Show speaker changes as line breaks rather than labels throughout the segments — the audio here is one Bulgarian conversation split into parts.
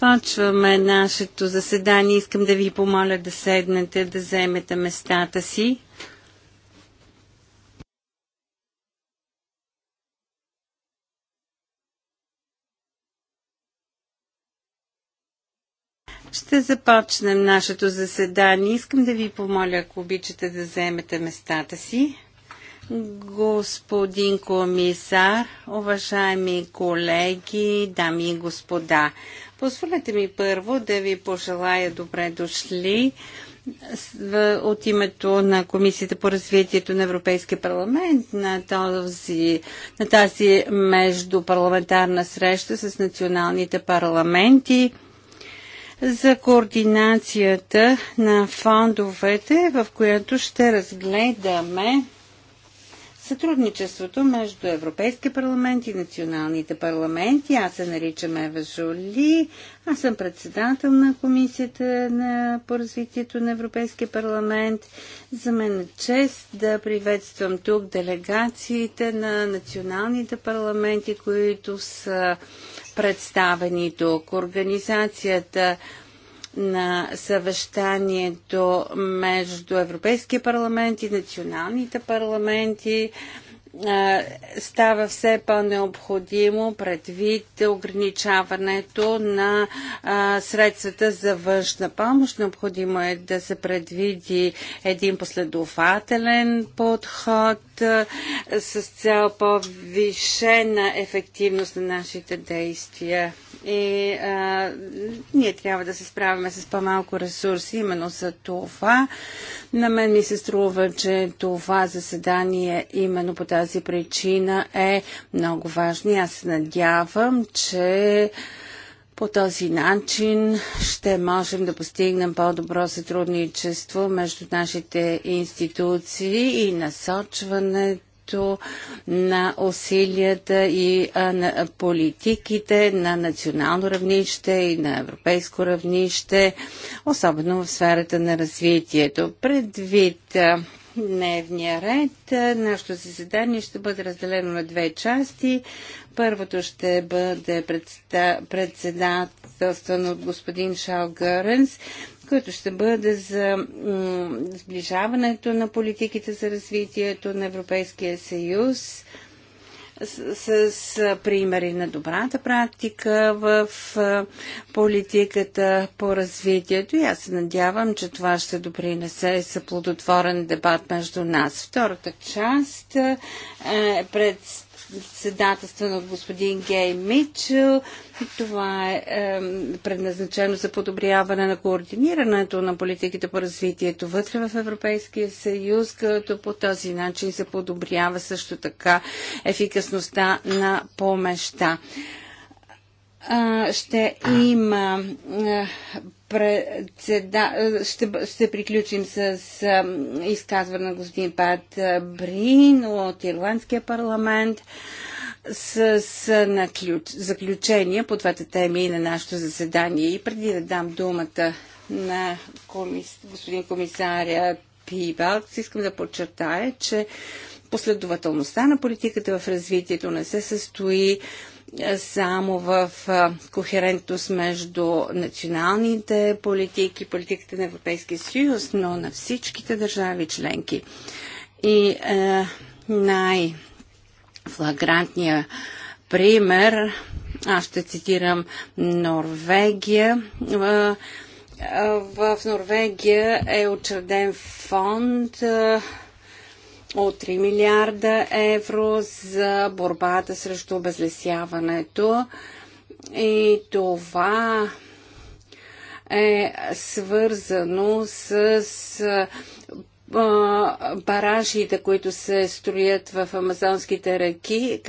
Почваме нашето заседание. Искам да ви помоля да седнете, да вземете местата си. Ще започнем нашето заседание. Искам да ви помоля, ако обичате, да вземете местата си господин комисар, уважаеми колеги, дами и господа. Позволете ми първо да ви пожелая добре дошли от името на Комисията по развитието на Европейския парламент на, този, на тази междупарламентарна среща с националните парламенти за координацията на фондовете, в която ще разгледаме сътрудничеството между Европейския парламент и националните парламенти. Аз се наричам Ева Жоли. Аз съм председател на комисията на, по развитието на Европейския парламент. За мен е чест да приветствам тук делегациите на националните парламенти, които са представени тук. Организацията на съвещанието между Европейския парламент и националните парламенти става все по-необходимо предвид ограничаването на средствата за външна помощ. Необходимо е да се предвиди един последователен подход с цел повишена ефективност на нашите действия и а, ние трябва да се справяме с по-малко ресурси. Именно за това на мен ми се струва, че това заседание именно по тази причина е много важно. Аз се надявам, че по този начин ще можем да постигнем по-добро сътрудничество между нашите институции и насочването името на усилията и а, на политиките на национално равнище и на европейско равнище, особено в сферата на развитието. Предвид дневния ред. Нашето заседание ще бъде разделено на две части. Първото ще бъде председателствано от господин Шал Гъренс който ще бъде за сближаването на политиките за развитието на Европейския съюз с, с, примери на добрата практика в политиката по развитието и аз се надявам, че това ще допринесе за плодотворен дебат между нас. Втората част е пред председателстван от господин Гей Митчел. Това е, е предназначено за подобряване на координирането на политиките по развитието вътре в Европейския съюз, като по този начин се подобрява също така ефикасността на помеща ще има е, председа... ще, ще приключим с изказване на господин Пат Брин от Ирландския парламент с, с на ключ, заключения по двете теми и на нашето заседание. И преди да дам думата на комис... господин комисаря Пибалкс, искам да подчертая, че последователността на политиката в развитието не се състои само в кохерентност между националните политики, политиката на Европейския съюз, но на всичките държави членки. И е, най-флагрантният пример, аз ще цитирам Норвегия. в Норвегия е учреден фонд от 3 милиарда евро за борбата срещу обезлесяването. И това е свързано с баражите, които се строят в амазонските реки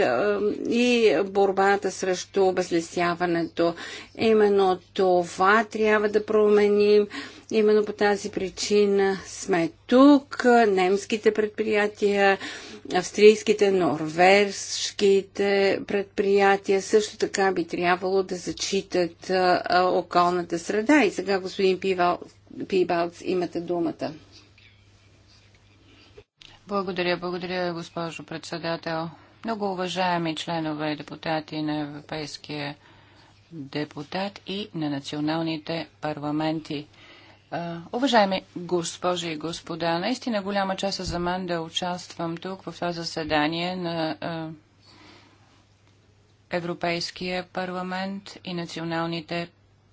и борбата срещу обезлесяването. Именно това трябва да променим Именно по тази причина сме тук. Немските предприятия, австрийските, норвежките предприятия също така би трябвало да зачитат околната среда. И сега, господин Пибалц, имате думата.
Благодаря, благодаря, госпожо председател. Много уважаеми членове и депутати на Европейския депутат и на националните парламенти. Уважаеми госпожи и господа, наистина голяма част е за мен да участвам тук в това заседание на Европейския парламент и националните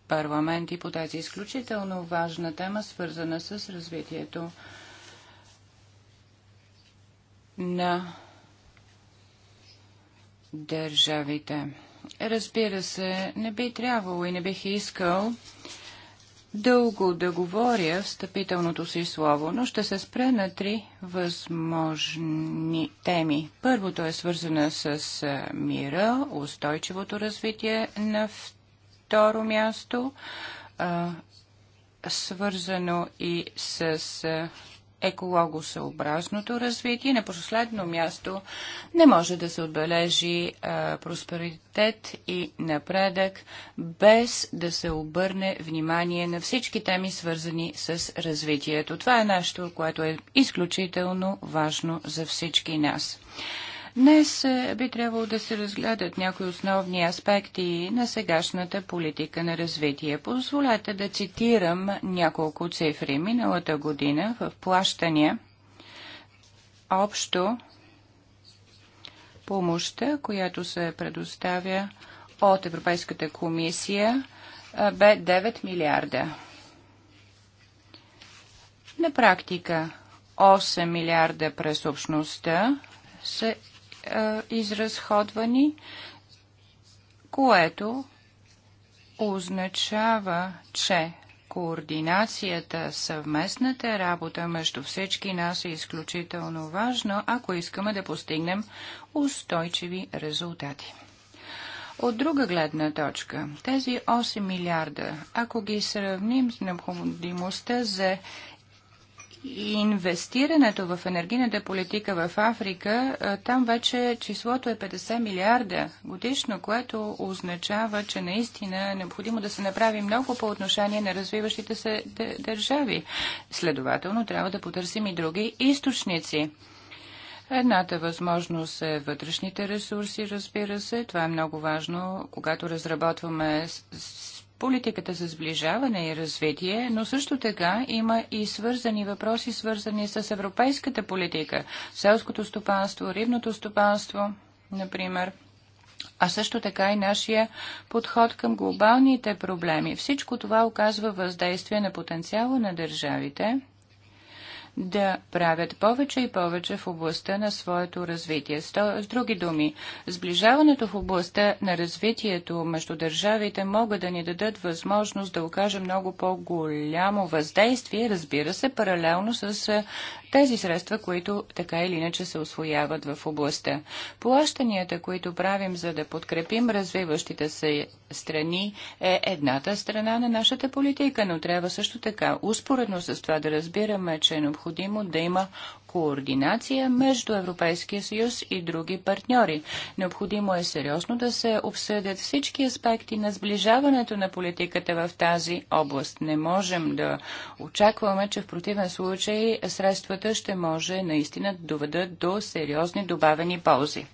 парламенти по тази изключително важна тема, свързана с развитието на държавите. Разбира се, не би трябвало и не бих искал дълго да говоря встъпителното си слово, но ще се спре на три възможни теми. Първото е свързано с мира, устойчивото развитие на второ място, свързано и с екологосъобразното развитие. На последно място не може да се отбележи а, просперитет и напредък без да се обърне внимание на всички теми, свързани с развитието. Това е нещо, което е изключително важно за всички нас. Днес е, би трябвало да се разгледат някои основни аспекти на сегашната политика на развитие. Позволете да цитирам няколко цифри. Миналата година в плащания общо помощта, която се предоставя от Европейската комисия, е, бе 9 милиарда. На практика 8 милиарда през общността се е, изразходвани, което означава, че координацията, съвместната работа между всички нас е изключително важна, ако искаме да постигнем устойчиви резултати. От друга гледна точка, тези 8 милиарда, ако ги сравним с необходимостта за инвестирането в енергийната политика в Африка, там вече числото е 50 милиарда годишно, което означава, че наистина е необходимо да се направи много по отношение на развиващите се държави. Следователно, трябва да потърсим и други източници. Едната възможност е вътрешните ресурси, разбира се. Това е много важно, когато разработваме политиката за сближаване и развитие, но също така има и свързани въпроси, свързани с европейската политика, селското стопанство, рибното стопанство, например а също така и нашия подход към глобалните проблеми. Всичко това оказва въздействие на потенциала на държавите да правят повече и повече в областта на своето развитие. С други думи, сближаването в областта на развитието между държавите могат да ни дадат възможност да окажем много по-голямо въздействие, разбира се, паралелно с тези средства, които така или иначе се освояват в областта. Плащанията, които правим за да подкрепим развиващите се страни, е едната страна на нашата политика, но трябва също така успоредно с това да разбираме, че е необходимо необходимо да има координация между Европейския съюз и други партньори. Необходимо е сериозно да се обсъдят всички аспекти на сближаването на политиката в тази област. Не можем да очакваме, че в противен случай средствата ще може наистина да доведат до сериозни добавени ползи.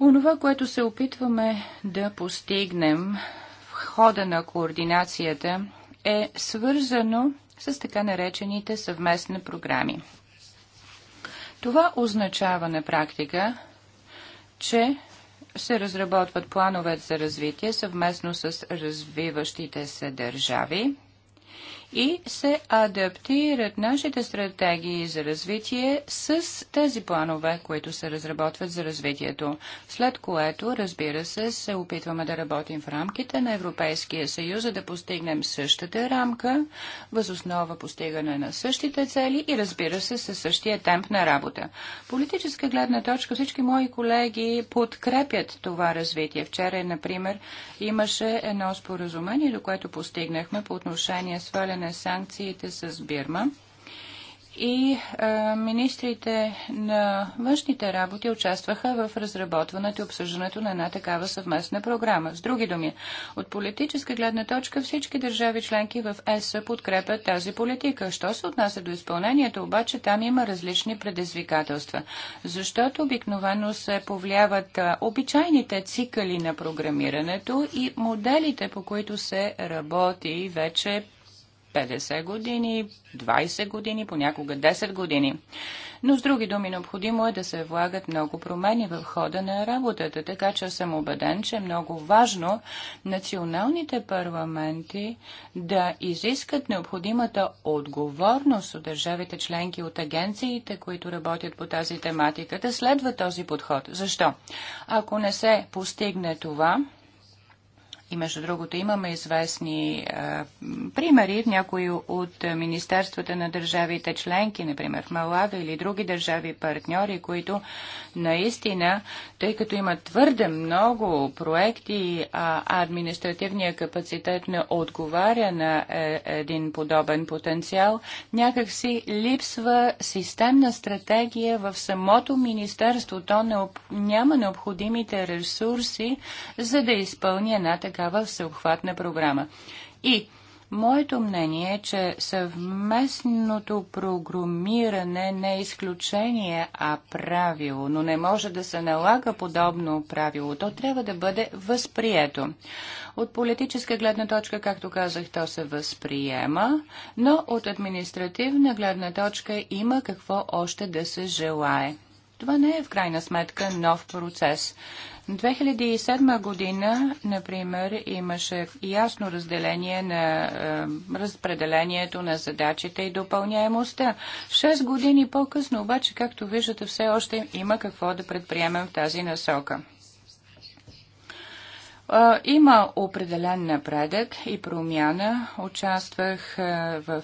Онова, което се опитваме да постигнем в хода на координацията е свързано с така наречените съвместни програми. Това означава на практика, че се разработват планове за развитие съвместно с развиващите се държави и се адаптират нашите стратегии за развитие с тези планове, които се разработват за развитието. След което, разбира се, се опитваме да работим в рамките на Европейския съюз, за да постигнем същата рамка, възоснова постигане на същите цели и разбира се със същия темп на работа. Политическа гледна точка всички мои колеги подкрепят това развитие. Вчера, например, имаше едно споразумение, до което постигнахме по отношение сваляне на санкциите с Бирма и а, е, министрите на външните работи участваха в разработването и обсъждането на една такава съвместна програма. С други думи, от политическа гледна точка всички държави членки в ЕС подкрепят тази политика. Що се отнася до изпълнението, обаче там има различни предизвикателства, защото обикновено се повлияват а, е, обичайните цикъли на програмирането и моделите, по които се работи вече 50 години, 20 години, понякога 10 години. Но с други думи, необходимо е да се влагат много промени в хода на работата, така че съм убеден, че е много важно националните парламенти да изискат необходимата отговорност от държавите членки, от агенциите, които работят по тази тематика, да следва този подход. Защо? Ако не се постигне това, и между другото имаме известни а, примери в някои от министерствата на държавите членки, например в Малави или други държави партньори, които наистина, тъй като имат твърде много проекти, а административния капацитет не отговаря на е, един подобен потенциал, някакси липсва системна стратегия в самото министерство. То не, няма необходимите ресурси, за да изпълни една така такава всеобхватна програма. И моето мнение е, че съвместното програмиране не е изключение, а правило, но не може да се налага подобно правило. То трябва да бъде възприето. От политическа гледна точка, както казах, то се възприема, но от административна гледна точка има какво още да се желае. Това не е в крайна сметка нов процес. 2007 година, например, имаше ясно разделение на е, разпределението на задачите и допълняемостта. Шест години по-късно, обаче, както виждате, все още има какво да предприемем в тази насока. Има определен напредък и промяна. Участвах в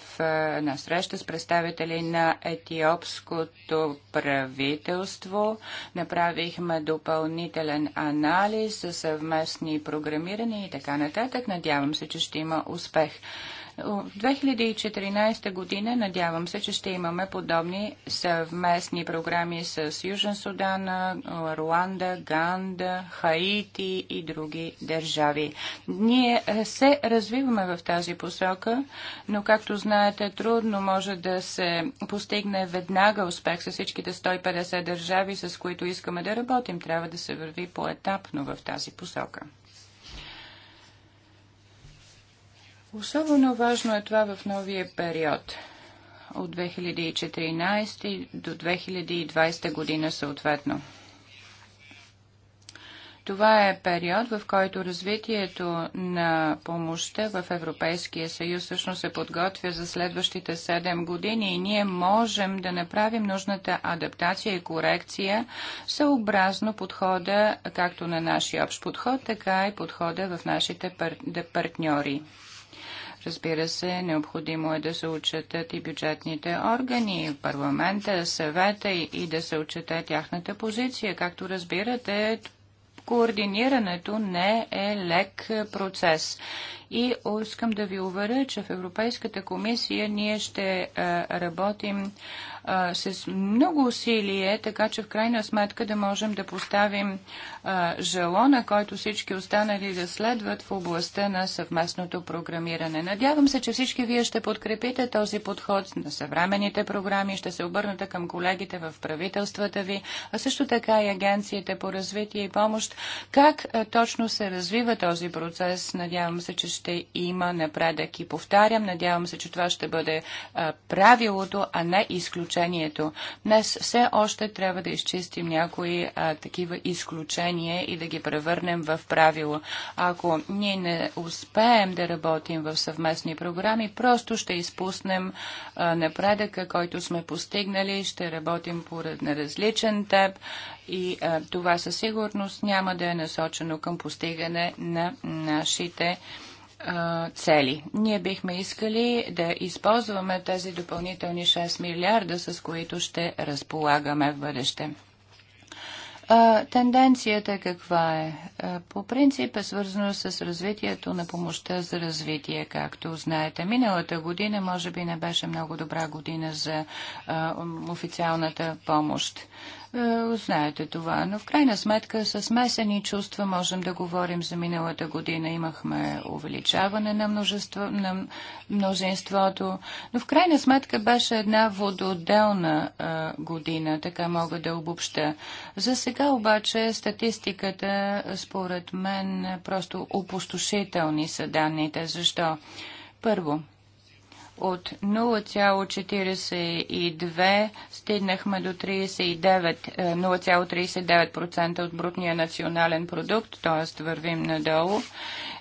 една среща с представители на етиопското правителство. Направихме допълнителен анализ съвместни програмирани и така нататък. Надявам се, че ще има успех. В 2014 година надявам се, че ще имаме подобни съвместни програми с Южен Судан, Руанда, Ганда, Хаити и други държави. Ние е, се развиваме в тази посока, но както знаете, трудно може да се постигне веднага успех с всичките 150 държави, с които искаме да работим. Трябва да се върви поетапно в тази посока. Особено важно е това в новия период от 2014 до 2020 година съответно. Това е период, в който развитието на помощта в Европейския съюз всъщност се подготвя за следващите 7 години и ние можем да направим нужната адаптация и корекция съобразно подхода както на нашия общ подход, така и подхода в нашите партньори. Разбира се, необходимо е да се отчетат и бюджетните органи, парламента, съвета и да се отчете тяхната позиция. Както разбирате, координирането не е лек процес. И искам да ви уверя, че в Европейската комисия ние ще работим а, с много усилие, така че в крайна сметка да можем да поставим а, жалона, който всички останали да следват в областта на съвместното програмиране. Надявам се, че всички вие ще подкрепите този подход на съвременните програми, ще се обърнете към колегите в правителствата ви, а също така и агенциите по развитие и помощ. Как а, точно се развива този процес? Надявам се, че ще има напредък и повтарям. Надявам се, че това ще бъде а, правилото, а не изключително изключението. Днес все още трябва да изчистим някои а, такива изключения и да ги превърнем в правило. Ако ние не успеем да работим в съвместни програми, просто ще изпуснем а, напредъка, който сме постигнали, ще работим по на различен теб и а, това със сигурност няма да е насочено към постигане на нашите м- цели. Ние бихме искали да използваме тези допълнителни 6 милиарда, с които ще разполагаме в бъдеще. Тенденцията каква е? По принцип е свързано с развитието на помощта за развитие, както знаете. Миналата година може би не беше много добра година за официалната помощ. Е, знаете това. Но в крайна сметка с смесени чувства можем да говорим за миналата година. Имахме увеличаване на, множество, на мнозинството, но в крайна сметка беше една вододелна е, година, така мога да обобща. За сега обаче статистиката, според мен, е просто опустошителни са данните. Защо? Първо, от 0,42 стигнахме до 0,39% е, от брутния национален продукт, т.е. вървим надолу.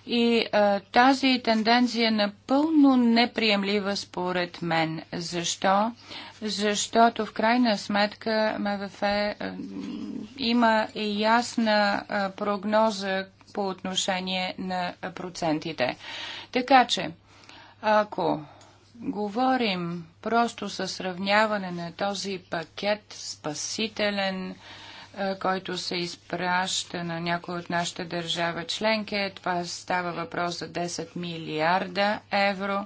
И а, е, тази тенденция е напълно неприемлива според мен. Защо? Защото в крайна сметка МВФ а, е, има и ясна а, прогноза по отношение на процентите. Така че, ако говорим просто със сравняване на този пакет спасителен, е, който се изпраща на някой от нашите държава членки. Това става въпрос за 10 милиарда евро.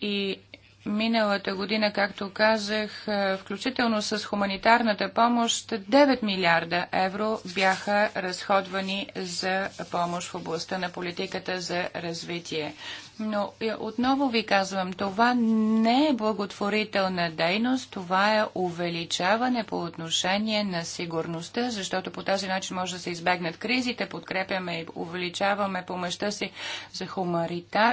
И миналата година, както казах, е, включително с хуманитарната помощ, 9 милиарда евро бяха разходвани за помощ в областта на политиката за развитие. Но е, отново ви казвам, това не е благотворителна дейност, това е увеличаване по отношение на сигурността, защото по този начин може да се избегнат кризите, подкрепяме и увеличаваме помощта си за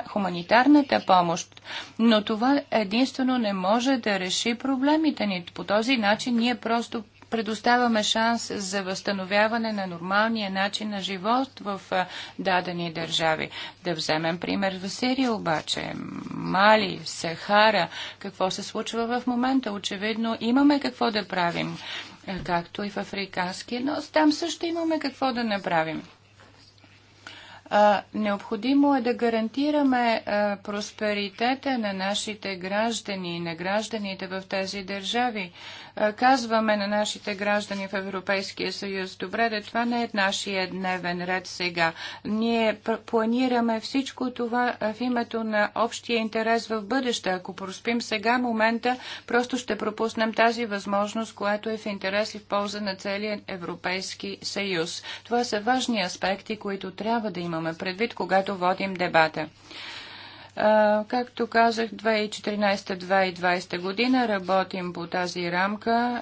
хуманитарната помощ. Но това единствено не може да реши проблемите ни. По този начин ние просто предоставяме шанс за възстановяване на нормалния начин на живот в дадени държави. Да вземем пример в Сирия обаче, Мали, Сахара, какво се случва в момента. Очевидно имаме какво да правим, както и в Африканския, но там също имаме какво да направим. Необходимо е да гарантираме просперитета на нашите граждани и на гражданите в тези държави. Казваме на нашите граждани в Европейския съюз, добре, да това не е нашия дневен ред сега. Ние планираме всичко това в името на общия интерес в бъдеще. Ако проспим сега момента, просто ще пропуснем тази възможност, която е в интерес и в полза на целия Европейски съюз. Това са важни аспекти, които трябва да има имаме предвид, когато водим дебата. Както казах, 2014-2020 година работим по тази рамка.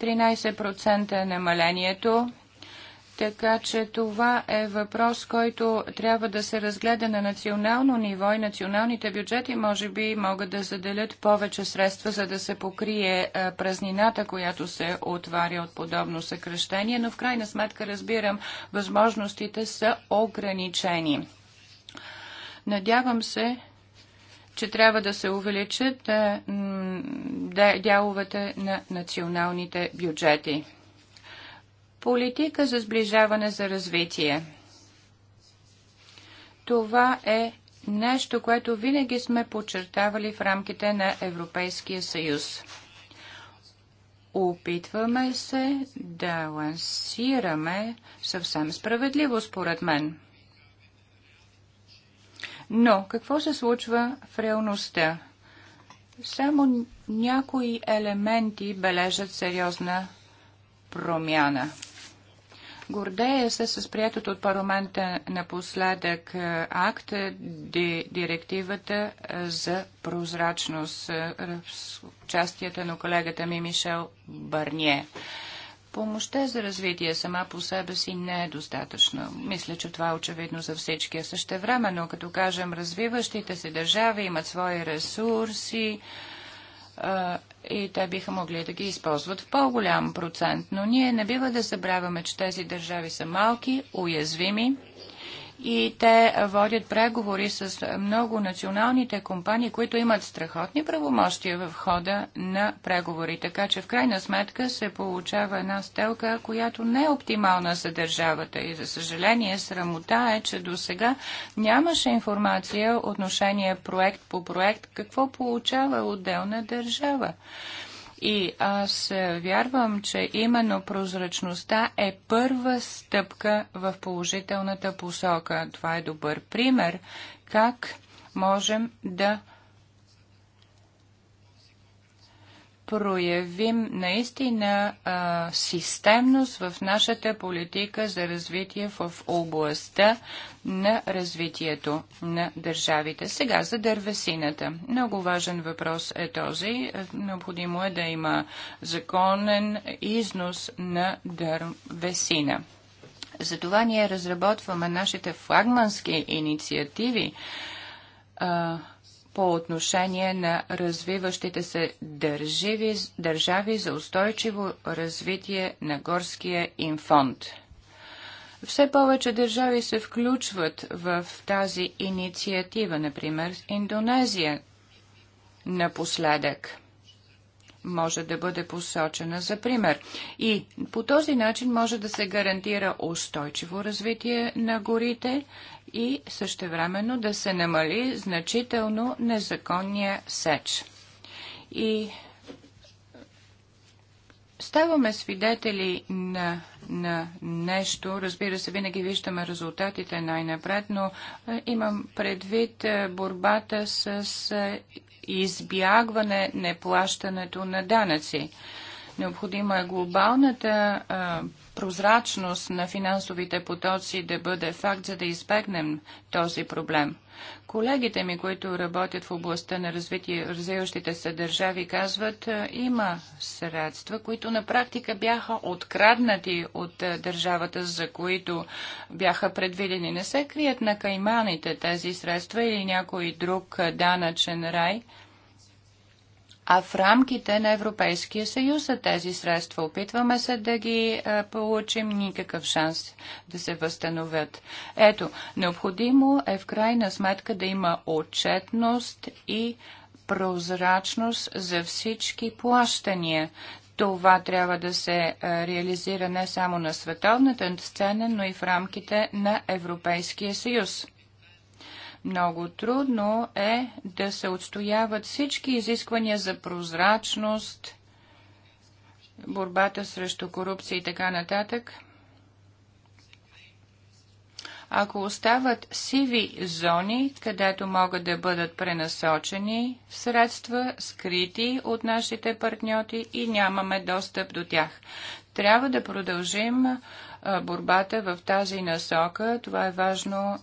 13% е намалението така че това е въпрос, който трябва да се разгледа на национално ниво и националните бюджети може би могат да заделят повече средства, за да се покрие е, празнината, която се отваря от подобно съкръщение, но в крайна сметка разбирам, възможностите са ограничени. Надявам се, че трябва да се увеличат е, дяловете на националните бюджети. Политика за сближаване за развитие. Това е нещо, което винаги сме подчертавали в рамките на Европейския съюз. Опитваме се да лансираме съвсем справедливо, според мен. Но какво се случва в реалността? Само някои елементи бележат сериозна промяна – Гордея се с приятото от парламента напоследък е, акт, е, директивата е, за прозрачност, с участията на колегата ми Мишел Барние. Помощта за развитие сама по себе си не е достатъчна. Мисля, че това е очевидно за всички. време, но като кажем, развиващите се държави имат свои ресурси, и те биха могли да ги използват в по-голям процент. Но ние не бива да забравяме, че тези държави са малки, уязвими и те водят преговори с много националните компании, които имат страхотни правомощия в хода на преговори. Така че в крайна сметка се получава една стелка, която не е оптимална за държавата. И за съжаление срамота е, че до сега нямаше информация отношение проект по проект какво получава отделна държава. И аз е, вярвам, че именно прозрачността е първа стъпка в положителната посока. Това е добър пример как можем да проявим наистина а, системност в нашата политика за развитие в областта на развитието на държавите. Сега за дървесината. Много важен въпрос е този. Необходимо е да има законен износ на дървесина. Затова ние разработваме нашите флагмански инициативи. А, по отношение на развиващите се държави, държави за устойчиво развитие на горския им фонд. Все повече държави се включват в тази инициатива, например Индонезия напоследък може да бъде посочена за пример. И по този начин може да се гарантира устойчиво развитие на горите и същевременно да се намали значително незаконния сеч. И ставаме свидетели на, на нещо. Разбира се, винаги виждаме резултатите най-напред, но е, имам предвид е, борбата с е, избягване неплащането на данъци. Необходима е глобалната а, прозрачност на финансовите потоци да бъде факт, за да избегнем този проблем. Колегите ми, които работят в областта на развитие, развиващите се държави, казват, е, има средства, които на практика бяха откраднати от е, държавата, за които бяха предвидени. Не се крият на кайманите тези средства или някой друг е, данъчен рай – а в рамките на Европейския съюз за тези средства. Опитваме се да ги е, получим, никакъв шанс да се възстановят. Ето, необходимо е в крайна сметка да има отчетност и прозрачност за всички плащания. Това трябва да се е, реализира не само на световната сцена, но и в рамките на Европейския съюз. Много трудно е да се отстояват всички изисквания за прозрачност, борбата срещу корупция и така нататък. Ако остават сиви зони, където могат да бъдат пренасочени средства, скрити от нашите партньоти и нямаме достъп до тях. Трябва да продължим борбата в тази насока. Това е важно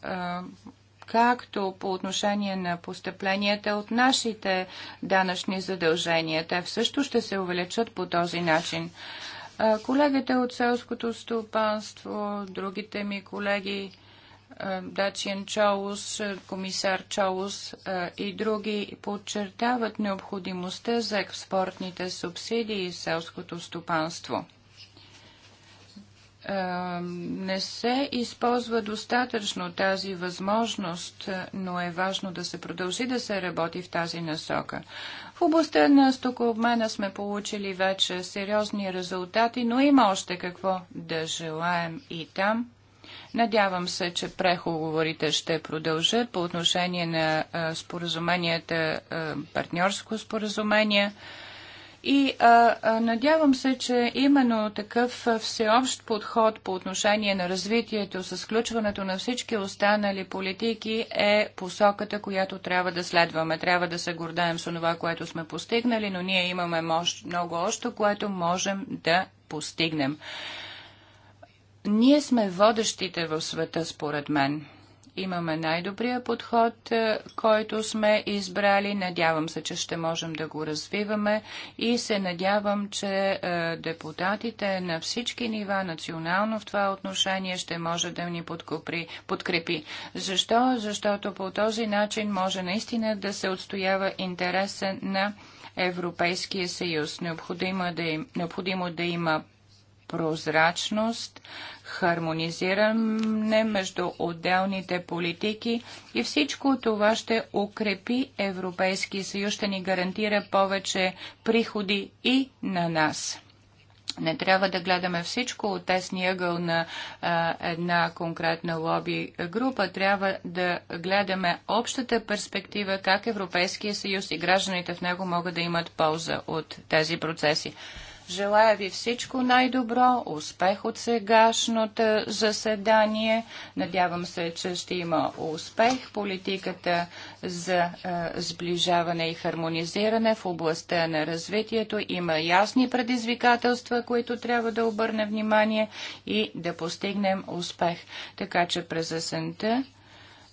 както по отношение на постъпленията от нашите данъчни задължения. Те също ще се увеличат по този начин. Колегите от селското стопанство, другите ми колеги, Дачиен Чоус, комисар Чоус и други подчертават необходимостта за експортните субсидии и селското стопанство не се използва достатъчно тази възможност, но е важно да се продължи да се работи в тази насока. В областта на стокообмена сме получили вече сериозни резултати, но има още какво да желаем и там. Надявам се, че преговорите ще продължат по отношение на споразуменията, партньорско споразумение. И а, а, надявам се, че именно такъв всеобщ подход по отношение на развитието с включването на всички останали политики е посоката, която трябва да следваме. Трябва да се гордаем с това, което сме постигнали, но ние имаме мощ, много още, което можем да постигнем. Ние сме водещите в света, според мен имаме най-добрия подход, е, който сме избрали. Надявам се, че ще можем да го развиваме и се надявам, че е, депутатите на всички нива, национално в това отношение, ще може да ни подкупри, подкрепи. Защо? Защото по този начин може наистина да се отстоява интереса на Европейския съюз. Необходимо да, им, необходимо да има прозрачност, хармонизиране между отделните политики и всичко това ще укрепи Европейски съюз, ще ни гарантира повече приходи и на нас. Не трябва да гледаме всичко от тесния ъгъл на а, една конкретна лоби група. Трябва да гледаме общата перспектива, как Европейския съюз и гражданите в него могат да имат полза от тези процеси. Желая ви всичко най-добро, успех от сегашното заседание. Надявам се, че ще има успех. Политиката за е, сближаване и хармонизиране в областта на развитието има ясни предизвикателства, които трябва да обърне внимание и да постигнем успех. Така че през есента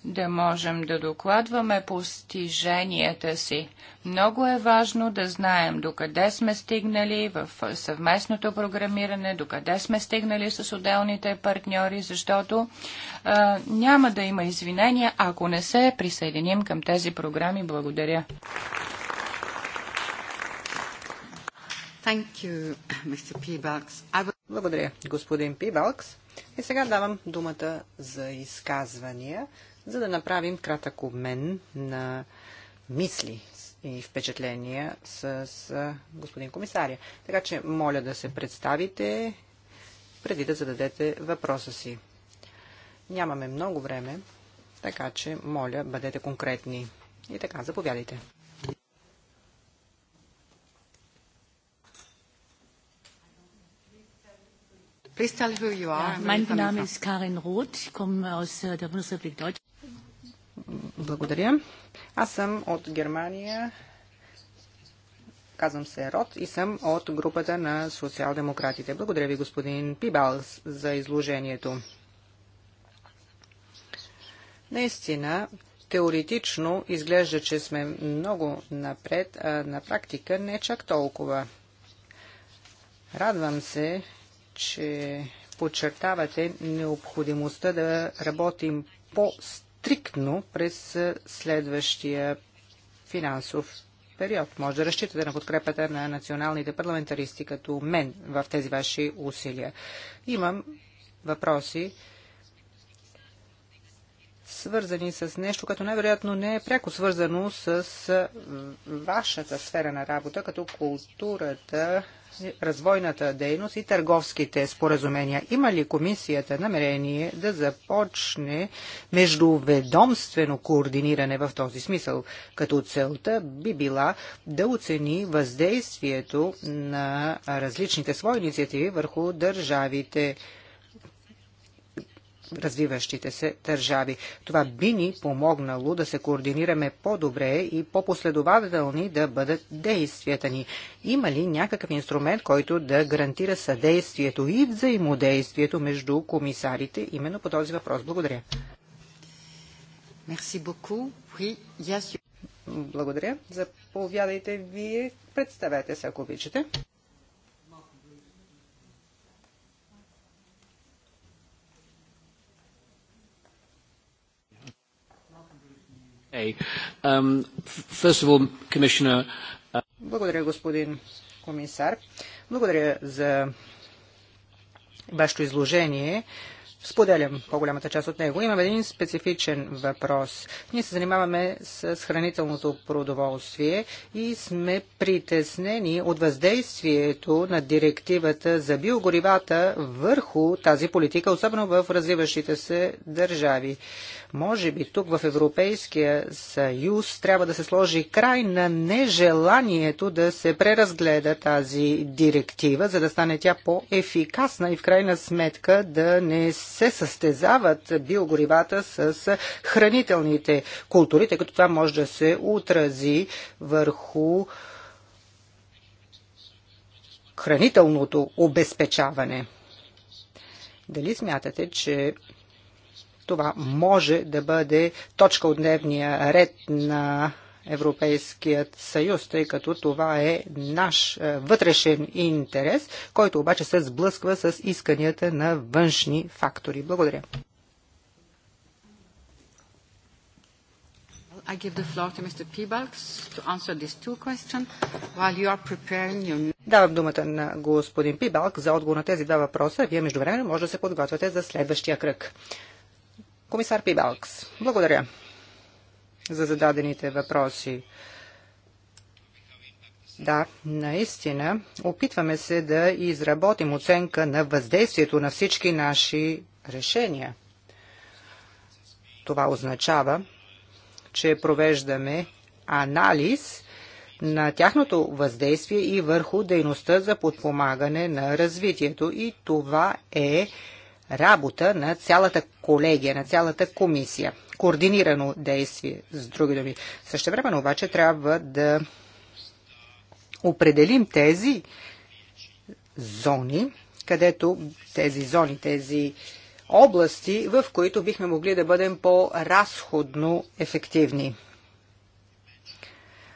да можем да докладваме постиженията си. Много е важно да знаем докъде сме стигнали в съвместното програмиране, докъде сме стигнали с отделните партньори, защото а, няма да има извинения, ако не се присъединим към тези програми. Благодаря.
You,
Would... Благодаря, господин Пибалкс. И сега давам думата за изказвания за да направим кратък обмен на мисли и впечатления с господин комисаря. Така че моля да се представите преди да зададете въпроса си. Нямаме много време, така че моля бъдете конкретни. И така, заповядайте.
Mein Name ist
Karin Roth, ich komme aus
äh, der Bundesrepublik Deutschland. Благодаря. Аз съм от Германия. Казвам се Род и съм от групата на социал-демократите. Благодаря ви, господин Пибалс, за изложението. Наистина, теоретично изглежда, че сме много напред, а на практика не чак толкова. Радвам се, че подчертавате необходимостта да работим по-стъпно стриктно през следващия финансов период. Може да разчитате на подкрепата на националните парламентаристи като мен в тези ваши усилия. Имам въпроси, свързани с нещо, като най-вероятно не е пряко свързано с вашата сфера на работа, като културата развойната дейност и търговските споразумения. Има ли комисията намерение да започне междуведомствено координиране в този смисъл, като целта би била да оцени въздействието на различните свои инициативи върху държавите развиващите се държави. Това би ни помогнало да се координираме по-добре и по-последователни да бъдат действията ни. Има ли някакъв инструмент, който да гарантира съдействието и взаимодействието между комисарите именно по този въпрос? Благодаря. Благодаря. Заповядайте вие. Представете се, ако обичате.
Um,
uh,
Благодаря, господин комисар. Благодаря за вашето изложение споделям по-голямата част от него. Имам един специфичен въпрос. Ние се занимаваме с хранителното продоволствие и сме притеснени от въздействието на директивата за биогоривата върху тази политика, особено в развиващите се държави. Може би тук в Европейския съюз трябва да се сложи край на нежеланието да се преразгледа тази директива, за да стане тя по-ефикасна и в крайна сметка да не се се състезават биогоривата с хранителните култури, тъй като това може да се отрази върху хранителното обезпечаване. Дали смятате, че това може да бъде точка от дневния ред на Европейският съюз, тъй като това е наш е, вътрешен интерес, който обаче се сблъсква с исканията на външни фактори. Благодаря.
I give the floor to Mr. Peebles to answer these two questions
while you are preparing your... Давам думата на господин Пибалк за отговор на тези два въпроса. Вие време може да се подготвяте за следващия кръг. Комисар Пибалкс, благодаря за зададените въпроси. Да, наистина, опитваме се да изработим оценка на въздействието на всички наши решения. Това означава, че провеждаме анализ на тяхното въздействие и върху дейността за подпомагане на развитието. И това е работа на цялата колегия, на цялата комисия. Координирано действие, с други думи. Също време, обаче, трябва да определим тези зони, където тези зони, тези области, в които бихме могли да бъдем по-разходно ефективни.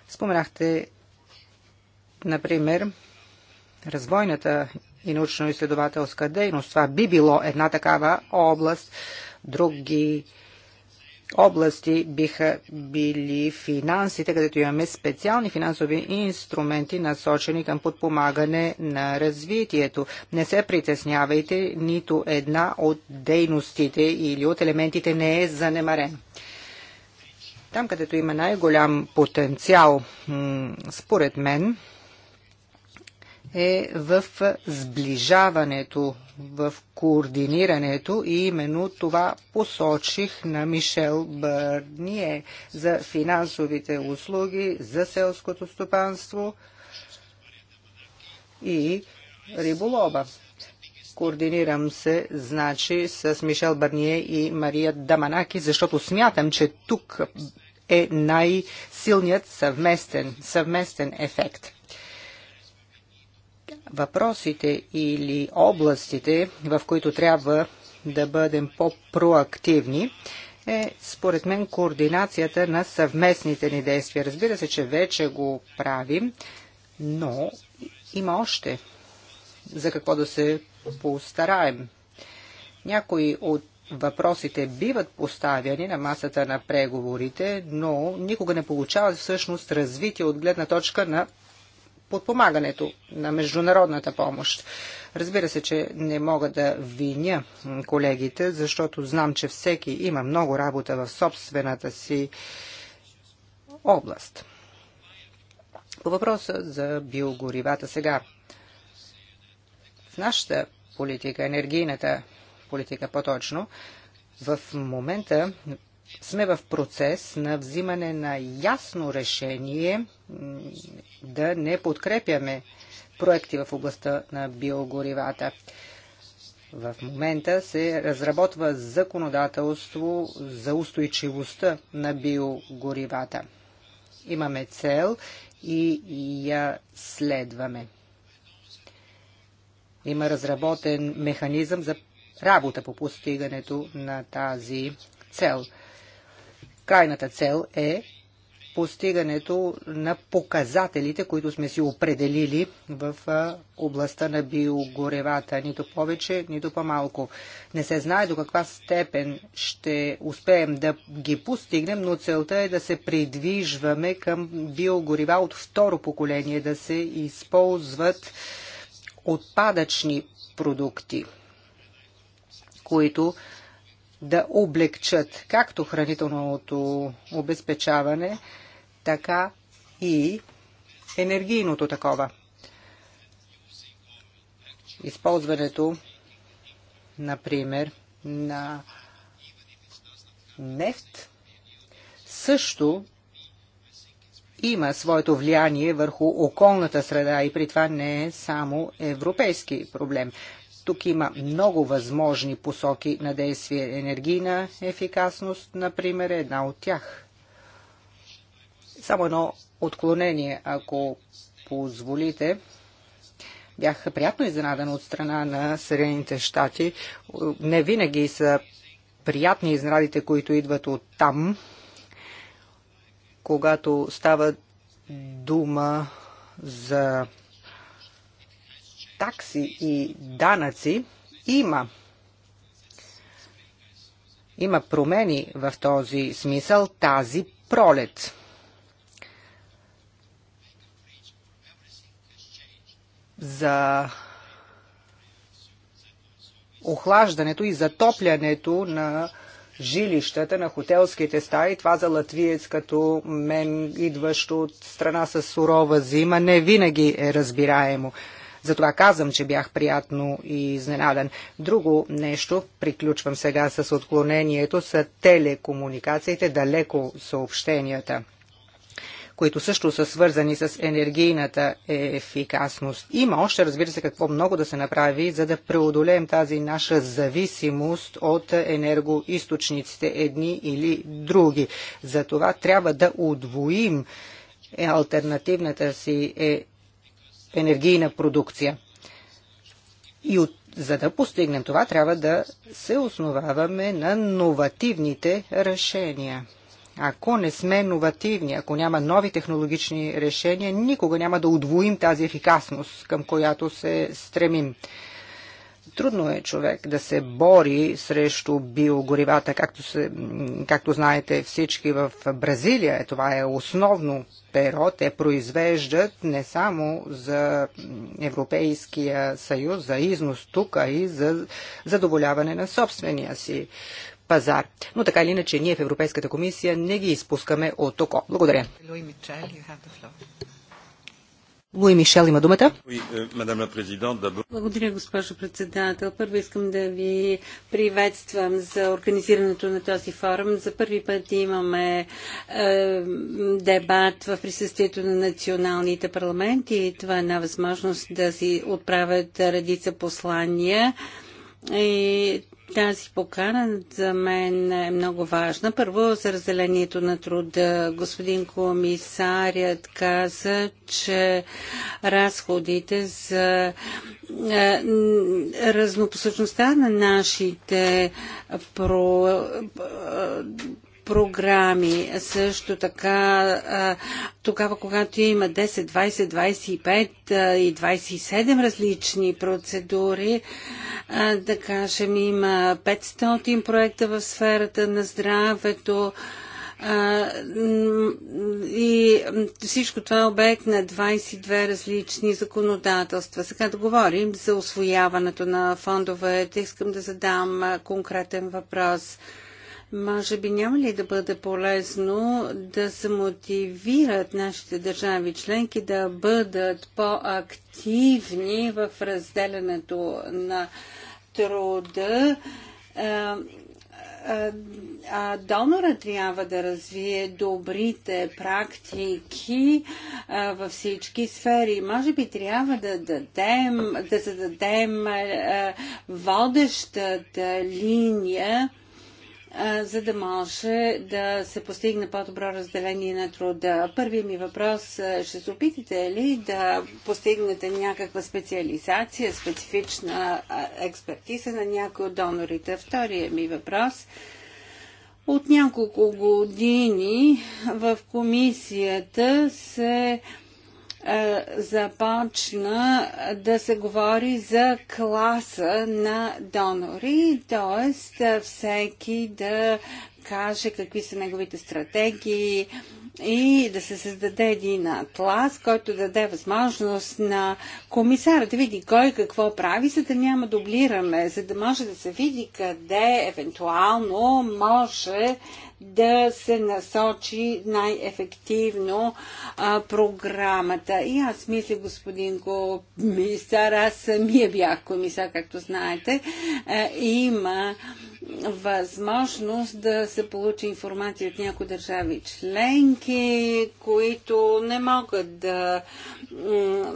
Споменахте, например, развойната и научно-изследователска дейност. Това би било една такава област. Други области биха били финансите, където имаме специални финансови инструменти, насочени към подпомагане на развитието. Не се притеснявайте, нито една от дейностите или от елементите не е занемарен. Там, където има най-голям потенциал, според мен, е в сближаването, в координирането и именно това посочих на Мишел Бърние за финансовите услуги, за селското стопанство и риболова. Координирам се, значи, с Мишел Барние и Мария Даманаки, защото смятам, че тук е най-силният съвместен, съвместен ефект въпросите или областите, в които трябва да бъдем по-проактивни, е според мен координацията на съвместните ни действия. Разбира се, че вече го правим, но има още за какво да се постараем. Някои от въпросите биват поставяни на масата на преговорите, но никога не получават всъщност развитие от гледна точка на подпомагането на международната помощ. Разбира се, че не мога да виня колегите, защото знам, че всеки има много работа в собствената си област. По въпроса за биогоривата сега. В нашата политика, енергийната политика по-точно, в момента сме в процес на взимане на ясно решение да не подкрепяме проекти в областта на биогоривата. В момента се разработва законодателство за устойчивостта на биогоривата. Имаме цел и я следваме. Има разработен механизъм за работа по постигането на тази цел – крайната цел е постигането на показателите, които сме си определили в областта на биогоревата. Нито повече, нито по-малко. Не се знае до каква степен ще успеем да ги постигнем, но целта е да се придвижваме към биогорева от второ поколение, да се използват отпадъчни продукти, които да облегчат както хранителното обезпечаване, така и енергийното такова. Използването, например, на нефт също има своето влияние върху околната среда и при това не е само европейски проблем. Тук има много възможни посоки на действие. Енергийна ефикасност, например, е една от тях. Само едно отклонение, ако позволите. Бях приятно изненадан от страна на Съединените щати. Не винаги са приятни изненадите, които идват от там, когато става дума за такси и данъци има има промени в този смисъл тази пролет. За охлаждането и затоплянето на жилищата, на хотелските стаи. Това за латвиец като мен, идващ от страна с сурова зима, не винаги е разбираемо. Затова казвам, че бях приятно и изненадан. Друго нещо, приключвам сега с отклонението, са телекомуникациите, далеко съобщенията които също са свързани с енергийната ефикасност. Има още, разбира се, какво много да се направи, за да преодолеем тази наша зависимост от енергоисточниците, едни или други. За това трябва да удвоим альтернативната си е енергийна продукция. И от, за да постигнем това, трябва да се основаваме на новативните решения. Ако не сме новативни, ако няма нови технологични решения, никога няма да удвоим тази ефикасност, към която се стремим. Трудно е човек да се бори срещу биогоривата, както, се, както знаете всички в Бразилия. Това е основно перо. Те произвеждат не само за Европейския съюз, за износ тук, а и за задоволяване на собствения си пазар. Но така или иначе, ние в Европейската комисия не ги изпускаме от око. Благодаря. Луи Мишел има думата.
Euh, Благодаря, госпожо председател. Първо искам да ви приветствам за организирането на този форум. За първи път имаме е, дебат в присъствието на националните парламенти. Това е една възможност да си отправят редица послания. И тази покана за мен е много важна. Първо за разделението на труда. Господин комисарят каза, че разходите за е, разнопосочността на нашите про е, програми. Също така, тогава, когато има 10, 20, 25 и 27 различни процедури, да кажем, има 500 проекта в сферата на здравето, и всичко това е обект на 22 различни законодателства. Сега да говорим за освояването на фондовете. Искам да задам конкретен въпрос. Може би няма ли да бъде полезно да се мотивират нашите държави членки да бъдат по-активни в разделянето на труда? Е, е, а, донора трябва да развие добрите практики е, във всички сфери. Може би трябва да дадем, да зададем водещата линия за да може да се постигне по-добро разделение на труда. Първият ми въпрос, ще се опитате ли да постигнете някаква специализация, специфична експертиза на някои от донорите? Вторият ми въпрос, от няколко години в комисията се е, започна да се говори за класа на донори, т.е. всеки да каже какви са неговите стратегии и да се създаде един атлас, който даде възможност на комисара да види кой какво прави, за да няма дублираме, за да може да се види къде евентуално може да се насочи най-ефективно програмата. И аз мисля, господин комисар, аз самия бях комисар, както знаете, а, е, има а, възможност да се получи информация от някои държави членки, които не могат да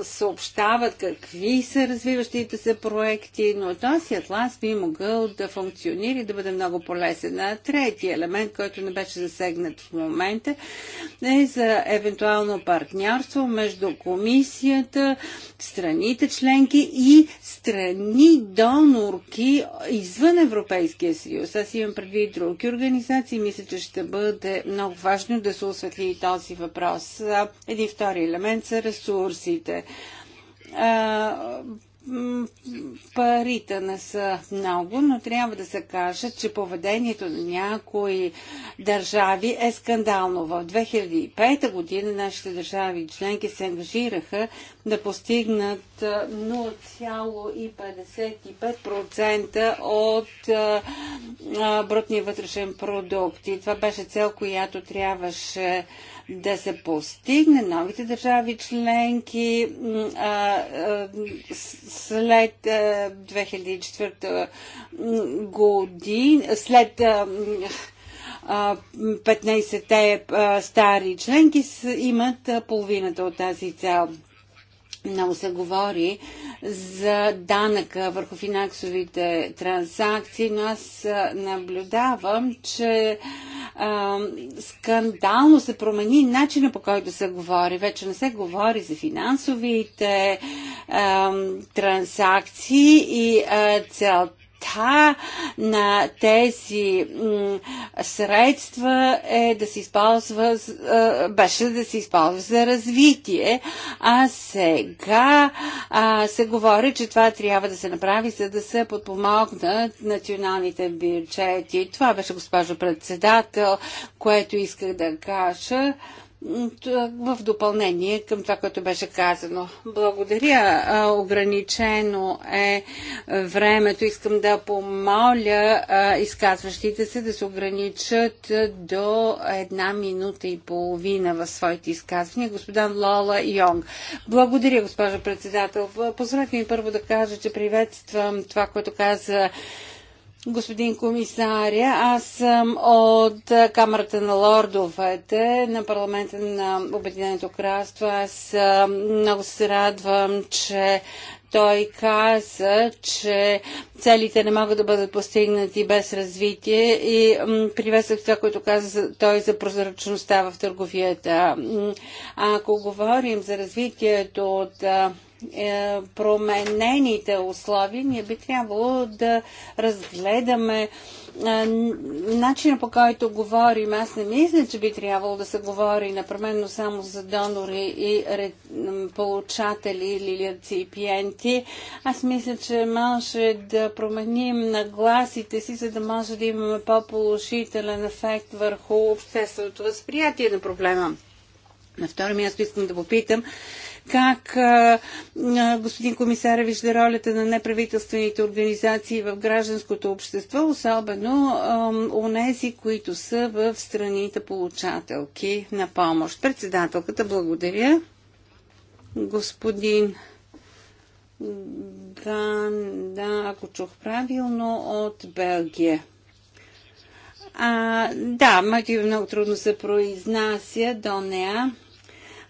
съобщават какви са развиващите се проекти, но този атлас би могъл да функционира и да бъде много полезен. А третия елемент, който не беше засегнат в момента, е за евентуално партньорство между комисията, страните членки и страни донорки извън Европейския съюз. Аз имам предвид други организации. Мисля, че ще бъде много важно да се осветли и този въпрос. Един втори елемент са ресурсите парите не са много, но трябва да се каже, че поведението на някои държави е скандално. В 2005 година нашите държави и членки се ангажираха да постигнат 0,55% от брутния вътрешен продукт. И това беше цел, която трябваше да се постигне новите държави членки а, а, след а, 2004 година, след 15-те стари членки имат половината от тази цел. Много се говори за данъка върху финансовите транзакции, но аз наблюдавам, че скандално се промени начина по който се говори. Вече не се говори за финансовите а, транзакции и а, целта целта на тези средства е да се използва, беше да се използва за развитие, а сега а, се говори, че това трябва да се направи, за да се подпомогнат националните бюджети. Това беше, госпожо председател, което исках да кажа в допълнение към това, което беше казано. Благодаря. Ограничено е времето. Искам да помоля изказващите се да се ограничат до една минута и половина в своите изказвания. Господан Лола Йонг. Благодаря, госпожа председател. Позволете ми първо да кажа, че приветствам това, което каза господин комисаря. Аз съм от Камерата на лордовете на парламента на Обединеното кралство. Аз много се радвам, че той каза, че целите не могат да бъдат постигнати без развитие и приветствах това, което каза той за прозрачността в търговията. Ако говорим за развитието от е, променените условия, ние би трябвало да разгледаме е, начина по който говорим. Аз не мисля, че би трябвало да се говори напременно само за донори и получатели или реципиенти. Аз мисля, че може да променим нагласите си, за да може да имаме по-положителен ефект върху общественото възприятие на проблема. На второ място искам да попитам как господин комисар вижда ролята на неправителствените организации в гражданското общество, особено у нези, които са в страните получателки на помощ? Председателката, благодаря. Господин Ган, да, ако чух правилно, от Белгия. А, да, моето много трудно се произнася. до нея.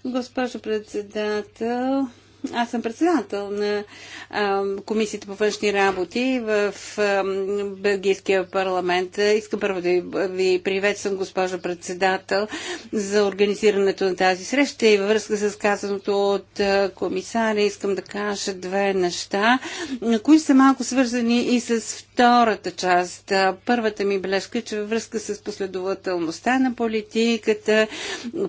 Госпожо председател, аз съм председател на а, Комисията по външни работи в а, Белгийския парламент. Искам първо да ви приветствам, госпожо председател, за организирането на тази среща и във връзка с казаното от комисаря искам да кажа две неща, които са малко свързани и с втората част. Първата ми бележка е, че във връзка с последователността на политиката,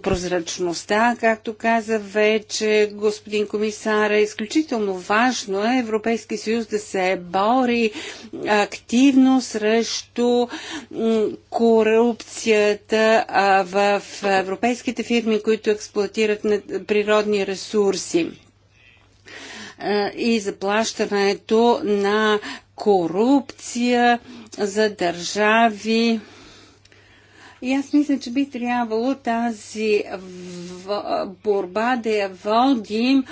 прозрачността, както каза вече господин комисар, е изключително важно е Европейски съюз да се бори активно срещу корупцията в европейските фирми, които експлуатират природни ресурси. Е, и заплащането на корупция за държави. И аз мисля, че би трябвало тази борба да я водим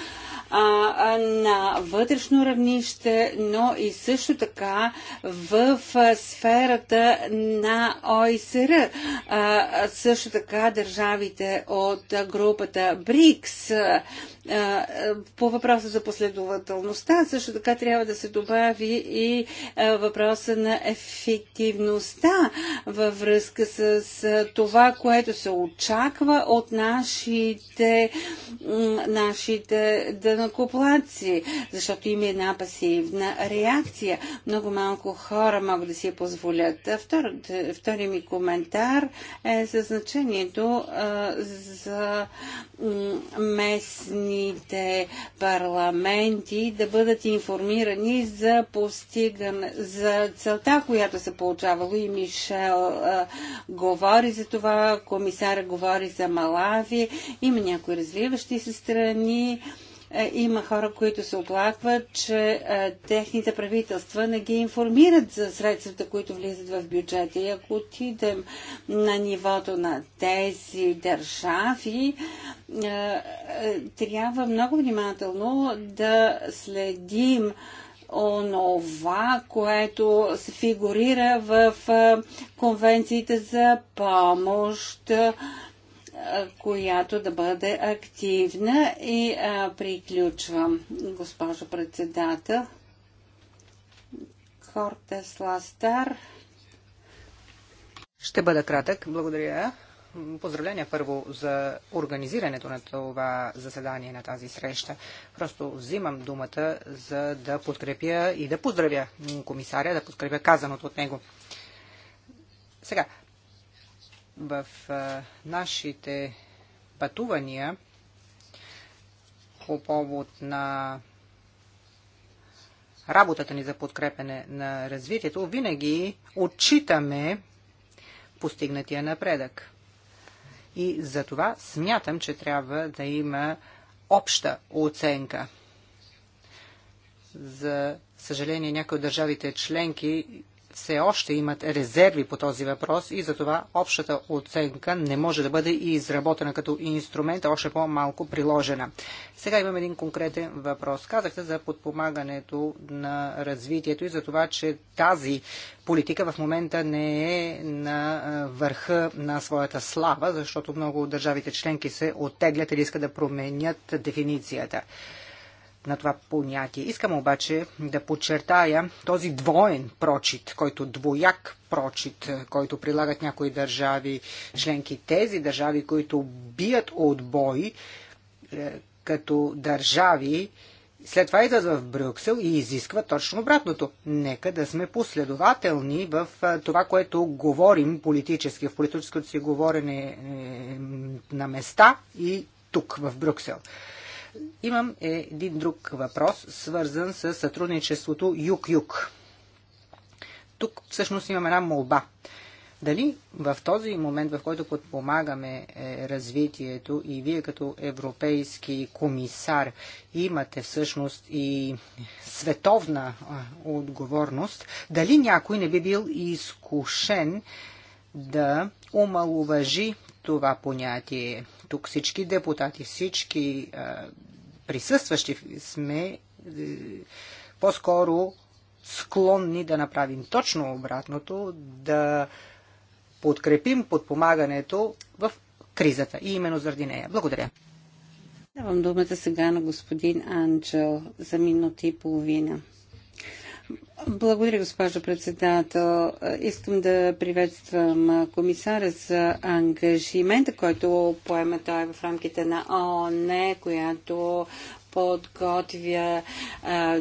а, на вътрешно равнище, но и също така в сферата на ОИСР. А, също така държавите от групата БРИКС. А, по въпроса за последователността също така трябва да се добави и въпроса на ефективността във връзка с това, което се очаква от нашите, нашите дънакоплаци, защото има една пасивна реакция. Много малко хора могат да си я позволят. Втор, втори ми коментар е за значението за местни националните парламенти да бъдат информирани за постигане, за целта, която се получавало и Мишел а, говори за това, комисара говори за Малави, има някои развиващи се страни, е, има хора, които се оплакват, че е, техните правителства не ги информират за средствата, които влизат в бюджета. И ако отидем на нивото на тези държави, е, трябва много внимателно да следим онова, което се фигурира в конвенциите за помощ която да бъде активна и а, приключвам, госпожо председател. Кортес Ластар.
Ще бъда кратък. Благодаря. Поздравления първо за организирането на това заседание, на тази среща. Просто взимам думата, за да подкрепя и да поздравя комисаря, да подкрепя казаното от него. Сега, в нашите пътувания по повод на работата ни за подкрепене на развитието, винаги отчитаме постигнатия напредък. И за това смятам, че трябва да има обща оценка. За съжаление, някои от държавите членки все още имат резерви по този въпрос и затова общата оценка не може да бъде и изработена като инструмент, а още по-малко приложена. Сега имам един конкретен въпрос. Казахте за подпомагането на развитието и за това, че тази политика в момента не е на върха на своята слава, защото много от държавите членки се оттеглят или искат да променят дефиницията на това понятие. Искам обаче да подчертая този двоен прочит, който двояк прочит, който прилагат някои държави членки. Тези държави, които бият от бой е, като държави, след това идват в Брюксел и изискват точно обратното. Нека да сме последователни в е, това, което говорим политически, в политическото си говорене е, на места и тук, в Брюксел. Имам един друг въпрос, свързан с сътрудничеството Юг-Юг. Тук всъщност имам една молба. Дали в този момент, в който подпомагаме е, развитието и вие като европейски комисар имате всъщност и световна отговорност, дали някой не би бил изкушен да омалуважи това понятие? тук всички депутати, всички а, присъстващи сме е, по-скоро склонни да направим точно обратното, да подкрепим
подпомагането в
кризата и именно заради нея. Благодаря.
Давам думата сега на господин Анджел за минути и половина. Благодаря, госпожо председател. Искам да приветствам комисара за ангажимента, който поема той в рамките на ООН, която подготвя а,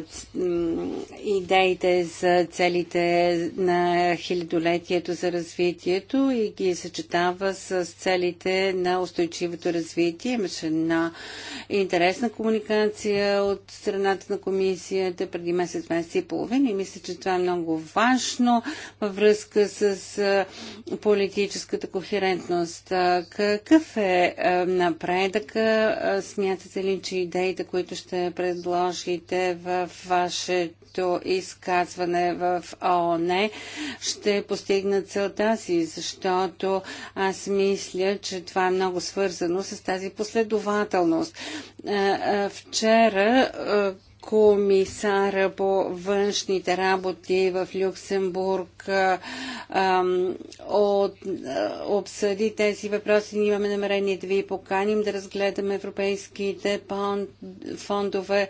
идеите за целите на хилядолетието за развитието и ги съчетава с целите на устойчивото развитие. Имаше една интересна комуникация от страната на комисията преди месец, месец и половина и мисля, че това е много важно във връзка с политическата кохерентност. Какъв е напредък? Смятате ли, че идеите, които ще предложите в вашето изказване в ООН, ще постигнат целта си? Защото аз мисля, че това е много свързано с тази последователност. Вчера комисара по външните работи в Люксембург а, а, от, а, обсъди тези въпроси. Ние имаме намерение да ви поканим да разгледаме европейските фондове.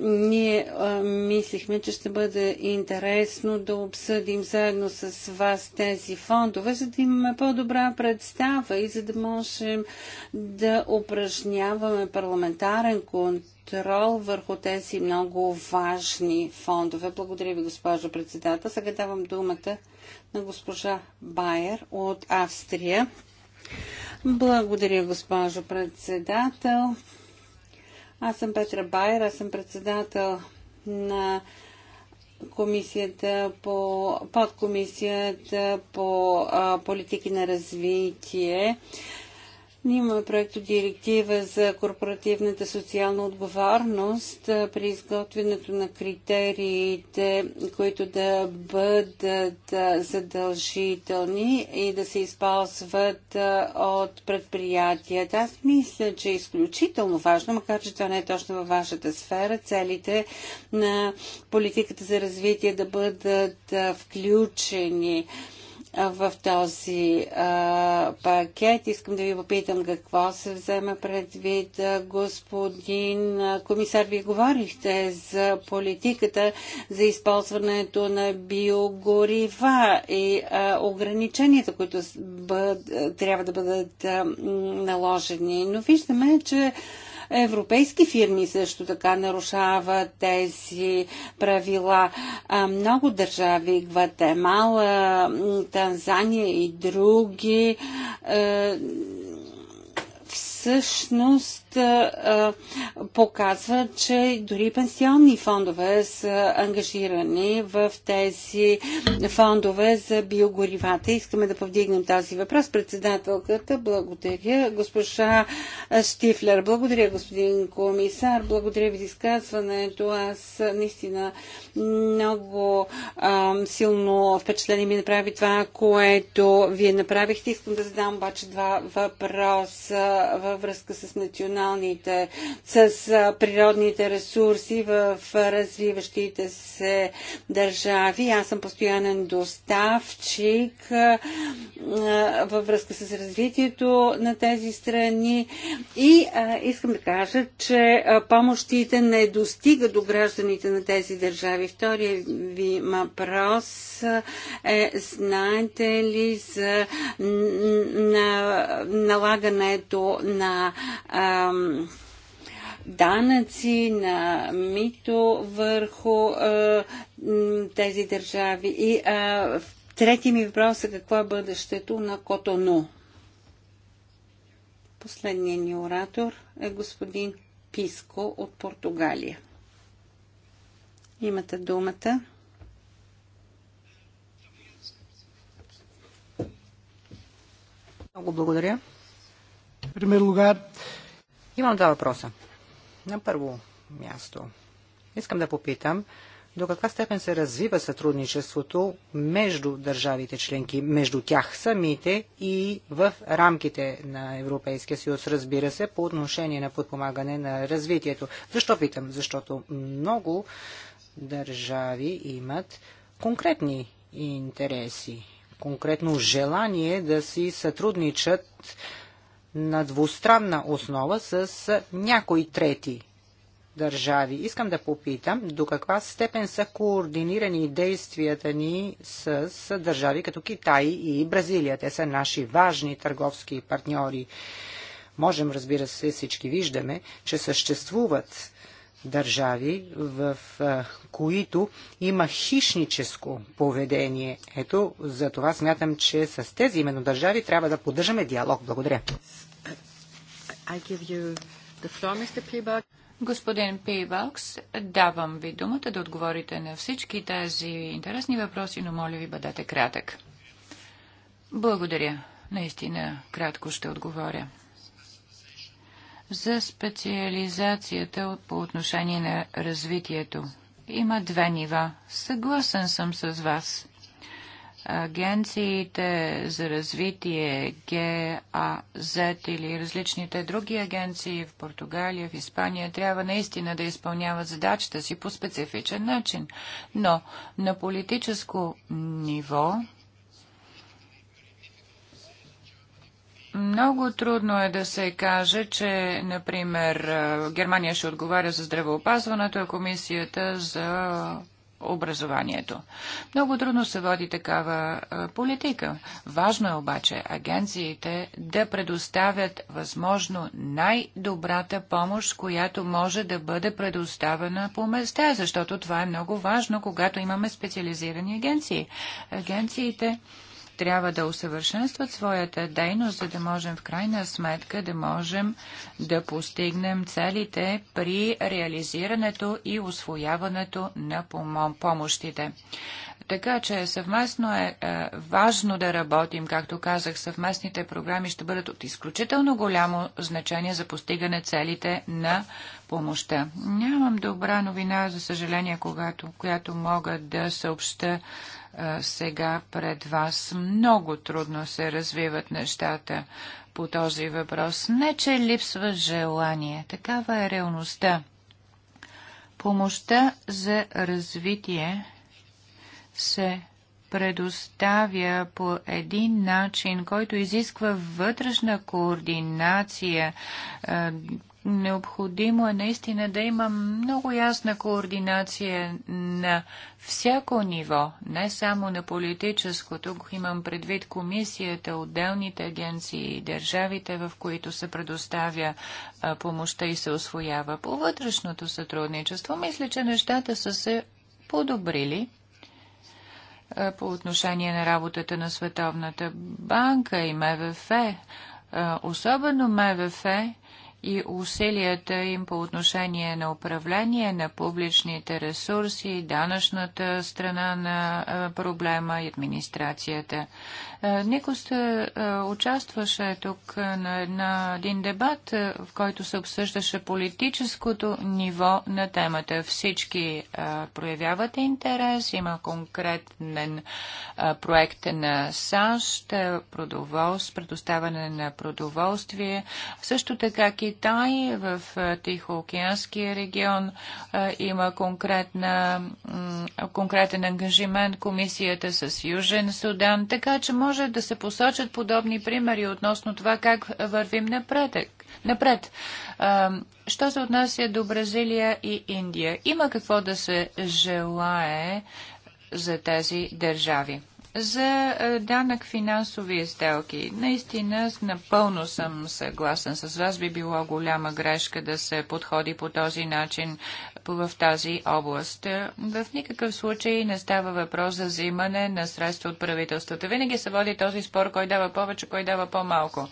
Ние мислихме, че ще бъде интересно да обсъдим заедно с вас тези фондове, за да имаме по-добра представа и за да можем да упражняваме парламентарен контакт контрол върху тези много важни фондове. Благодаря ви, госпожо председател. Сега давам думата на госпожа Байер от Австрия. Благодаря, госпожо председател. Аз съм Петра Байер, аз съм председател на комисията по, подкомисията по а, политики на развитие Имаме проекто директива за корпоративната социална отговорност при изготвянето на критериите, които да бъдат задължителни и да се използват от предприятията. Аз мисля, че е изключително важно, макар че това не е точно във вашата сфера, целите на политиката за развитие да бъдат включени в този пакет. Искам да ви попитам какво се взема предвид. Господин комисар, вие говорихте за политиката за използването на биогорива и ограниченията, които трябва да бъдат наложени. Но виждаме, че Европейски фирми също така нарушават тези правила. Много държави, Гватемала, Танзания и други, всъщност показва, че дори пенсионни фондове са ангажирани в тези фондове за биогоривата. Искаме да повдигнем този въпрос. Председателката, благодаря. Госпожа Штифлер, благодаря, господин комисар. Благодаря ви за изказването. Аз наистина много ам, силно впечатление ми направи това, което вие направихте. Искам да задам обаче два въпроса във връзка с национал регионите, с природните ресурси в развиващите се държави. Аз съм постоянен доставчик във връзка с развитието на тези страни и искам да кажа, че помощите не достигат до гражданите на тези държави. Втория ви въпрос е, знаете ли за на налагането на данъци, на мито върху а, тези държави. И а, трети ми въпрос е какво е бъдещето на Котону. Последният ни оратор е господин Писко от Португалия. Имате думата.
Много благодаря. В primeiro Имам два въпроса. На първо място, искам да попитам до каква степен се развива сътрудничеството между държавите членки, между тях самите и в рамките на Европейския съюз, разбира се, по отношение на подпомагане на развитието. Защо питам? Защото много държави имат конкретни интереси, конкретно желание да си сътрудничат на двустранна основа с някои трети държави. Искам да попитам до каква степен са координирани действията ни с държави като Китай и Бразилия. Те са наши важни търговски партньори. Можем, разбира се, всички виждаме, че съществуват държави, в които има хищническо поведение. Ето, за това смятам, че с тези именно държави трябва да поддържаме диалог. Благодаря.
Господин Пейбакс, давам ви думата да отговорите на всички тези интересни въпроси, но моля ви бъдете кратък. Благодаря. Наистина кратко ще отговоря за специализацията по отношение на развитието. Има две нива. Съгласен съм с вас. Агенциите за развитие, ГАЗ или различните други агенции в Португалия, в Испания, трябва наистина да изпълняват задачата си по специфичен начин. Но на политическо ниво Много трудно е да се каже, че, например, Германия ще отговаря за здравеопазването, а комисията за образованието. Много трудно се води такава политика. Важно е обаче агенциите да предоставят възможно най-добрата помощ, която може да бъде предоставена по места, защото това е много важно, когато имаме специализирани агенции. Агенциите трябва да усъвършенстват своята дейност, за да можем в крайна сметка да можем да постигнем целите при реализирането и освояването на помощите. Така че съвместно е, е важно да работим. Както казах, съвместните програми ще бъдат от изключително голямо значение за постигане целите на помощта. Нямам добра новина, за съжаление, когато, която мога да съобща сега пред вас. Много трудно се развиват нещата по този въпрос. Не, че липсва желание. Такава е реалността. Помощта за развитие се предоставя по един начин, който изисква вътрешна координация, Необходимо е наистина да има много ясна координация на всяко ниво, не само на политическо. Тук имам предвид комисията, отделните агенции и държавите, в които се предоставя помощта и се освоява. По вътрешното сътрудничество, мисля, че нещата са се подобрили по отношение на работата на Световната банка и МВФ. особено МВФ и усилията им по отношение на управление на публичните ресурси, данъчната страна на проблема и администрацията. Е, Никос е, участваше тук е, на, на един дебат, в който се обсъждаше политическото ниво на темата. Всички а, проявяват интерес, има конкретен а, проект на САЩ, продоволств, предоставяне на продоволствие. Също така Китай в Тихоокеанския регион а, има конкретна, конкретен ангажимент комисията с Южен Судан, така че може може да се посочат подобни примери относно това как вървим напредък. Напред, що се отнася до Бразилия и Индия? Има какво да се желае за тези държави. За е, данък финансови сделки. Наистина, напълно съм съгласен с вас. Би било голяма грешка да се подходи по този начин в тази област. Е, в никакъв случай не става въпрос за взимане на средства от правителствата. Винаги се води този спор, кой дава повече, кой дава по-малко.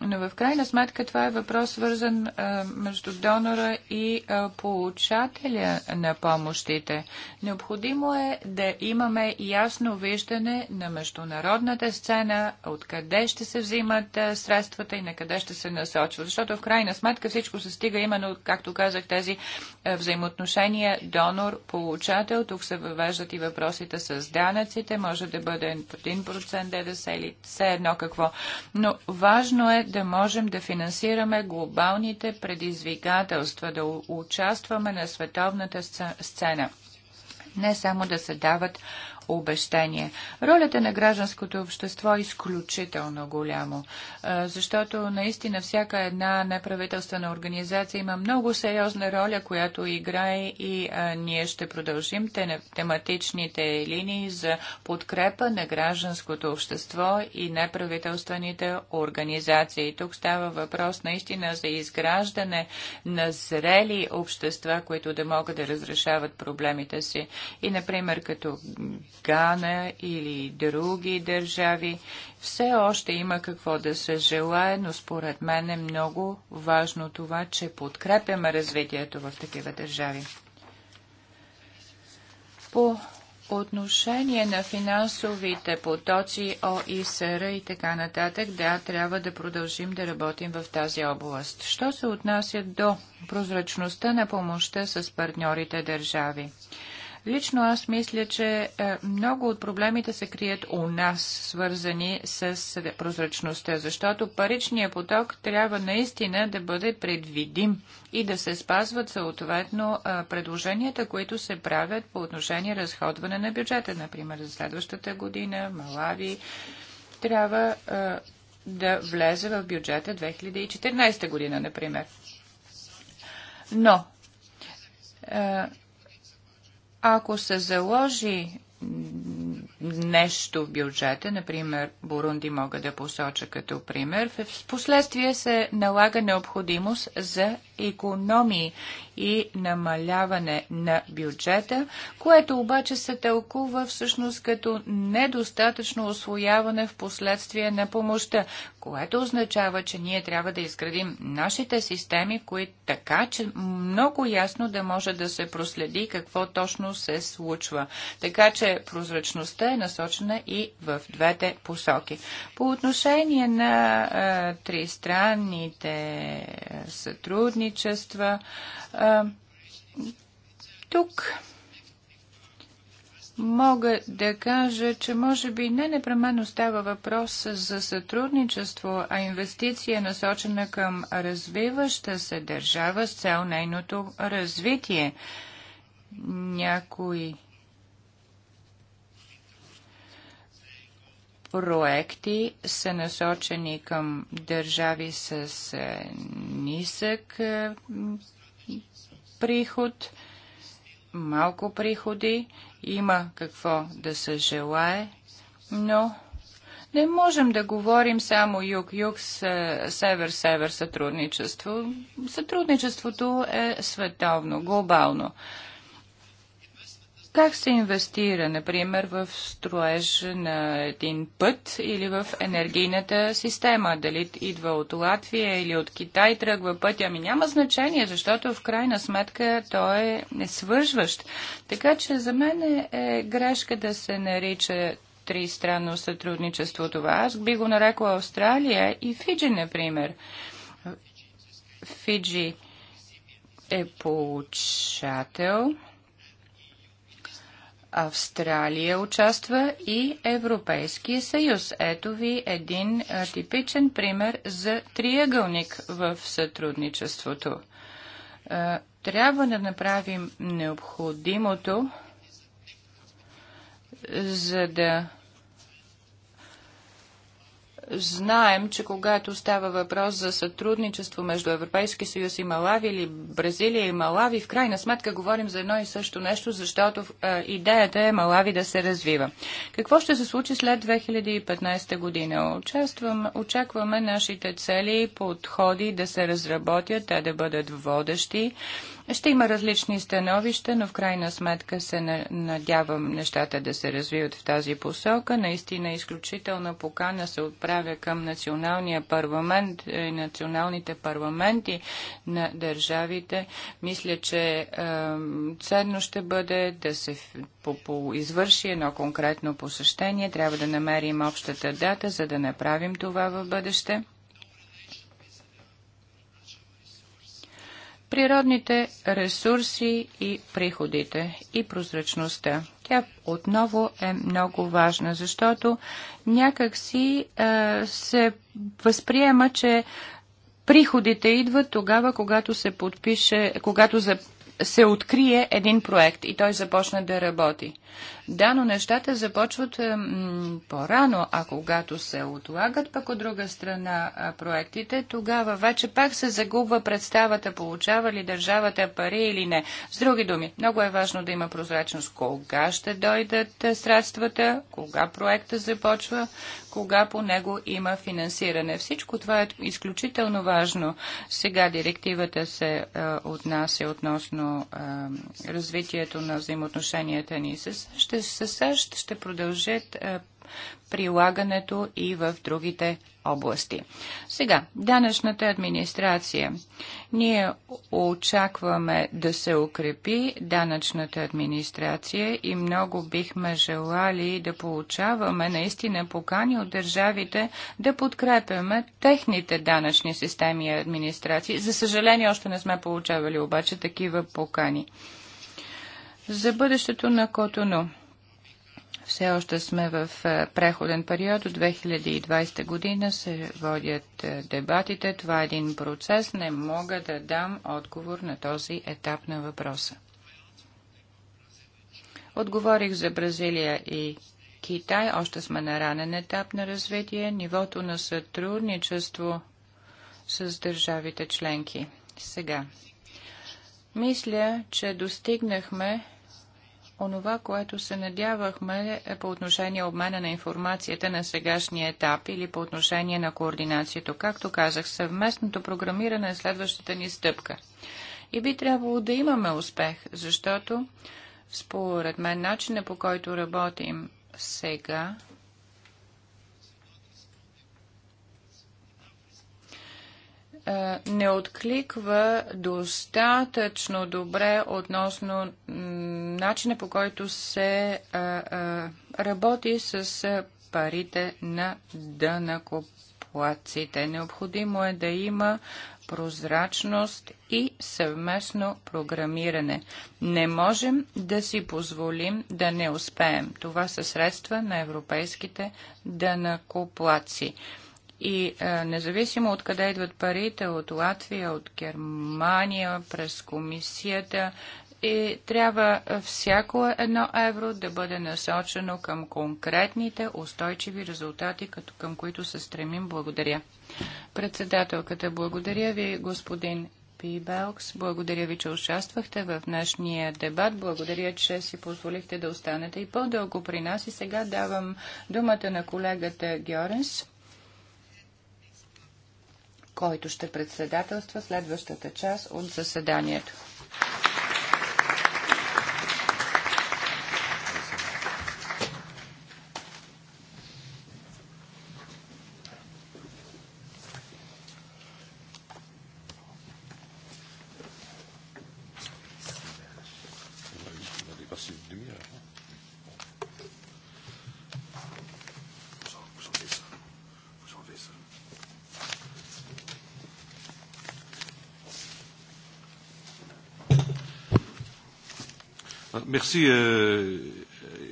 Но в крайна сметка това е въпрос свързан е, между донора и е, получателя на помощите. Необходимо е да имаме ясно виждане на международната сцена, откъде ще се взимат е, средствата и на къде ще се насочват. Защото в крайна сметка всичко се стига именно, както казах, тези взаимоотношения донор-получател. Тук се въвеждат и въпросите с данъците. Може да бъде 1% ДДС или все едно какво. Но важно е да можем да финансираме глобалните предизвикателства, да участваме на световната сцена. Не само да се дават Обещания. Ролята на гражданското общество е изключително голямо, защото наистина всяка една неправителствена организация има много сериозна роля, която играе и ние ще продължим тематичните линии за подкрепа на гражданското общество и неправителствените организации. Тук става въпрос наистина за изграждане на зрели общества, които да могат да разрешават проблемите си. И, например, като Гана или други държави. Все още има какво да се желае, но според мен е много важно това, че подкрепяме развитието в такива държави. По отношение на финансовите потоци, ОИСР и така нататък, да, трябва да продължим да работим в тази област. Що се отнася до прозрачността на помощта с партньорите държави? Лично аз мисля, че е, много от проблемите се крият у нас, свързани с прозрачността, защото паричният поток трябва наистина да бъде предвидим и да се спазват съответно е, предложенията, които се правят по отношение разходване на бюджета, например за следващата година, Малави, трябва е, да влезе в бюджета 2014 година, например. Но ако се заложи нещо в бюджета, например Бурунди мога да посоча като пример, в последствие се налага необходимост за економии и намаляване на бюджета, което обаче се тълкува всъщност като недостатъчно освояване в последствие на помощта, което означава, че ние трябва да изградим нашите системи, които така, че много ясно да може да се проследи какво точно се случва. Така че прозрачността е насочена и в двете посоки. По отношение на е, тристранните сътрудничества, е, тук мога да кажа, че може би не непременно става въпрос за сътрудничество, а инвестиция насочена към развиваща се държава с цел нейното развитие. Някои проекти са насочени към държави с е, нисък е, приход, малко приходи, има какво да се желае, но не можем да говорим само юг-юг, север-север сътрудничество. Сътрудничеството е световно, глобално. Как се инвестира, например, в строеж на един път или в енергийната система? Дали идва от Латвия или от Китай, тръгва пътя? Ами няма значение, защото в крайна сметка той е свържващ. Така че за мен е, е грешка да се нарича тристранно сътрудничество това. Аз би го нарекла Австралия и Фиджи, например. Фиджи е получател Австралия участва и Европейския съюз. Ето ви един типичен пример за триъгълник в сътрудничеството. Трябва да направим необходимото, за да Знаем, че когато става въпрос за сътрудничество между Европейски съюз и Малави или Бразилия и Малави, в крайна сметка говорим за едно и също нещо, защото е, идеята е Малави да се развива. Какво ще се случи след 2015 година? Участвам, очакваме нашите цели и подходи да се разработят, те да бъдат водещи ще има различни становища, но в крайна сметка се надявам нещата да се развиват в тази посока. Наистина е изключителна покана се отправя към националния парламент и е, националните парламенти на държавите. Мисля, че е, ценно ще бъде да се по, по, извърши едно конкретно посещение. Трябва да намерим общата дата, за да направим това в бъдеще. природните ресурси и приходите и прозрачността. Тя отново е много важна, защото някак си е, се възприема, че приходите идват тогава, когато се подпише, когато за се открие един проект и той започне да работи. Да, но нещата започват по-рано, а когато се отлагат пък от друга страна а, проектите, тогава вече пак се загубва представата, получава ли държавата пари или не. С други думи, много е важно да има прозрачност. Кога ще дойдат е, средствата, кога проекта започва, кога по него има финансиране. Всичко това е изключително важно. Сега директивата се а, е, отнася относно а, е, развитието на взаимоотношенията ни с САЩ. С САЩ ще продължат а, е, прилагането и в другите области. Сега, данъчната администрация. Ние очакваме да се укрепи данъчната администрация и много бихме желали да получаваме наистина покани от държавите да подкрепяме техните данъчни системи и администрации. За съжаление, още не сме получавали обаче такива покани. За бъдещето на Котоно. Все още сме в е, преходен период. От 2020 година се водят е, дебатите. Това е един процес. Не мога да дам отговор на този етап на въпроса. Отговорих за Бразилия и Китай. Още сме на ранен етап на развитие. Нивото на сътрудничество с държавите членки. Сега. Мисля, че достигнахме онова, което се надявахме е по отношение обмена на информацията на сегашния етап или по отношение на координацията. Както казах, съвместното програмиране е следващата ни стъпка. И би трябвало да имаме успех, защото според мен начина по който работим сега Е, не откликва достатъчно добре относно начина по който се е, е, работи с парите на дънакоплаците. Необходимо е да има прозрачност и съвместно програмиране. Не можем да си позволим да не успеем. Това са средства на европейските дънакоплаци. И а, е, независимо от къде идват парите, от Латвия, от Германия, през комисията, и трябва всяко едно евро да бъде насочено към конкретните устойчиви резултати, като към които се стремим. Благодаря. Председателката, благодаря ви, господин Пибелкс. Благодаря ви, че участвахте в днешния дебат. Благодаря, че си позволихте да останете и по-дълго при нас. И сега давам думата на колегата Георенс който ще председателства следващата част от заседанието.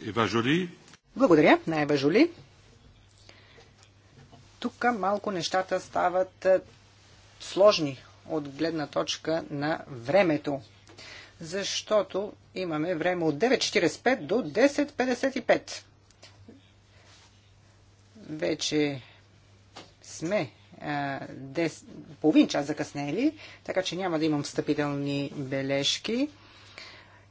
Ева Жоли. Euh, Благодаря на Ева Жоли. Тук малко нещата стават е, сложни от гледна точка на времето. Защото имаме време от 9.45 до 10.55. Вече сме а, е, 10, половин час закъснели, така че няма да имам встъпителни бележки.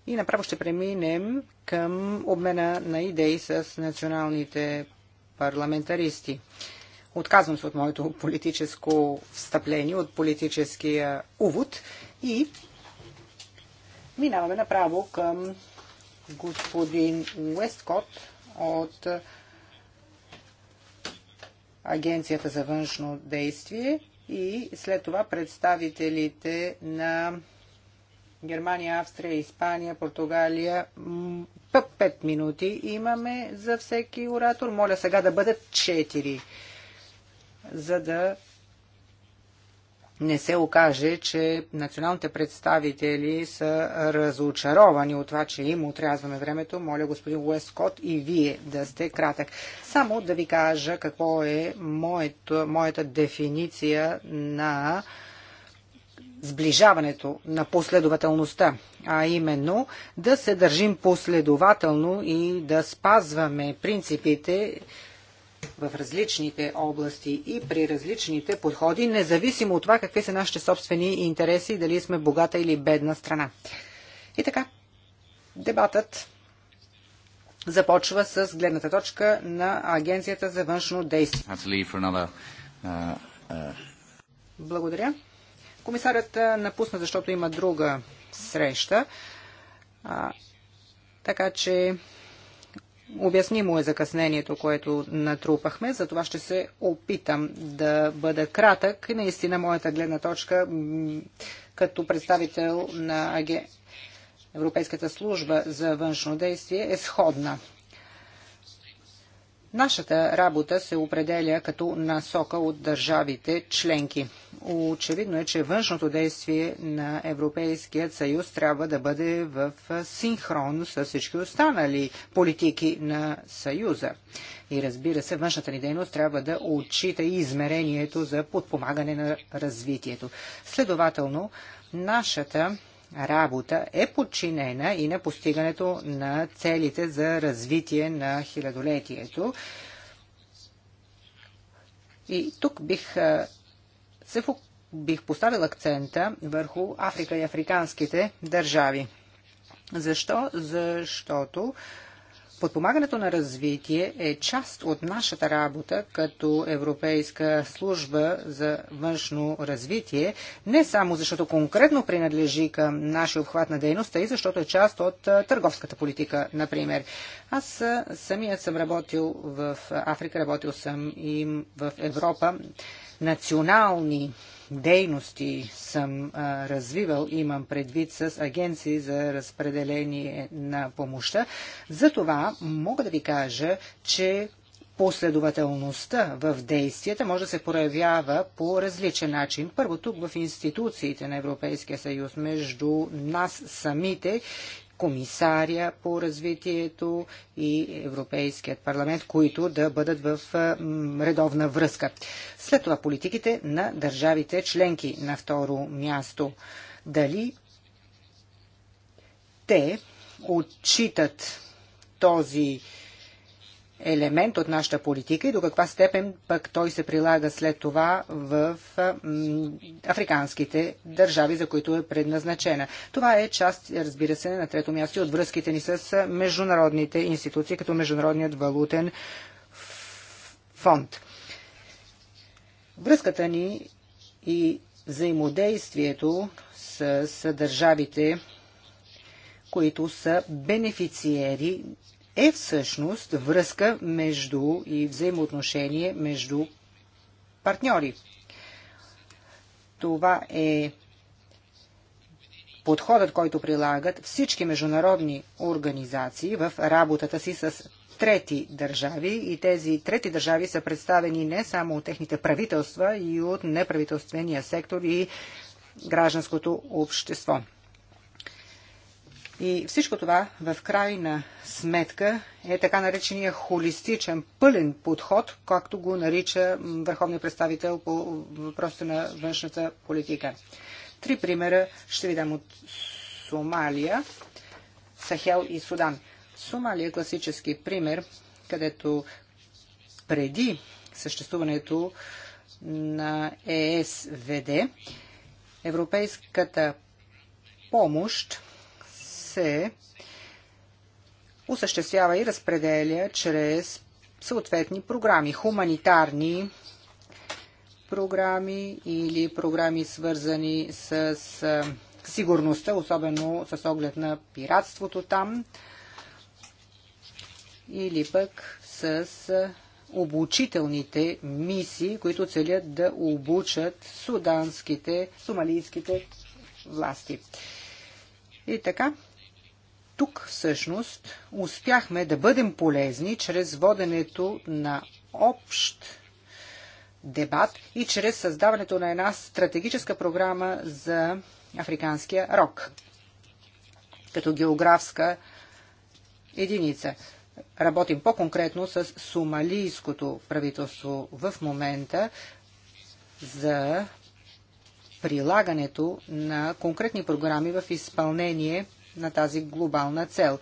И направо ще преминем към обмена на идеи с националните парламентаристи. Отказвам се от моето политическо встъпление, от политическия увод и минаваме направо към господин Уесткот от Агенцията за външно действие и след това представителите на Германия, Австрия, Испания, Португалия. пет минути имаме за всеки оратор. Моля сега да бъдат четири. за да не се окаже, че националните представители са разочаровани от това, че им отрязваме времето. Моля господин Уескот и вие да сте кратък. Само да ви кажа какво е моето, моята дефиниция на сближаването на последователността, а именно да се държим последователно и да спазваме принципите в различните области и при различните подходи, независимо от това какви са нашите собствени интереси и дали сме богата или бедна страна. И така, дебатът започва с гледната точка на Агенцията за външно действие.
Uh, uh,
Благодаря. Комисарът напусна, защото има друга среща. А, така че обяснимо е закъснението, което натрупахме. За това ще се опитам да бъда кратък. И наистина моята гледна точка като представител на АГ Европейската служба за външно действие е сходна Нашата работа се определя като насока от държавите членки. Очевидно е, че външното действие на Европейският съюз трябва да бъде в синхрон с всички останали политики на съюза. И разбира се, външната ни дейност трябва да отчита и измерението за подпомагане на развитието. Следователно, нашата работа е подчинена и на постигането на целите за развитие на хилядолетието. И тук бих се бих поставил акцента върху Африка и африканските държави. Защо? Защото Подпомагането на развитие е част от нашата работа като Европейска служба за външно развитие, не само защото конкретно принадлежи към нашия обхват на дейността и защото е част от търговската политика, например. Аз самият съм работил в Африка, работил съм и в Европа национални дейности съм а, развивал, имам предвид с агенции за разпределение на помощта. Затова мога да ви кажа, че последователността в действията може да се проявява по различен начин. Първо тук в институциите на Европейския съюз, между нас самите комисаря по развитието и Европейският парламент, които да бъдат в редовна връзка. След това политиките на държавите членки на второ място. Дали те отчитат този елемент от нашата политика и до каква степен пък той се прилага след това в африканските държави, за които е предназначена. Това е част, разбира се, на трето място от връзките ни с международните институции, като Международният валутен фонд. Връзката ни и взаимодействието с, с държавите, които са бенефициери е всъщност връзка между и взаимоотношение между партньори. Това е подходът, който прилагат всички международни организации в работата си с трети държави и тези трети държави са представени не само от техните правителства и от неправителствения сектор и гражданското общество. И всичко това в крайна сметка е така наречения холистичен, пълен подход, както го нарича върховният представител по въпросите на външната политика. Три примера ще ви дам от Сомалия, Сахел и Судан. Сомалия е класически пример, където преди съществуването на ЕСВД, Европейската помощ се осъществява и разпределя чрез съответни програми, хуманитарни програми или програми свързани с сигурността, особено с оглед на пиратството там, или пък с обучителните мисии, които целят да обучат суданските, сумалийските власти. И така, тук всъщност успяхме да бъдем полезни чрез воденето на общ дебат и чрез създаването на една стратегическа програма за африканския рок като географска единица. Работим по-конкретно с сумалийското правителство в момента за прилагането на конкретни програми в изпълнение на тази глобална цел.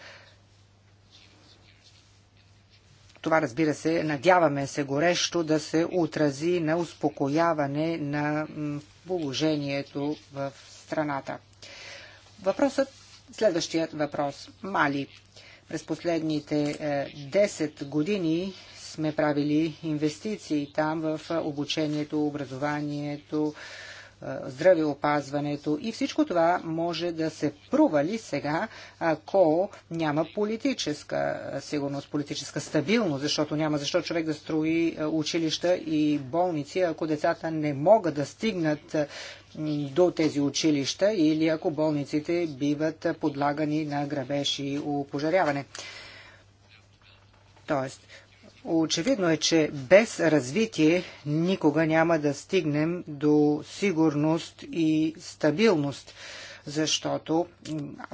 Това, разбира се, надяваме се горещо да се отрази на успокояване на положението в страната. Въпросът, следващият въпрос. Мали. През последните 10 е, години сме правили инвестиции там в е, обучението, образованието, здравеопазването и всичко това може да се провали сега, ако няма политическа сигурност, политическа стабилност, защото няма защо човек да строи училища и болници, ако децата не могат да стигнат до тези училища или ако болниците биват подлагани на грабеж и опожаряване. Тоест, Очевидно е, че без развитие никога няма да стигнем до сигурност и стабилност, защото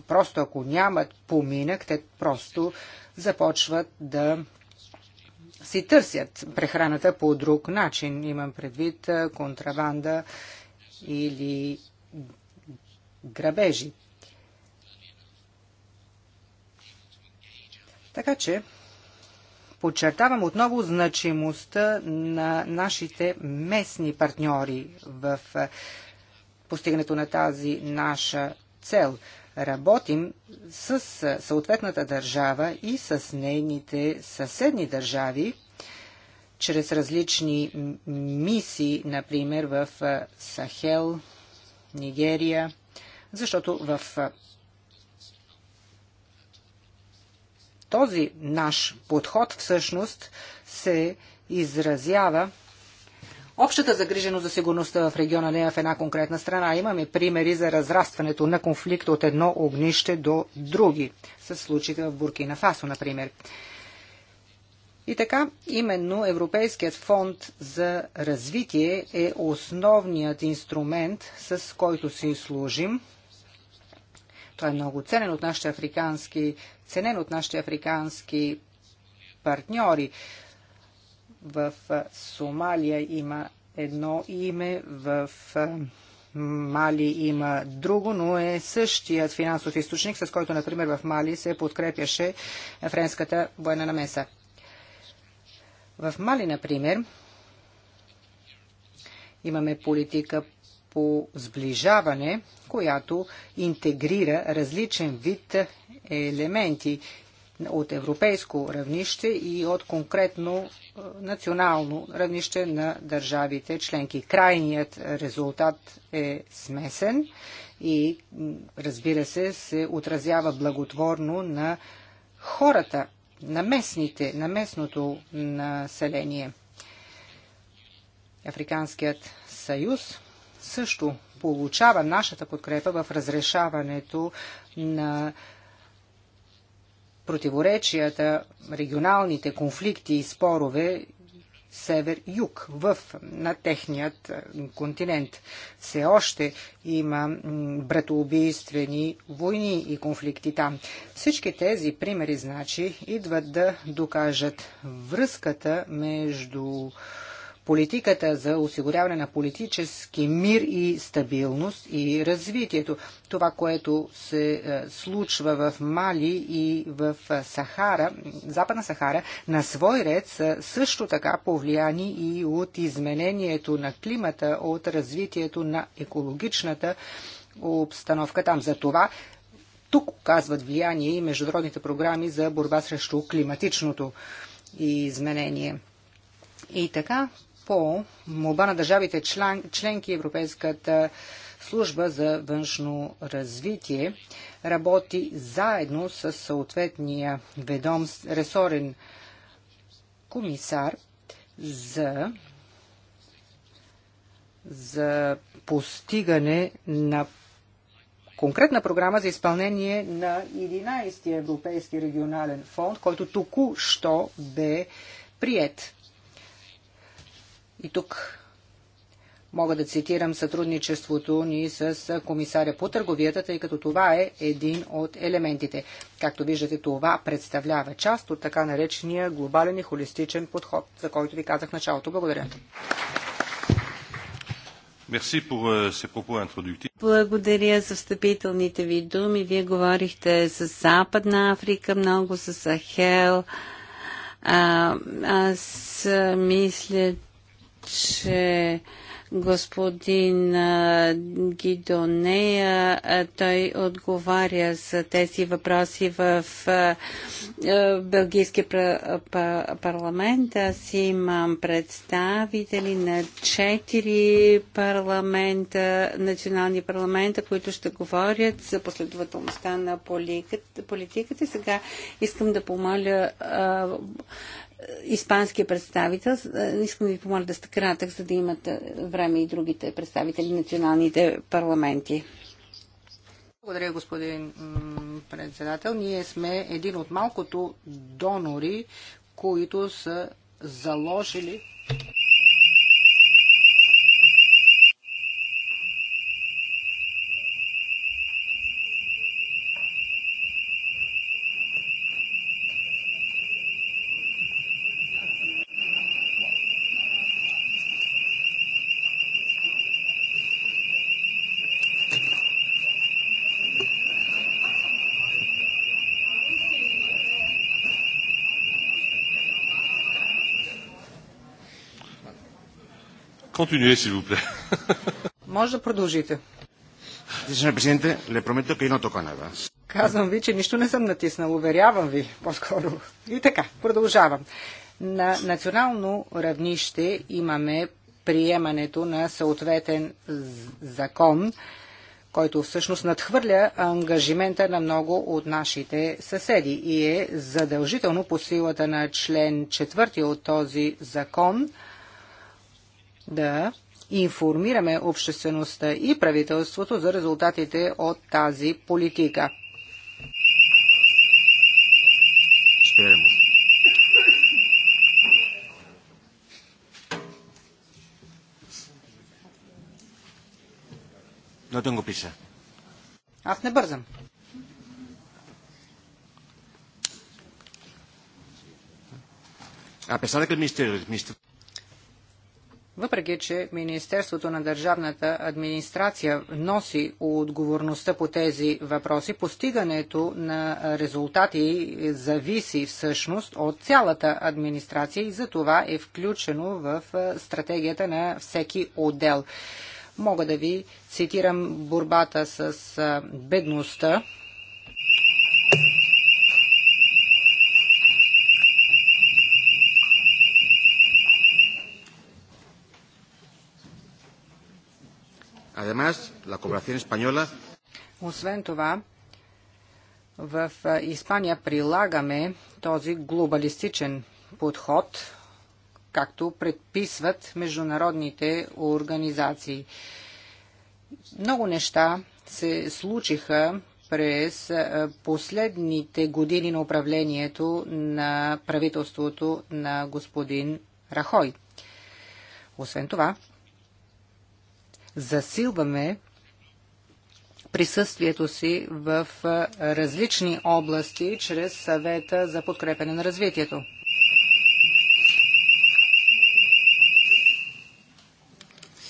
просто ако нямат поминък, те просто започват да си търсят прехраната по друг начин. Имам предвид контрабанда или грабежи. Така че Подчертавам отново значимостта на нашите местни партньори в постигането на тази наша цел. Работим с съответната държава и с нейните съседни държави, чрез различни мисии, например в Сахел, Нигерия, защото в този наш подход всъщност се изразява Общата загриженост за сигурността в региона не е в една конкретна страна. Имаме примери за разрастването на конфликт от едно огнище до други, с случаите в Буркина Фасо, например. И така, именно Европейският фонд за развитие е основният инструмент, с който си служим той е много ценен от нашите африкански, ценен от нашите африкански партньори. В Сомалия има едно име, в Мали има друго, но е същият финансов източник, с който, например, в Мали се подкрепяше френската военна намеса. В Мали, например, имаме политика по сближаване, която интегрира различен вид елементи от европейско равнище и от конкретно е, национално равнище на държавите членки. Крайният резултат е смесен и разбира се се отразява благотворно на хората, на местните, на местното население. Африканският съюз също получава нашата подкрепа в разрешаването на противоречията, регионалните конфликти и спорове север-юг в, на техният е, континент. Все още има братоубийствени войни и конфликти там. Всички тези примери, значи, идват да докажат връзката между политиката за осигуряване на политически мир и стабилност и развитието. Това, което се е, случва в Мали и в е, Сахара, Западна Сахара, на свой ред са също така повлияни и от изменението на климата, от развитието на екологичната обстановка там. За това тук оказват влияние и международните програми за борба срещу климатичното изменение. И така, по молба на държавите член, членки Европейската служба за външно развитие работи заедно с съответния ведомств, ресорен комисар за, за постигане на конкретна програма за изпълнение на 11 я Европейски регионален фонд, който току-що бе прият. И тук мога да цитирам сътрудничеството ни с комисаря по търговията, тъй като това е един от елементите. Както виждате, това представлява част от така наречения глобален и холистичен подход, за който ви казах началото. Благодаря. Euh,
Благодаря за встъпителните ви думи. Вие говорихте с Западна Африка много, с Ахел. А, аз мисля, че господин Гидонея, той отговаря за тези въпроси в Белгийския парламент. Аз имам представители на четири парламента, национални парламента, които ще говорят за последователността на политиката. сега искам да помоля испанския представител. Искам да ви помоля да сте кратък, за да имат време и другите представители на националните парламенти.
Благодаря, господин председател. Ние сме един от малкото донори, които са заложили
Continuez, s'il vous plaît.
Може да продължите. Казвам ви, че нищо не съм натиснал. Уверявам ви по-скоро. И така, продължавам. На национално равнище имаме приемането на съответен закон, който всъщност надхвърля ангажимента на много от нашите съседи и е задължително по силата на член 4 от този закон – да информираме обществеността и правителството за резултатите от тази политика.
Но No го пиша.
Аз не бързам.
A pesar de que el ministerio, el ministerio...
Въпреки, че Министерството на държавната администрация носи отговорността по тези въпроси, постигането на резултати зависи всъщност от цялата администрация и за това е включено в стратегията на всеки отдел. Мога да ви цитирам борбата с бедността,
Además, la cooperación española...
Освен това, в Испания прилагаме този глобалистичен подход, както предписват международните организации. Много неща се случиха през последните години на управлението на правителството на господин Рахой. Освен това, засилваме присъствието си в различни области чрез съвета за подкрепене на развитието.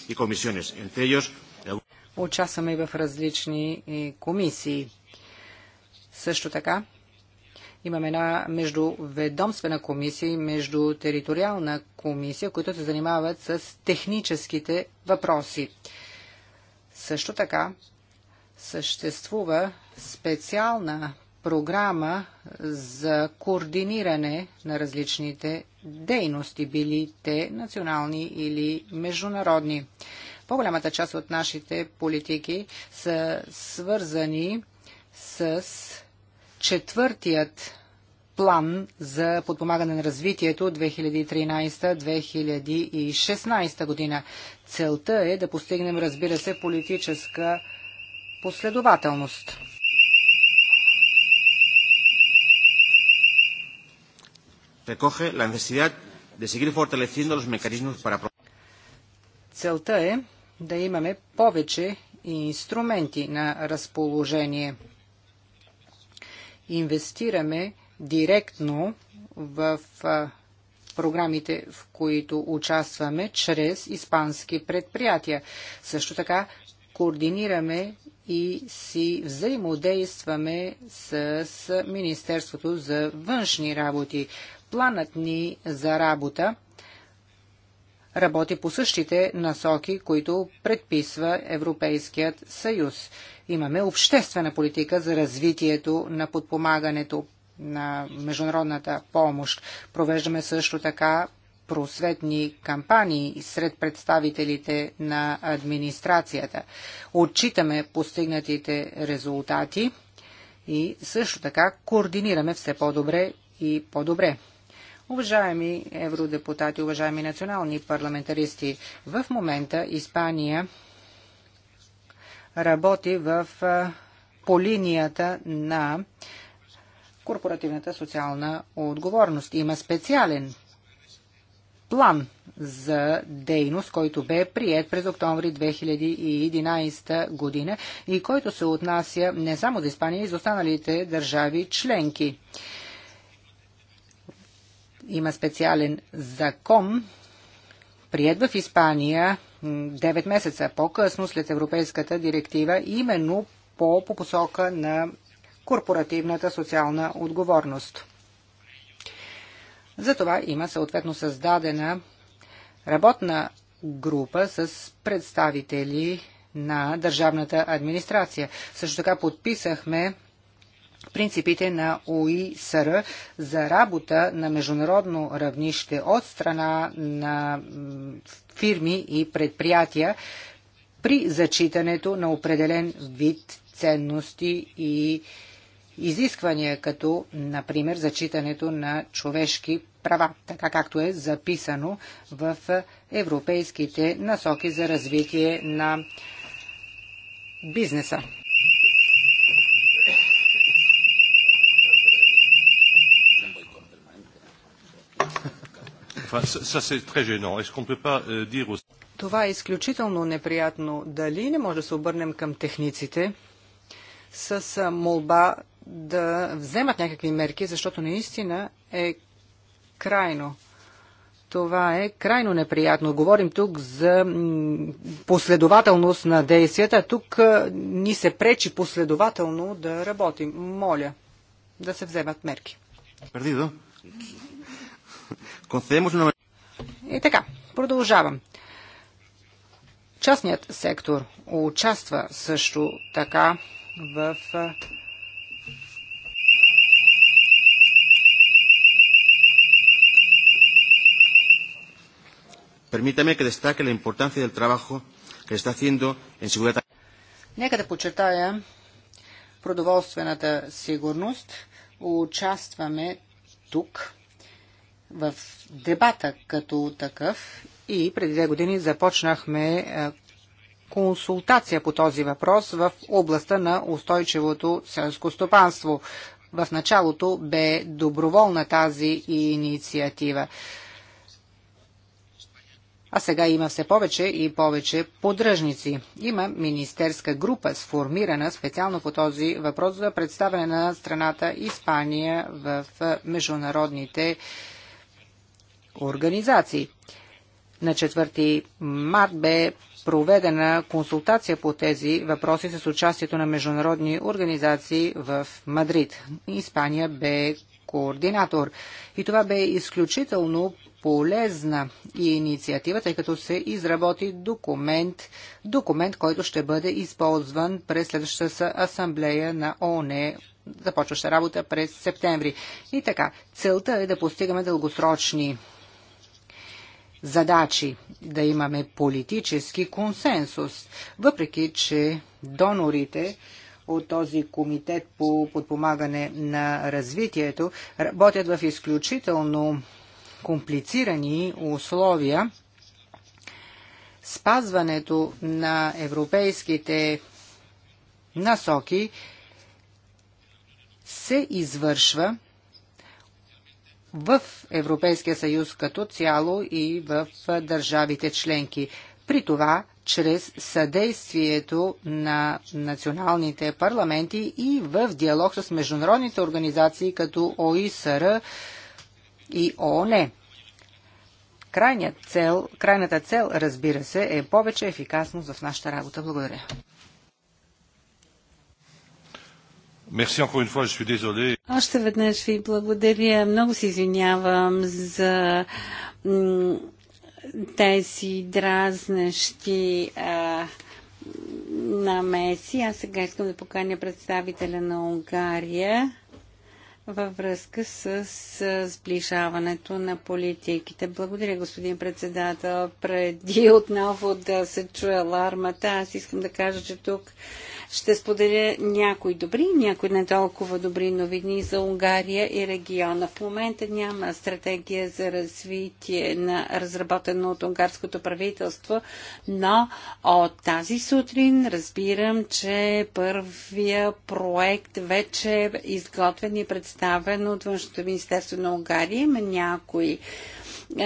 И комисионес,
Участваме и в различни комисии. Също така имаме една междуведомствена комисия и междутериториална комисия, които се занимават с техническите въпроси. Също така съществува специална програма за координиране на различните дейности, били те национални или международни. По-голямата част от нашите политики са свързани с четвъртият план за подпомагане на развитието 2013-2016 година. Целта е да постигнем, разбира се, политическа последователност. Recoge la
necesidad de seguir fortaleciendo los mecanismos para...
Целта е да имаме повече инструменти на разположение – инвестираме директно в програмите, в които участваме, чрез испански предприятия. Също така координираме и си взаимодействаме с Министерството за външни работи. Планът ни за работа работи по същите насоки, които предписва Европейският съюз. Имаме обществена политика за развитието на подпомагането на международната помощ. Провеждаме също така просветни кампании сред представителите на администрацията. Отчитаме постигнатите резултати и също така координираме все по-добре и по-добре Уважаеми евродепутати, уважаеми национални парламентаристи, в момента Испания работи в, по линията на корпоративната социална отговорност. Има специален план за дейност, който бе прият през октомври 2011 година и който се отнася не само за Испания, и за останалите държави членки има специален закон, прият в Испания 9 месеца по-късно след Европейската директива, именно по, по посока на корпоративната социална отговорност. Затова има съответно създадена работна група с представители на държавната администрация. Също така подписахме принципите на ОИСР за работа на международно равнище от страна на фирми и предприятия при зачитането на определен вид ценности и изисквания, като, например, зачитането на човешки права, така както е записано в европейските насоки за развитие на бизнеса. Euh, Това е изключително неприятно. Дали не може да се обърнем към техниците с молба да вземат някакви мерки, защото наистина е крайно. Това е крайно неприятно. Говорим тук за последователност на действията. Тук ни се пречи последователно да работим. Моля да се вземат мерки.
да? Concedemos una...
И така, продължавам. Частният сектор участва също така в
Permítame que destaque la importancia del trabajo que está haciendo en seguridad.
Нека да подчертая продоволствената сигурност. Участваме тук в дебата като такъв и преди две години започнахме е, консултация по този въпрос в областта на устойчивото селско стопанство. В началото бе доброволна тази инициатива. А сега има все повече и повече подръжници. Има министерска група, сформирана специално по този въпрос за представяне на страната Испания в е, международните организации. На 4 март бе проведена консултация по тези въпроси с участието на международни организации в Мадрид. Испания бе координатор. И това бе изключително полезна и инициатива, тъй като се изработи документ, документ, който ще бъде използван през следващата асамблея на ООН започваща работа през септември. И така, целта е да постигаме дългосрочни задачи, да имаме политически консенсус, въпреки че донорите от този комитет по подпомагане на развитието работят в изключително комплицирани условия. Спазването на европейските насоки се извършва в Европейския съюз като цяло и в държавите членки. При това чрез съдействието на националните парламенти и в диалог с международните организации като ОИСР и ООН. Крайният цел, крайната цел, разбира се, е повече ефикасност в
нашата работа. Благодаря. Още веднъж ви благодаря. Много се извинявам за тези дразнещи намеси. Аз сега искам да поканя представителя на Унгария във връзка с, с сближаването на политиките. Благодаря, господин председател. Преди отново да се чуе алармата, аз искам да кажа, че тук ще споделя някои добри, някои не толкова добри новини за Унгария и региона. В момента няма стратегия за развитие на разработено от унгарското правителство, но от тази сутрин разбирам, че първия проект вече е изготвен и представен от Външното министерство на Унгария. Има някои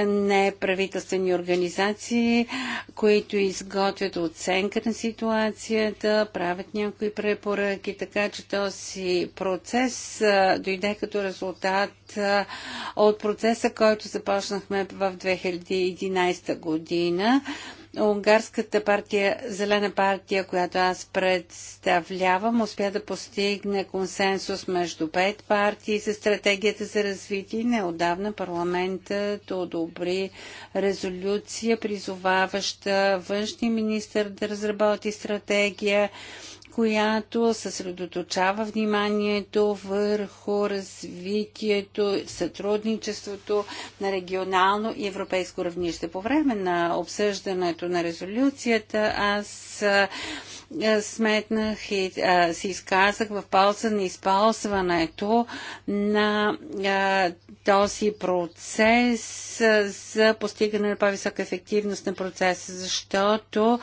неправителствени организации, които изготвят оценка на ситуацията, правят някои препоръки, така че този процес дойде като резултат от процеса, който започнахме в 2011 година. Унгарската партия, Зелена партия, която аз представлявам, успя да постигне консенсус между пет партии за стратегията за развитие. Неодавна парламентът одобри резолюция, призоваваща външния министр да разработи стратегия която съсредоточава вниманието върху развитието, сътрудничеството на регионално и европейско равнище. По време на обсъждането на резолюцията аз сметнах и а, се изказах в полза на използването на а, този процес а, за постигане на по-висока ефективност на процеса, защото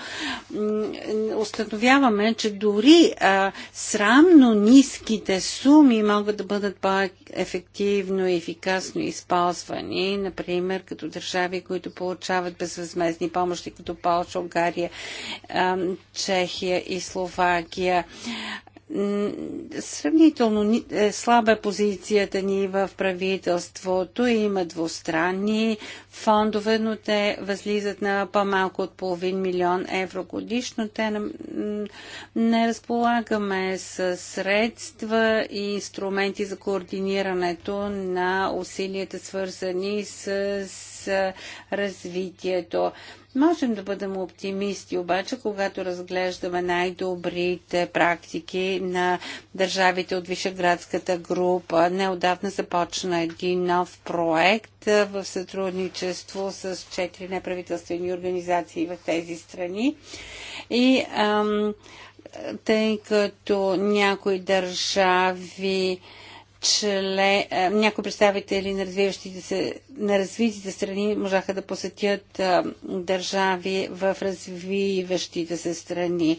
установяваме, че дори дори а, срамно ниските суми могат да бъдат по-ефективно и ефикасно използвани, например като държави, които получават безвъзмезни помощи, като Полша, Унгария, а, Чехия и Словакия. Сравнително е, слаба е позицията ни в правителството. Има двустранни фондове, но те възлизат на по-малко от половин милион евро годишно. Те не, не разполагаме с средства и инструменти за координирането на усилията, свързани с развитието. Можем да бъдем оптимисти, обаче, когато разглеждаме най-добрите практики на държавите от Вишеградската група. Неодавна започна един нов проект в сътрудничество с четири неправителствени организации в тези страни. И ам, тъй като някои държави чле, е, някои представители на, развиващите се, на развитите страни можаха да посетят а, е, държави в развиващите се страни.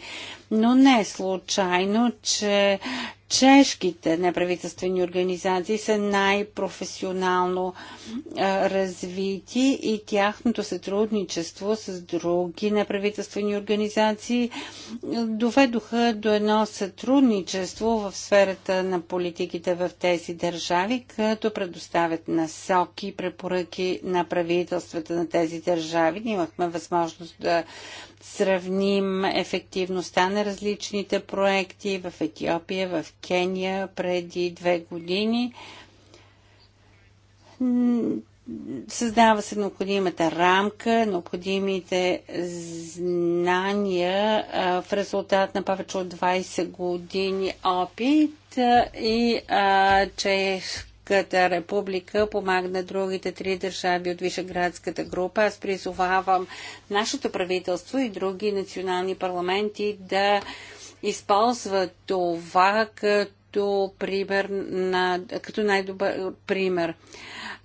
Но не е случайно, че чешките неправителствени организации са най-професионално развити и тяхното сътрудничество с други неправителствени организации доведоха до едно сътрудничество в сферата на политиките в тези държави, като предоставят насоки, препоръки на правителствата на тези държави. имахме възможност да сравним ефективността на различните проекти в Етиопия, в Кения преди две години. Създава се необходимата рамка, необходимите знания в резултат на повече от 20 години опит и че. Сръбската република помага на другите три държави от Вишеградската група. Аз призовавам нашето правителство и други национални парламенти да използват това като пример на, като най-добър пример.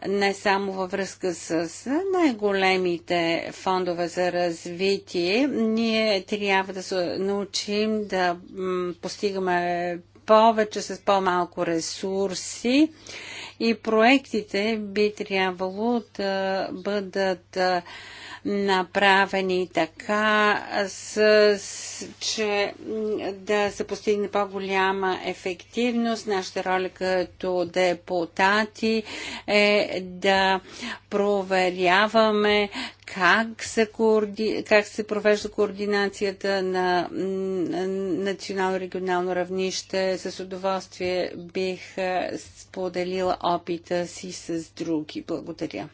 Не само във връзка с най-големите фондове за развитие, ние трябва да се научим да постигаме повече с по-малко ресурси и проектите би трябвало да бъдат направени така, с, с, че да се постигне по-голяма ефективност. Нашата роля като депутати е да проверяваме как се, коорди... как се провежда координацията на национално-регионално равнище. С удоволствие бих е, споделила опита си с други. Благодаря.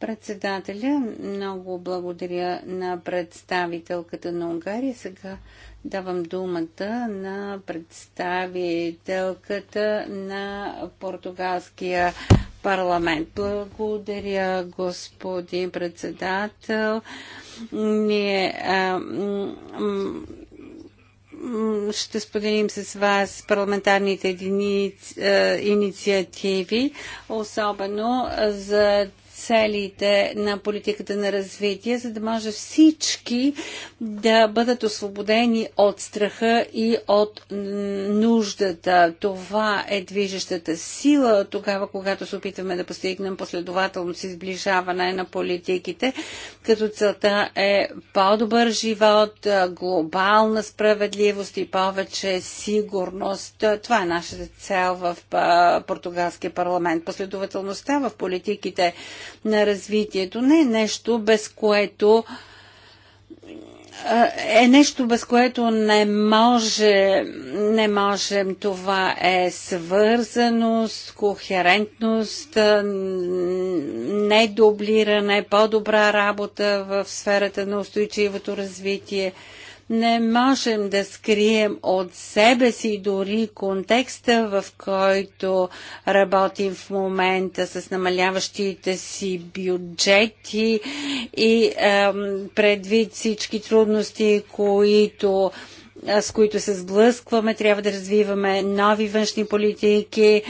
Председателя, много благодаря на представителката на Унгария. Сега давам думата на представителката на португалския парламент. Благодаря, господин председател. Ние а, ще споделим с вас парламентарните единици, инициативи, особено за целите на политиката на развитие, за да може всички да бъдат освободени от страха и от нуждата. Това е движещата сила тогава, когато се опитваме да постигнем последователност и сближаване на политиките, като целта е по-добър живот, глобална справедливост и повече сигурност. Това е нашата цел в португалския парламент. Последователността в политиките на развитието не е нещо, без което е, е нещо, без което не може, не можем. Това е свързаност, кохерентност, недублиране, по-добра работа в сферата на устойчивото развитие не можем да скрием от себе си дори контекста, в който работим в момента с намаляващите си бюджети и ем, предвид всички трудности, които с които се сблъскваме, трябва да развиваме нови външни политики,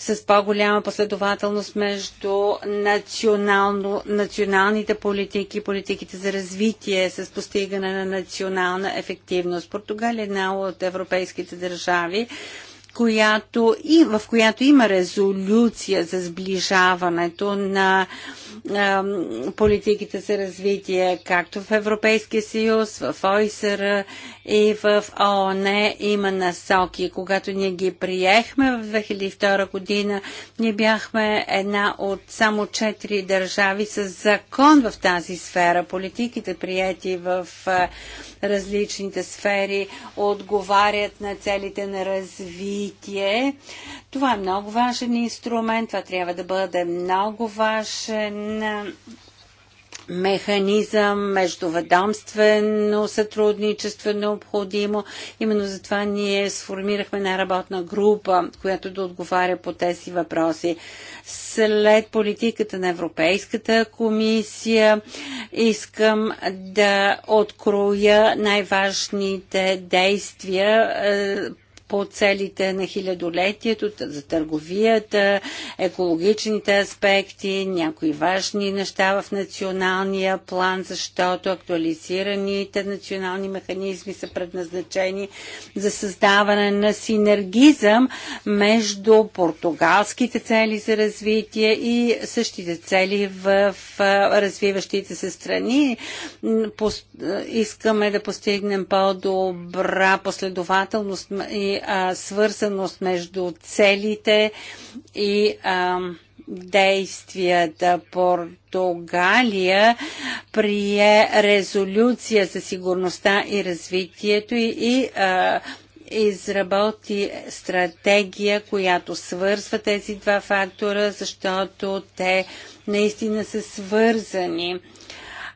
с по-голяма последователност между национално, националните политики, политиките за развитие, с постигане на национална ефективност. Португалия е една от европейските държави, която и, в която има резолюция за сближаването на политиките за развитие, както в Европейския съюз, в ОИСР и в ООН има насоки. Когато ние ги приехме в 2002 година, ние бяхме една от само четири държави с закон в тази сфера. Политиките прияти в различните сфери отговарят на целите на развитие. Това е много важен инструмент, това трябва да бъде много важен механизъм, междуведомствено сътрудничество е необходимо. Именно затова ние сформирахме една работна група, която да отговаря по тези въпроси. След политиката на Европейската комисия искам да откроя най-важните действия е, по целите на хилядолетието, за търговията, екологичните аспекти, някои важни неща в националния план, защото актуализираните национални механизми са предназначени за създаване на синергизъм между португалските цели за развитие и същите цели в развиващите се страни. Искаме да постигнем по-добра последователност и а, свързаност между целите и а, действията. Португалия прие резолюция за сигурността и развитието и, и а, изработи стратегия, която свързва тези два фактора, защото те наистина са свързани.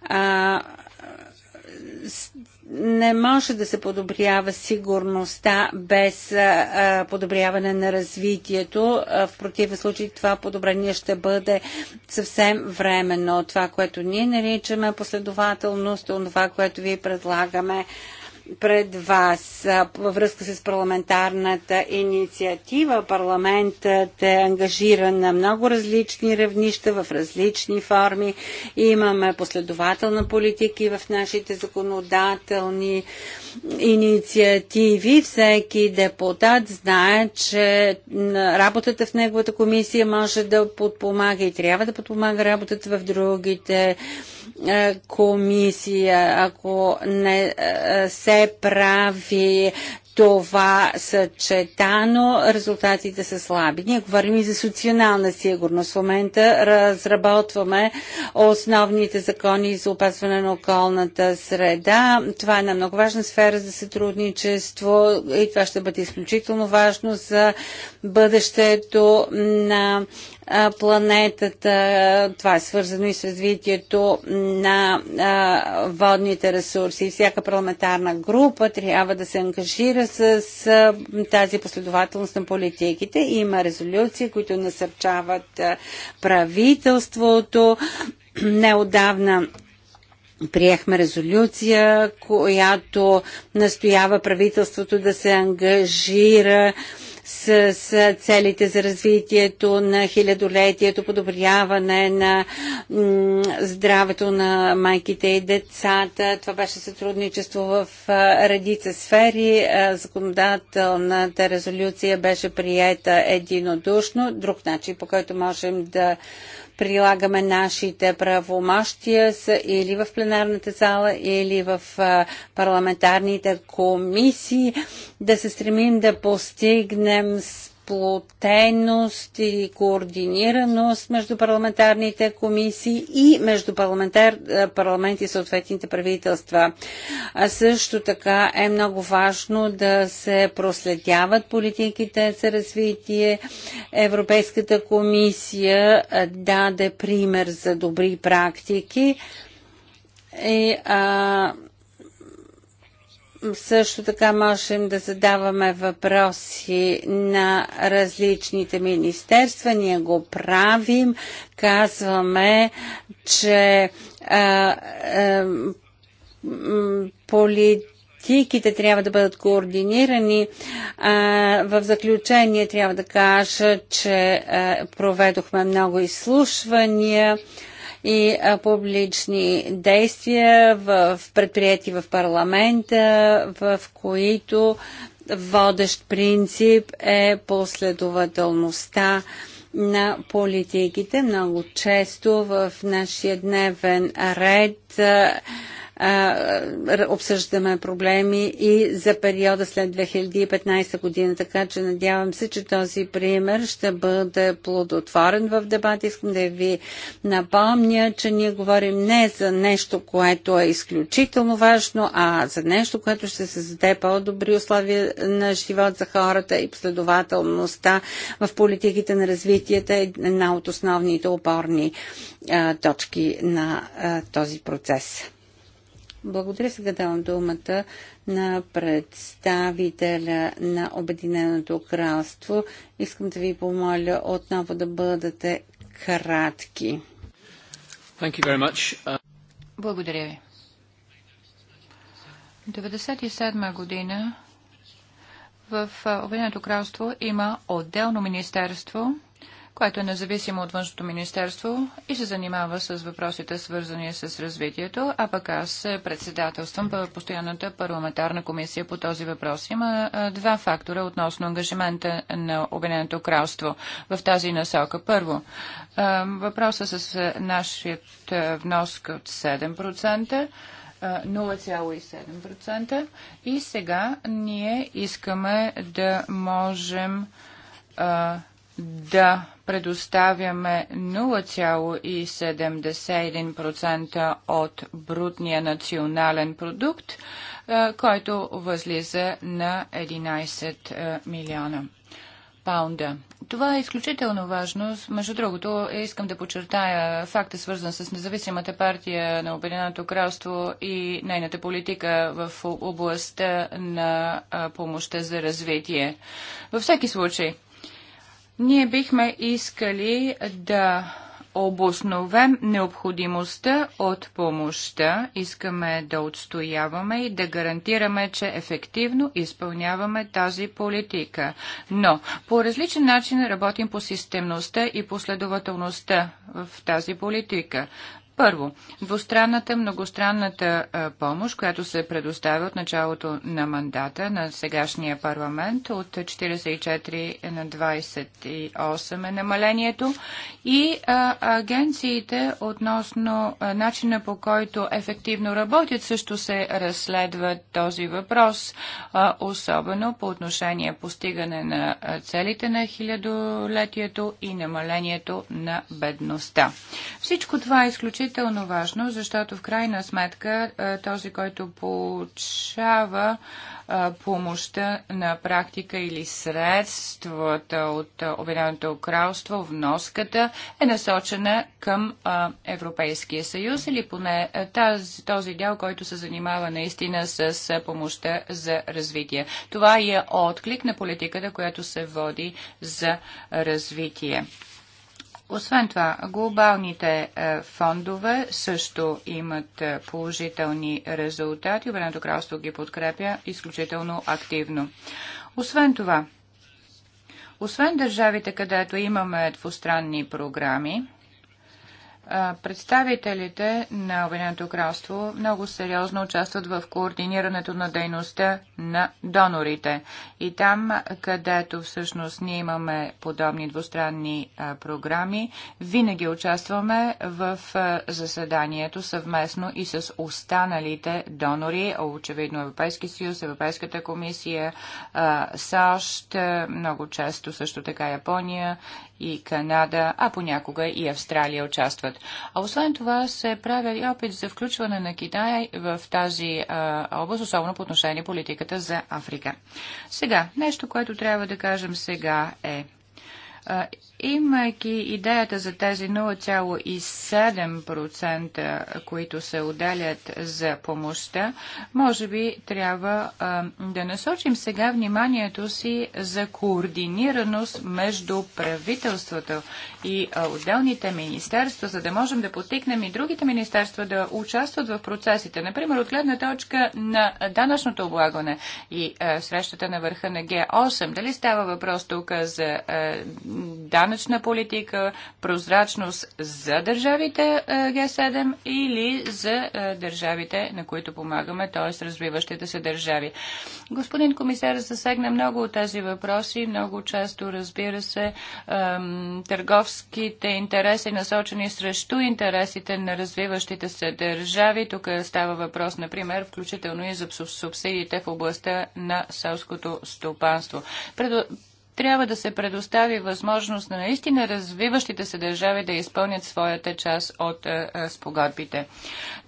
А, не може да се подобрява сигурността без а, подобряване на развитието. А, в противен случай това подобрение ще бъде съвсем временно. Това, което ние наричаме последователност, това, което ви предлагаме пред вас във връзка с парламентарната инициатива. Парламентът е ангажиран на много различни равнища, в различни форми. Имаме последователна политики в нашите законодателни инициативи. Всеки депутат знае, че работата в неговата комисия може да подпомага и трябва да подпомага работата в другите е, комисия, ако не е, се прави това съчетано, резултатите са слаби. Ние говорим и за социална сигурност. В момента разработваме основните закони за опазване на околната среда. Това е една много важна сфера за сътрудничество и това ще бъде изключително важно за бъдещето на планетата. Това е свързано и с развитието на водните ресурси. Всяка парламентарна група трябва да се ангажира с тази последователност на политиките. Има резолюции, които насърчават правителството. Неодавна приехме резолюция, която настоява правителството да се ангажира с, с целите за развитието на хилядолетието, подобряване на здравето на майките и децата. Това беше сътрудничество в редица сфери. Законодателната резолюция беше приета единодушно. Друг начин, по който можем да прилагаме нашите правомощия или в пленарната зала, или в парламентарните комисии, да се стремим да постигнем сплотеност и координираност между парламентарните комисии и между парламентар, е, парламент и съответните правителства. А също така е много важно да се проследяват политиките за развитие. Европейската комисия е, даде пример за добри практики. И, а, също така можем да задаваме въпроси на различните министерства. Ние го правим. Казваме, че а, а, политиките трябва да бъдат координирани. А, в заключение трябва да кажа, че а, проведохме много изслушвания и публични действия в предприяти в парламента, в които водещ принцип е последователността на политиките. Много често в нашия дневен ред обсъждаме проблеми и за периода след 2015 година. Така че надявам се, че този пример ще бъде плодотворен в дебат. Искам да ви напомня, че ние говорим не за нещо, което е изключително важно, а за нещо, което ще създаде по-добри условия на живот за хората и последователността в политиките на развитието е една от основните опорни точки на този процес. Благодаря. Сега давам думата на представителя на Обединеното кралство. Искам да ви помоля отново да бъдете кратки.
Благодаря ви. 1997 година в Обединеното кралство има отделно министерство което е независимо от Външното министерство и се занимава с въпросите свързани с развитието, а пък аз председателствам по постоянната парламентарна комисия по този въпрос. Има два фактора относно ангажимента на Обединеното кралство в тази насока. Първо, въпроса с нашият вноск от 7%, 0,7% и сега ние искаме да можем да предоставяме 0,71% от брутния национален продукт, е, който възлиза на 11 е, милиона паунда. Това е изключително важно. Между другото, искам да подчертая факта, свързан с независимата партия на Обединеното кралство и нейната политика в областта на помощта за развитие. Във всеки случай, ние бихме искали да обосновем необходимостта от помощта, искаме да отстояваме и да гарантираме, че ефективно изпълняваме тази политика. Но по различен начин работим по системността и последователността в тази политика. Първо, двустранната, многостранната помощ, която се предоставя от началото на мандата на сегашния парламент от 44 на 28 е намалението и а, агенциите относно а, начина по който ефективно работят също се разследва този въпрос, а, особено по отношение постигане на целите на хилядолетието и намалението на бедността. Всичко това е изключително изключително важно, защото в крайна сметка този, който получава помощта на практика или средствата от Обединеното кралство, вноската е насочена към Европейския съюз или поне тази, този дял, който се занимава наистина с помощта за развитие. Това е отклик на политиката, която се води за развитие. Освен това, глобалните е, фондове също имат е, положителни резултати. Обединеното кралство ги подкрепя изключително активно. Освен това, освен държавите, където имаме двустранни програми, Представителите на Обединеното кралство много сериозно участват в координирането на дейността на донорите. И там, където всъщност ние имаме подобни двустранни програми, винаги участваме в заседанието съвместно и с останалите донори, очевидно Европейски съюз, Европейската комисия, САЩ, много често също така Япония и Канада, а понякога и Австралия участват. А освен това се прави и опит за включване на Китай в тази а, област, особено по отношение политиката за Африка. Сега, нещо, което трябва да кажем сега е Имайки идеята за тези 0,7%, които се отделят за помощта, може би трябва а, да насочим сега вниманието си за координираност между правителството и а, отделните министерства, за да можем да потикнем и другите министерства да участват в процесите. Например, от гледна точка на данъчното облагане и а, срещата на върха на Г8. Дали става въпрос тук за данъчна политика, прозрачност за държавите е, Г7 или за е, държавите, на които помагаме, т.е. развиващите се държави. Господин комисар засегна много от тези въпроси. Много често, разбира се, търговските интереси насочени срещу интересите на развиващите се държави. Тук става въпрос, например, включително и за субсидиите в областта на селското стопанство трябва да се предостави възможност на наистина развиващите се държави да изпълнят своята част от а, е, е, спогадбите.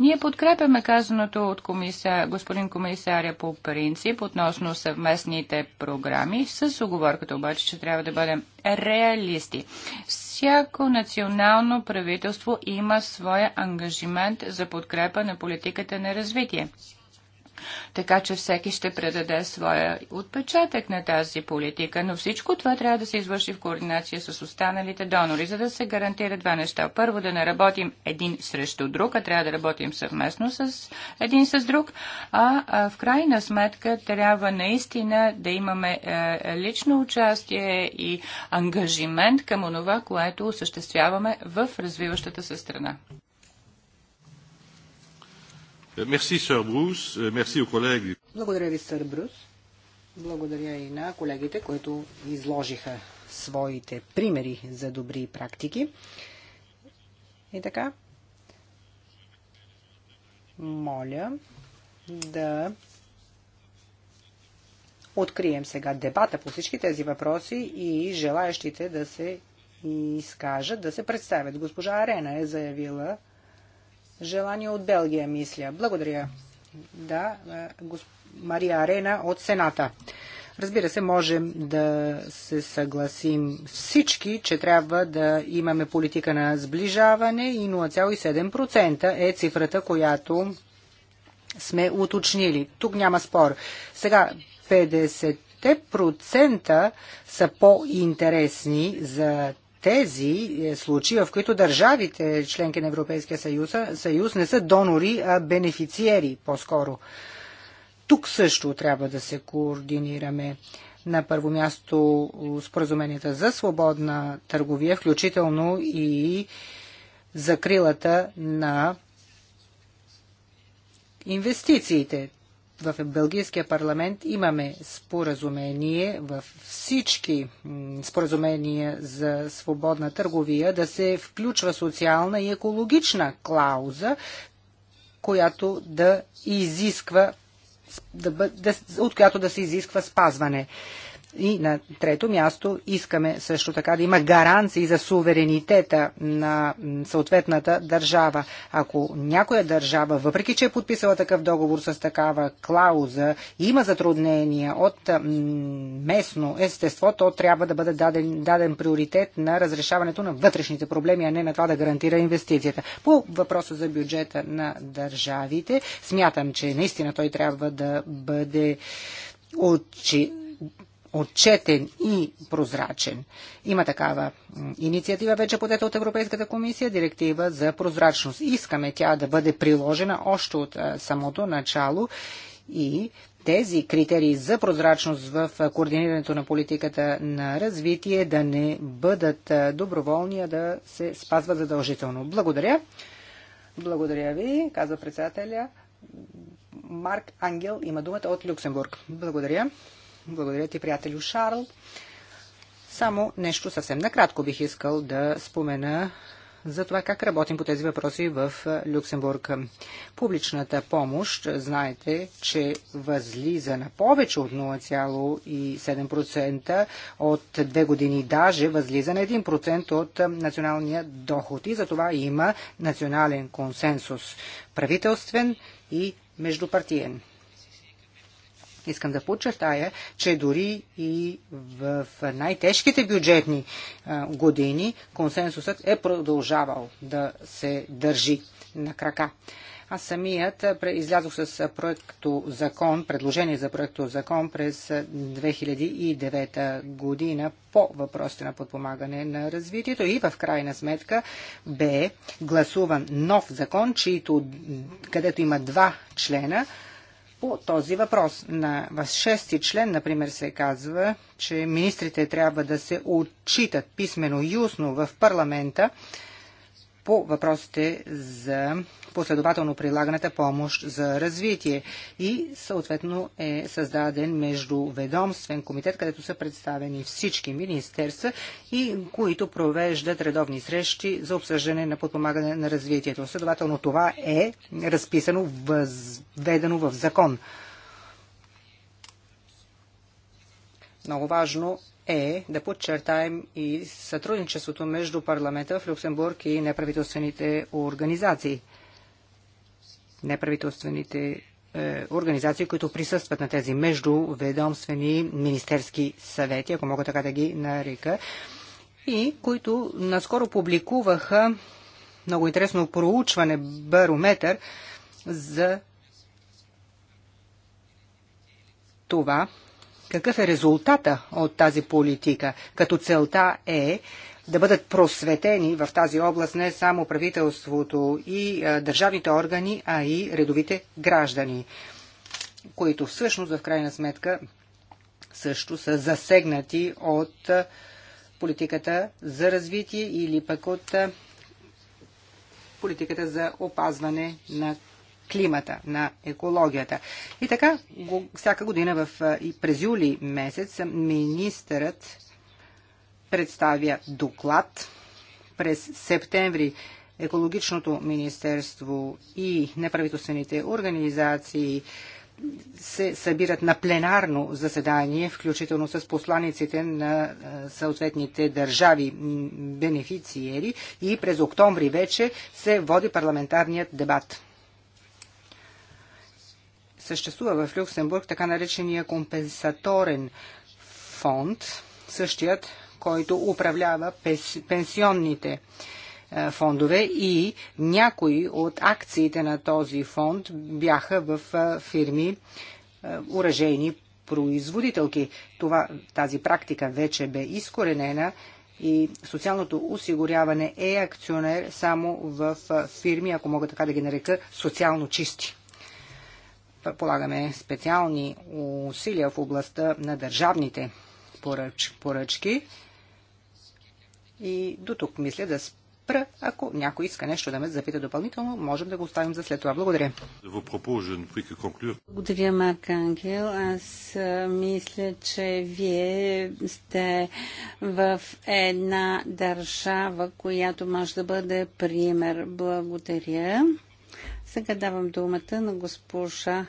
Ние подкрепяме казаното от комисар, господин комисаря по принцип относно съвместните програми, с оговорката обаче, че трябва да бъдем реалисти. Всяко национално правителство има своя ангажимент за подкрепа на политиката на развитие. Така че всеки ще предаде своя отпечатък на тази политика, но всичко това трябва да се извърши в координация с останалите донори, за да се гарантира два неща. Първо, да не работим един срещу друг, а трябва да работим съвместно с един с друг, а, а в крайна сметка трябва наистина да имаме е, лично участие и ангажимент към онова, което осъществяваме в развиващата се страна. Merci, euh, Merci aux
Благодаря ви, сър Брус. Благодаря и на колегите, които изложиха своите примери за добри практики. И така, моля да открием сега дебата по всички тези въпроси и желаящите да се изкажат, да се представят. Госпожа Арена е заявила желание от Белгия, мисля. Благодаря. Да, е, госп... Мария Арена от Сената. Разбира се, можем да се съгласим всички, че трябва да имаме политика на сближаване и 0,7% е цифрата, която сме уточнили. Тук няма спор. Сега 50% са по-интересни за тези е, случаи, в които държавите, членки на Европейския съюз, съюз не са донори, а бенефициери по-скоро. Тук също трябва да се координираме. На първо място споразуменията за свободна търговия, включително и закрилата на инвестициите в Белгийския парламент имаме споразумение в всички споразумения за свободна търговия да се включва социална и екологична клауза, която да изисква, да, да, от която да се изисква спазване. И на трето място искаме също така да има гаранции за суверенитета на съответната държава. Ако някоя държава, въпреки че е подписала такъв договор с такава клауза, има затруднения от местно естество, то трябва да бъде даден, даден приоритет на разрешаването на вътрешните проблеми, а не на това да гарантира инвестицията. По въпроса за бюджета на държавите, смятам, че наистина той трябва да бъде отчитан отчетен и прозрачен. Има такава инициатива вече подета от Европейската комисия, директива за прозрачност. Искаме тя да бъде приложена още от самото начало и тези критерии за прозрачност в координирането на политиката на развитие да не бъдат доброволни, а да се спазват задължително. Благодаря. Благодаря ви, казва председателя. Марк Ангел има думата от Люксембург. Благодаря. Благодаря ти, приятелю Шарл. Само нещо съвсем накратко бих искал да спомена за това как работим по тези въпроси в Люксембург. Публичната помощ, знаете, че възлиза на повече от 0,7% от две години, даже възлиза на 1% от националния доход. И за това има национален консенсус, правителствен и междупартиен. Искам да подчертая, че дори и в най-тежките бюджетни години консенсусът е продължавал да се държи на крака. Аз самият излязох с проекто закон, предложение за проекто закон през 2009 година по въпросите на подпомагане на развитието и в крайна сметка бе гласуван нов закон, чието, където има два члена, по този въпрос. На шести член, например, се казва, че министрите трябва да се отчитат писмено и устно в парламента по въпросите за последователно прилаганата помощ за развитие и съответно е създаден междуведомствен комитет, където са представени всички министерства и които провеждат редовни срещи за обсъждане на подпомагане на развитието. Следователно това е разписано, възведено в закон. Много важно е да подчертаем и сътрудничеството между парламента в Люксембург и неправителствените организации. Неправителствените е, организации, които присъстват на тези междуведомствени министерски съвети, ако мога така да ги нарека, и които наскоро публикуваха много интересно проучване, барометър за това, какъв е резултата от тази политика, като целта е да бъдат просветени в тази област не само правителството и а, държавните органи, а и редовите граждани, които всъщност в крайна сметка също са засегнати от а, политиката за развитие или пък от а, политиката за опазване на климата, на екологията. И така, всяка година в, и през юли месец министърът представя доклад. През септември екологичното министерство и неправителствените организации се събират на пленарно заседание, включително с посланиците на съответните държави бенефициери и през октомври вече се води парламентарният дебат съществува в Люксембург така наречения компенсаторен фонд, същият, който управлява пенсионните е, фондове и някои от акциите на този фонд бяха в е, фирми е, уражейни производителки. Това, тази практика вече бе изкоренена и социалното осигуряване е акционер само в фирми, ако мога така да ги нарека, социално чисти полагаме специални усилия в областта на държавните поръч, поръчки. И до тук мисля да спра. Ако някой иска нещо да ме запита допълнително, можем да го оставим за след това. Благодаря.
Благодаря, Марк Ангел. Аз мисля, че вие сте в една държава, която може да бъде пример. Благодаря. Сега давам думата на госпожа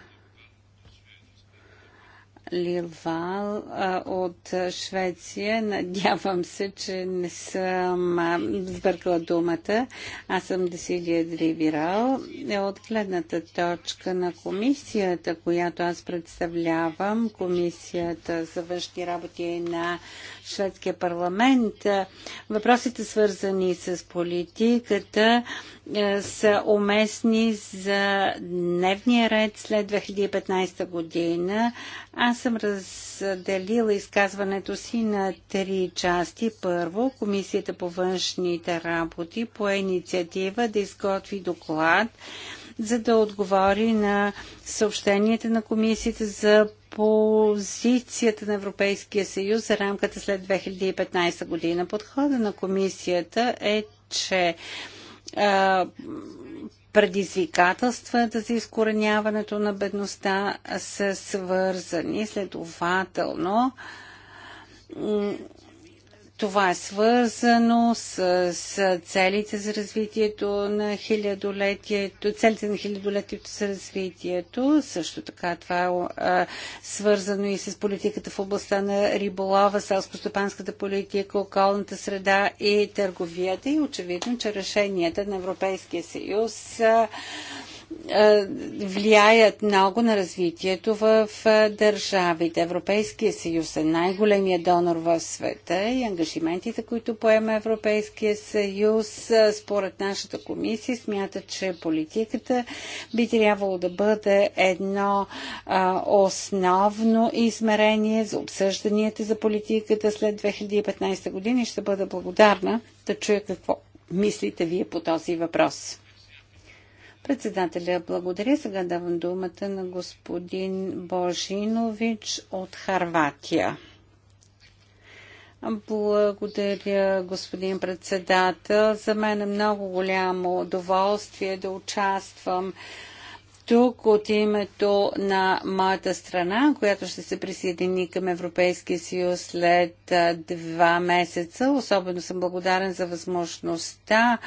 Лилвал от Швеция. Надявам се, че не съм сбъркала думата. Аз съм Десилия Дривирал. Е, от гледната точка на комисията, която аз представлявам, комисията за външни работи на шведския парламент. Е, въпросите, свързани с политиката, е, са уместни за дневния ред след 2015 година. Аз съм разделила изказването си на три части. Първо, Комисията по външните работи по инициатива да изготви доклад за да отговори на съобщенията на комисията за позицията на Европейския съюз за рамката след 2015 година. Подхода на комисията е, че а, предизвикателствата за изкореняването на бедността са свързани. Следователно, това е свързано с, с целите за развитието на хилядолетието, целите на хилядолетието за развитието. Също така това е, е свързано и с политиката в областта на риболова, селско-стопанската политика, околната среда и търговията. И очевидно, че решенията на Европейския съюз са е, влияят много на развитието в държавите. Европейския съюз е най-големия донор в света и ангажиментите, които поема Европейския съюз, според нашата комисия, смятат, че политиката би трябвало да бъде едно основно измерение за обсъжданията за политиката след 2015 година и ще бъда благодарна да чуя какво мислите вие по този въпрос. Председателя, благодаря. Сега давам думата на господин Божинович от Харватия. Благодаря, господин председател. За мен е много голямо удоволствие да участвам тук от името на моята страна, която ще се присъедини към Европейския съюз след два месеца. Особено съм благодарен за възможността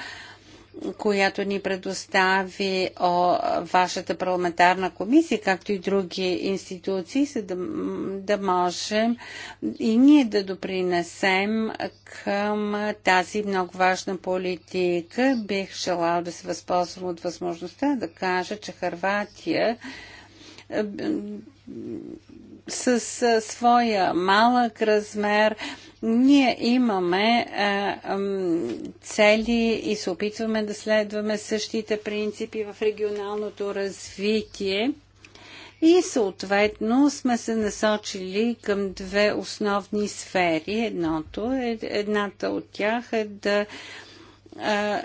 която ни предостави о, вашата парламентарна комисия, както и други институции, за да, да можем и ние да допринесем към тази много важна политика. Бих желал да се възползвам от възможността да кажа, че Харватия със своя малък размер. Ние имаме е, цели и се опитваме да следваме същите принципи в регионалното развитие. И съответно сме се насочили към две основни сфери. Едното е, едната от тях е да е,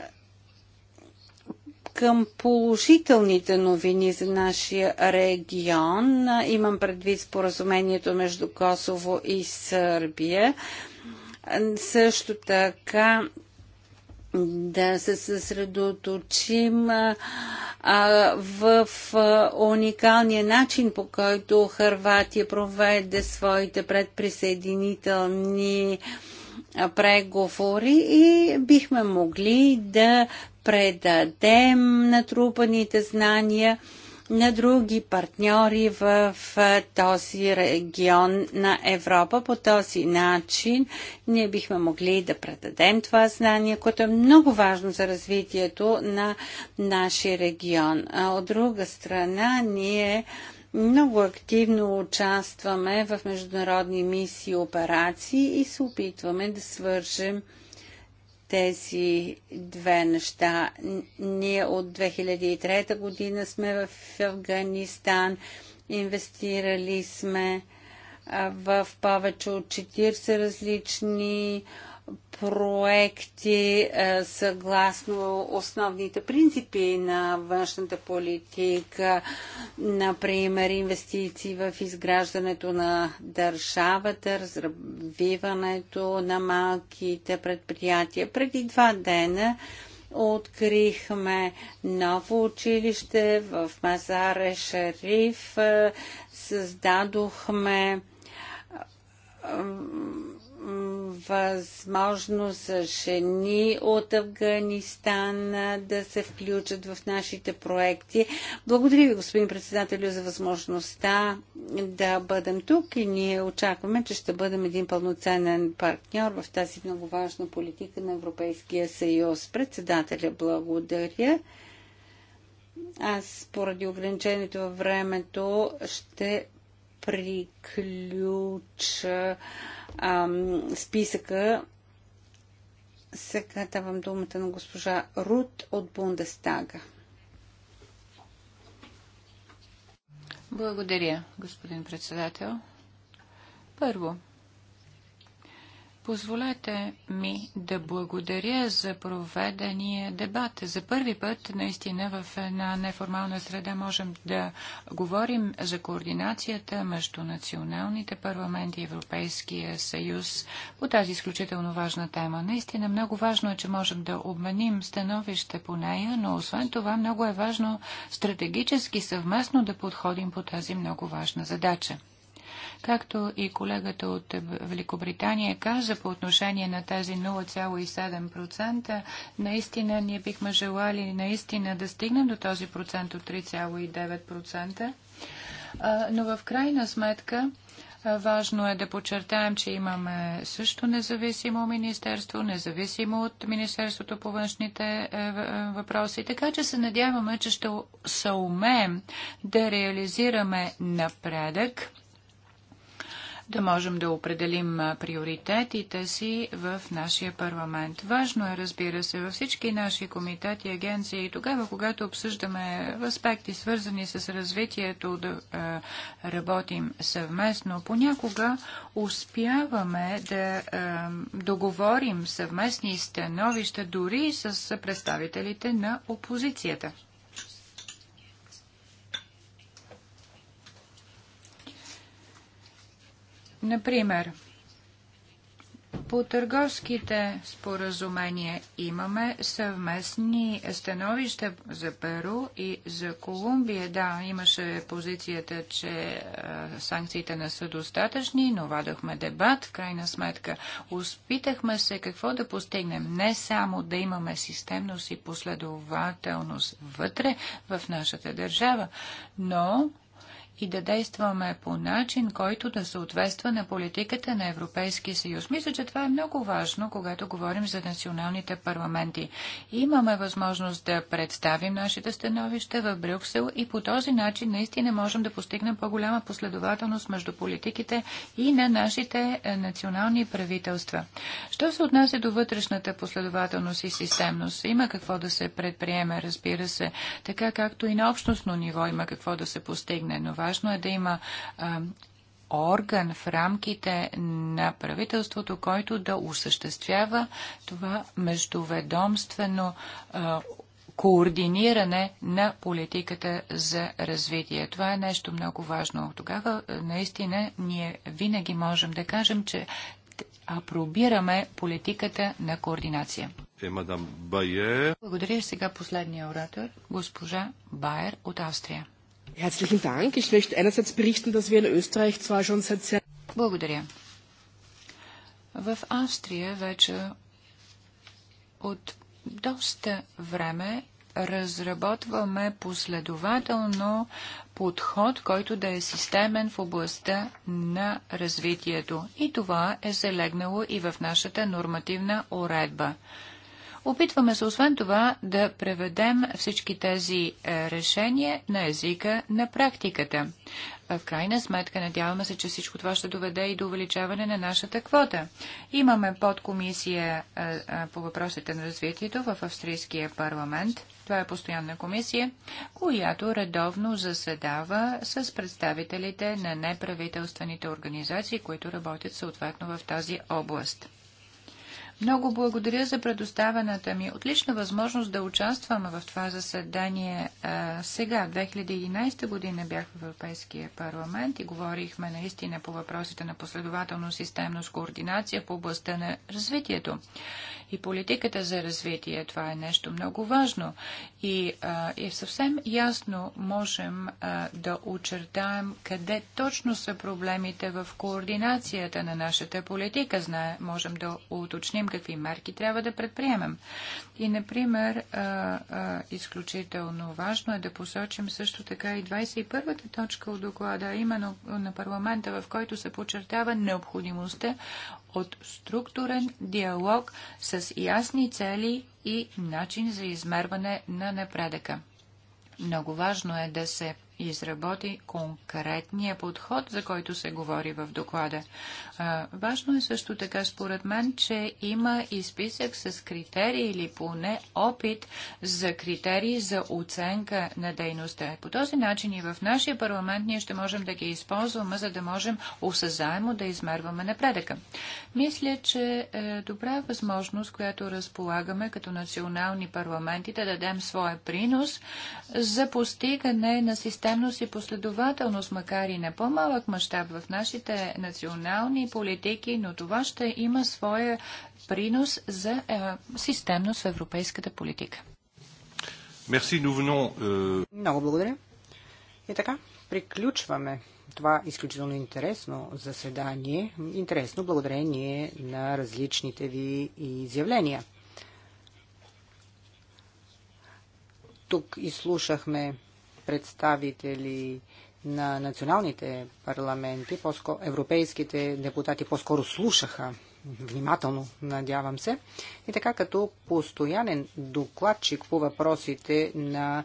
към положителните новини за нашия регион. Имам предвид споразумението между Косово и Сърбия. Също така да се съсредоточим а, в а, уникалния начин, по който Харватия проведе своите предприсъединителни преговори и бихме могли да предадем натрупаните знания на други партньори в този регион на Европа. По този начин ние бихме могли да предадем това знание, което е много важно за развитието на нашия регион. А от друга страна, ние много активно участваме в международни мисии и операции и се опитваме да свържем тези две неща. Ние от 2003 година сме в Афганистан, инвестирали сме в повече от 40 различни проекти е, съгласно основните принципи на външната политика, например инвестиции в изграждането на държавата, развиването на малките предприятия. Преди два дена открихме ново училище в Мазаре Шериф, е, създадохме възможност за жени от Афганистан да се включат в нашите проекти. Благодаря ви, господин председателю, за възможността да бъдем тук и ние очакваме, че ще бъдем един пълноценен партньор в тази много важна политика на Европейския съюз. Председателя, благодаря. Аз поради ограничението във времето ще приключа ам, списъка. Сега давам думата на госпожа Рут от Бундестага.
Благодаря, господин председател. Първо, Позволете ми да благодаря за проведения дебат. За първи път, наистина, в една неформална среда можем да говорим за координацията между националните парламенти и Европейския съюз по тази изключително важна тема. Наистина, много важно е, че можем да обменим становище по нея, но освен това, много е важно стратегически съвместно да подходим по тази много важна задача. Както и колегата от Великобритания каза по отношение на тези 0,7%, наистина ние бихме желали наистина да стигнем до този процент от 3,9%. Но в крайна сметка Важно е да подчертаем, че имаме също независимо министерство, независимо от Министерството по външните е, е, въпроси. Така че се надяваме, че ще съумеем да реализираме напредък да можем да определим приоритетите си в нашия парламент. Важно е, разбира се, във всички наши комитети, агенции и тогава, когато обсъждаме аспекти, свързани с развитието, да е, работим съвместно. Понякога успяваме да е, договорим съвместни становища дори с представителите на опозицията. Например, по търговските споразумения имаме съвместни становища за Перу и за Колумбия. Да, имаше позицията, че санкциите не са достатъчни, но вадахме дебат. В крайна сметка успитахме се какво да постигнем. Не само да имаме системност и последователност вътре в нашата държава, но и да действаме по начин, който да съответства на политиката на Европейския съюз. Мисля, че това е много важно, когато говорим за националните парламенти. Имаме възможност да представим нашите становища в Брюксел и по този начин наистина можем да постигнем по-голяма последователност между политиките и на нашите е, национални правителства. Що се отнася до вътрешната последователност и системност? Има какво да се предприеме, разбира се, така както и на общностно ниво има какво да се постигне. Но Важно е да има а, орган в рамките на правителството, който да осъществява това междуведомствено а, координиране на политиката за развитие. Това е нещо много важно. Тогава наистина ние винаги можем да кажем, че апробираме политиката на координация. Е, мадам Байер. Благодаря сега последния оратор, госпожа Байер от Австрия. Herzlichen Dank. Ich möchte einerseits berichten, dass wir in Österreich zwar schon seit sehr... Благодаря. В Австрия вече от доста време разработваме последователно подход, който да е системен в областта на развитието. И това е залегнало и в нашата нормативна уредба. Опитваме се освен това да преведем всички тези е, решения на езика на практиката. В крайна сметка надяваме се, че всичко това ще доведе и до увеличаване на нашата квота. Имаме подкомисия е, е, по въпросите на развитието в Австрийския парламент. Това е постоянна комисия, която редовно заседава с представителите на неправителствените организации, които работят съответно в тази област. Много благодаря за предоставената ми отлична възможност да участвам в това заседание а, сега. 2011 година бях в Европейския парламент и говорихме наистина по въпросите на последователно системност координация в областта на развитието и политиката за развитие. Това е нещо много важно и, а, и съвсем ясно можем а, да очертаем къде точно са проблемите в координацията на нашата политика. Знае, можем да уточним какви мерки трябва да предприемем. И, например, а, а, изключително важно е да посочим също така и 21-та точка от доклада, именно на парламента, в който се подчертава необходимостта от структурен диалог с ясни цели и начин за измерване на напредъка. Много важно е да се изработи конкретния подход, за който се говори в доклада. А, важно е също така, според мен, че има и списък с критерии или поне опит за критерии за оценка на дейността. По този начин и в нашия парламент ние ще можем да ги използваме, за да можем осъзаемо да измерваме напредъка. Мисля, че е добра възможност, която разполагаме като национални парламенти да дадем своя принос за постигане на система системност и последователност, макар и на по-малък мащаб в нашите национални политики, но това ще има своя принос за е, системност в европейската политика. Merci,
nous venons, euh... Много благодаря.
И така, приключваме това
изключително интересно заседание. Интересно благодарение на различните ви изявления. Тук изслушахме представители на националните парламенти, европейските депутати по-скоро слушаха внимателно, надявам се. И така като постоянен докладчик по въпросите на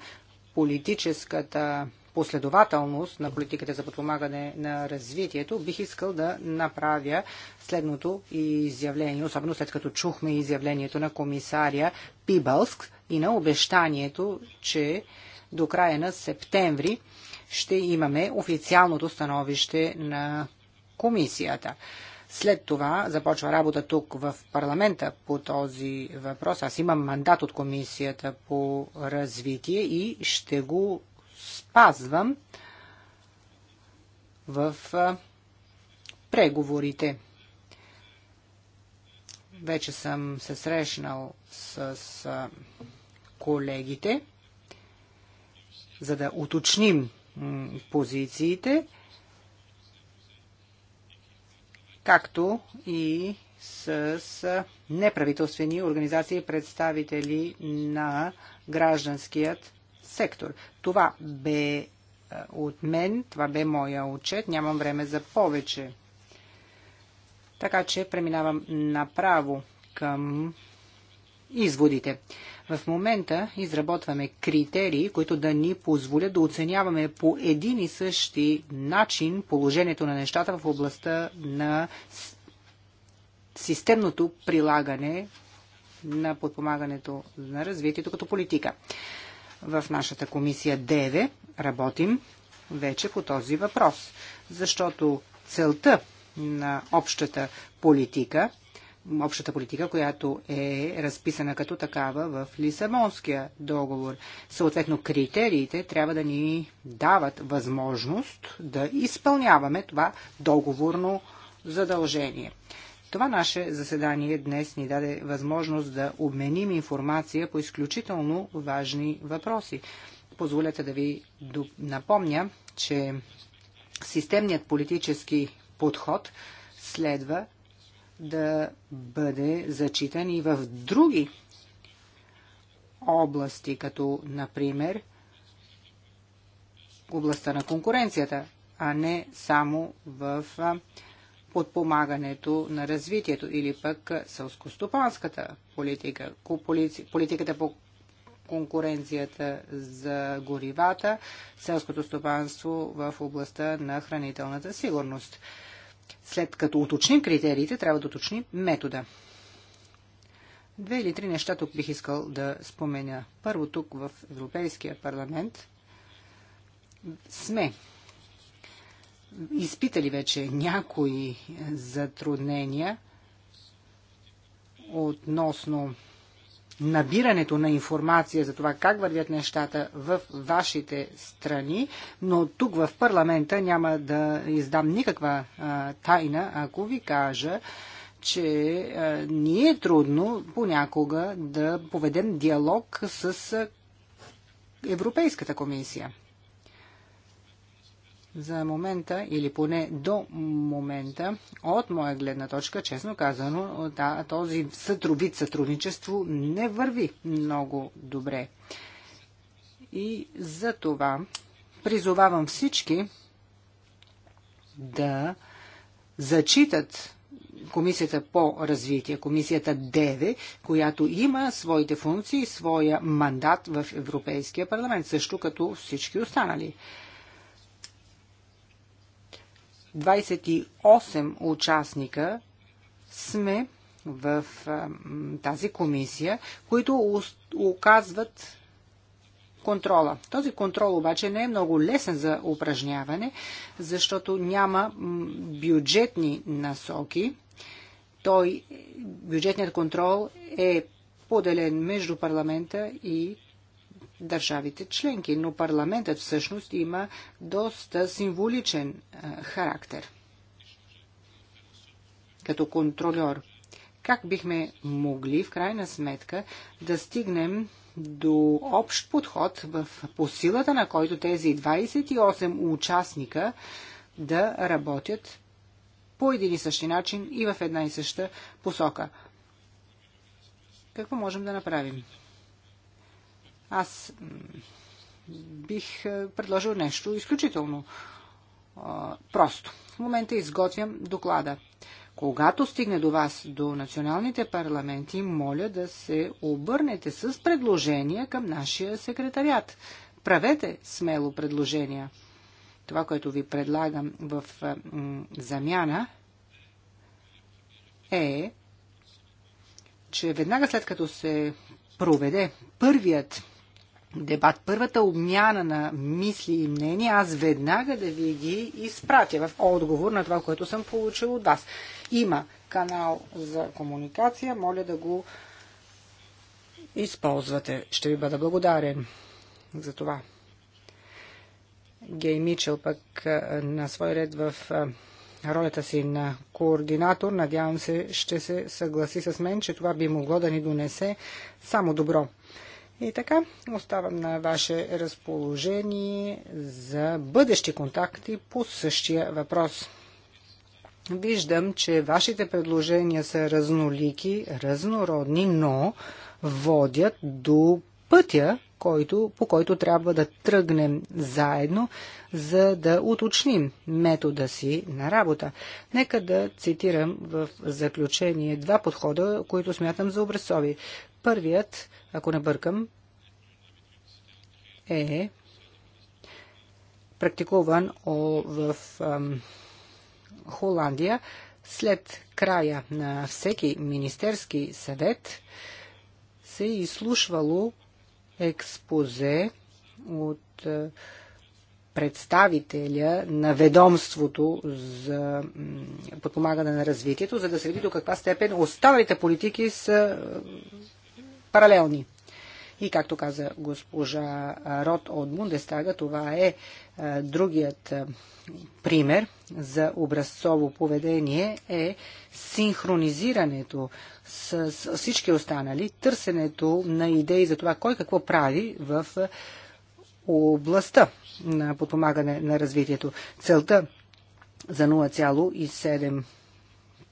политическата последователност на политиката за подпомагане на развитието, бих искал да направя следното изявление, особено след като чухме изявлението на комисаря Пибълск и на обещанието, че до края на септември ще имаме официалното становище на комисията. След това започва работа тук в парламента по този въпрос. Аз имам мандат от комисията по развитие и ще го спазвам в преговорите. Вече съм се срещнал с колегите за да уточним позициите, както и с неправителствени организации, представители на гражданският сектор. Това бе е, от мен, това бе моя отчет, нямам време за повече. Така че преминавам направо към изводите. В момента изработваме критерии, които да ни позволят да оценяваме по един и същи начин положението на нещата в областта на системното прилагане на подпомагането на развитието като политика. В нашата комисия ДЕВЕ работим вече по този въпрос, защото целта на общата политика общата политика, която е разписана като такава в Лисабонския договор. Съответно, критериите трябва да ни дават възможност да изпълняваме това договорно задължение. Това наше заседание днес ни даде възможност да обменим информация по изключително важни въпроси. Позволете да ви напомня, че системният политически подход следва да бъде зачитан и в други области, като например областта на конкуренцията, а не само в подпомагането на развитието или пък сълскостопанската политика, политиката по конкуренцията за горивата, селското стопанство в областта на хранителната сигурност. След като уточним критериите, трябва да уточним метода. Две или три неща тук бих искал да споменя. Първо, тук в Европейския парламент сме изпитали вече някои затруднения относно набирането на информация за това как вървят нещата в вашите страни, но тук в парламента няма да издам никаква а, тайна, ако ви кажа, че а, ни е трудно понякога да поведем диалог с Европейската комисия за момента, или поне до момента, от моя гледна точка, честно казано, да, този сътрубит сътрудничество не върви много добре. И за това призовавам всички да зачитат Комисията по развитие, Комисията ДЕВЕ, която има своите функции, своя мандат в Европейския парламент, също като всички останали. 28 участника сме в тази комисия, които оказват контрола. Този контрол обаче не е много лесен за упражняване, защото няма бюджетни насоки. Той, бюджетният контрол е поделен между парламента и държавите членки, но парламентът всъщност има доста символичен характер като контролер. Как бихме могли в крайна сметка да стигнем до общ подход в, по силата на който тези 28 участника да работят по един и същи начин и в една и съща посока. Какво можем да направим? Аз бих е, предложил нещо изключително а, е, просто. В момента изготвям доклада. Когато стигне до вас, до националните парламенти, моля да се обърнете с предложения към нашия секретарят. Правете смело предложения. Това, което ви предлагам в е, замяна, е, че веднага след като се проведе първият дебат, първата обмяна на мисли и мнения, аз веднага да ви ги изпратя в отговор на това, което съм получил от вас. Има канал за комуникация, моля да го използвате. Ще ви бъда благодарен за това. Гей Мичел пък на свой ред в ролята си на координатор, надявам се, ще се съгласи с мен, че това би могло да ни донесе само добро. И така, оставам на ваше разположение за бъдещи контакти по същия въпрос. Виждам, че вашите предложения са разнолики, разнородни, но водят до пътя, който, по който трябва да тръгнем заедно, за да уточним метода си на работа. Нека да цитирам в заключение два подхода, които смятам за образцови. Първият, ако не бъркам, е практикуван в Холандия след края на всеки министерски съвет се е изслушвало експозе от представителя на ведомството за подпомагане на развитието, за да се види до каква степен останалите политики са паралелни. И както каза госпожа Рот от Бундестага, това е, е другият е, пример за образцово поведение е синхронизирането с всички останали, търсенето на идеи за това кой какво прави в е, областта на подпомагане на развитието. Целта за 0,7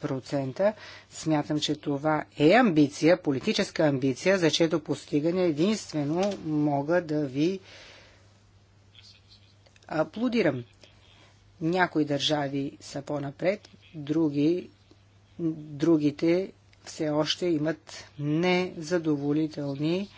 10%. Смятам, че това е амбиция, политическа амбиция, за чето постигане единствено мога да ви аплодирам. Някои държави са по-напред, други, другите все още имат незадоволителни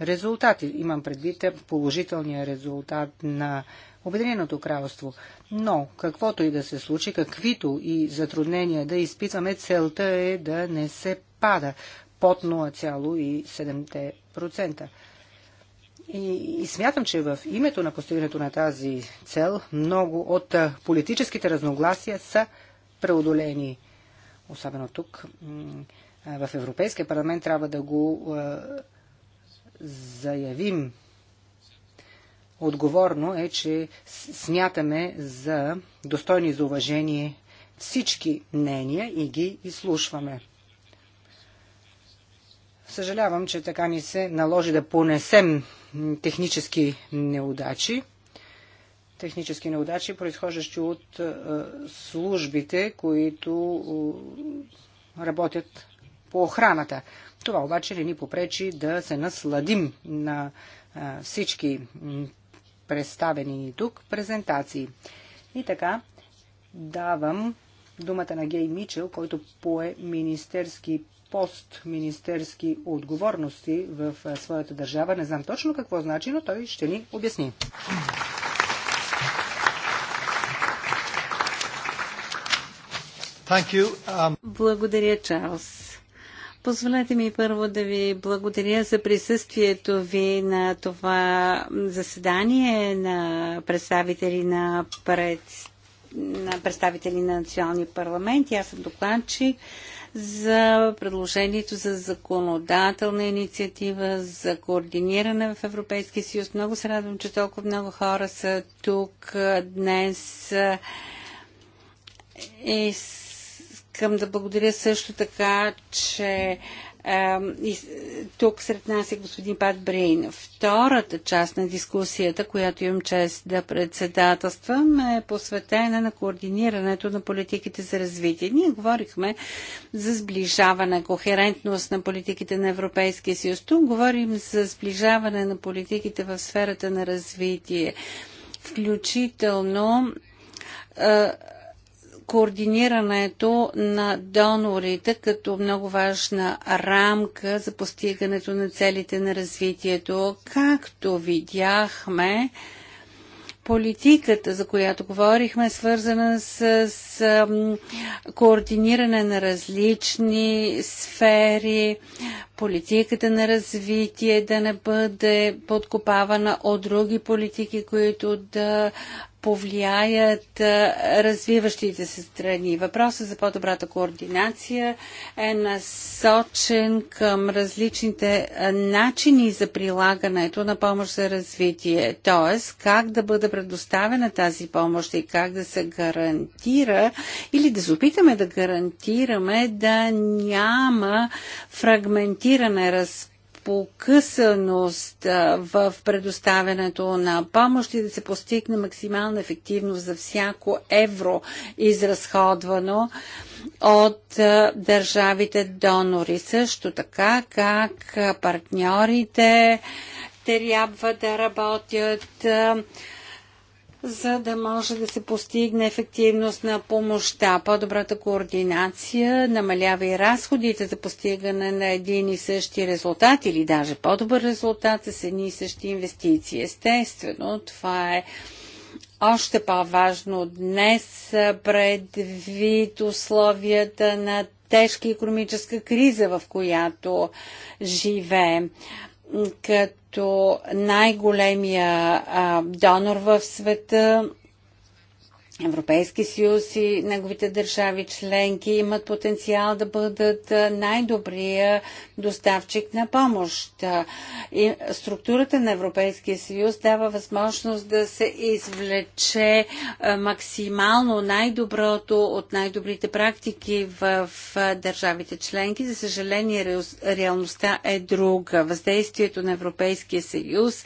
резултати. Имам предвид положителния резултат на Обединеното кралство. Но, каквото и да се случи, каквито и затруднения да изпитваме, целта е да не се пада под 0,7%. И, и смятам, че в името на постигането на тази цел много от политическите разногласия са преодолени. Особено тук в Европейския парламент трябва да го заявим отговорно е, че смятаме за достойни за уважение всички мнения и ги изслушваме. Съжалявам, че така ни се наложи да понесем технически неудачи. Технически неудачи, произхождащи от е, службите, които е, работят по охраната. Това обаче не ни попречи да се насладим на е, всички представени ни тук презентации. И така, давам думата на Гей Мичел, който пое министерски пост, министерски отговорности в своята държава. Не знам точно какво значи, но той ще ни
обясни.
Um,
Благодаря, Чарлз. Позволете ми първо да ви благодаря за присъствието ви на това заседание на представители на, пред... на представители на Националния парламент. Аз съм докладчик за предложението за законодателна инициатива за координиране в Европейския съюз. Много се радвам, че толкова много хора са тук днес и е, искам да благодаря също така, че тук сред нас е господин Пат Брейн. Втората част на дискусията, която имам чест да председателствам, е посветена на координирането на политиките за развитие. Ние говорихме за сближаване, кохерентност на политиките на Европейския съюз. Тук говорим за сближаване на политиките в сферата на развитие, включително е, координирането на донорите като много важна рамка за постигането на целите на развитието. Както видяхме, политиката, за която говорихме, е свързана с, с координиране на различни сфери, политиката на развитие да не бъде подкопавана от други политики, които да повлияят развиващите се страни. Въпросът за по-добрата координация е насочен към различните начини за прилагането на помощ за развитие, т.е. как да бъде предоставена тази помощ и как да се гарантира или да се опитаме да гарантираме да няма фрагментиране, разпределение покъсаност в предоставянето на помощ и да се постигне максимална ефективност за всяко евро изразходвано от държавите донори. Също така как партньорите трябва да работят за да може да се постигне ефективност на помощта. По-добрата координация намалява и разходите за постигане на един и същи резултат или даже по-добър резултат с едни и същи инвестиции. Естествено, това е още по-важно днес предвид условията на тежка економическа криза, в която живеем. Като като най-големия донор в света Европейски съюз и неговите държави членки имат потенциал да бъдат най-добрия доставчик на помощ. И структурата на Европейския съюз дава възможност да се извлече максимално най-доброто от най-добрите практики в държавите членки. За съжаление, реалността е друга. Въздействието на Европейския съюз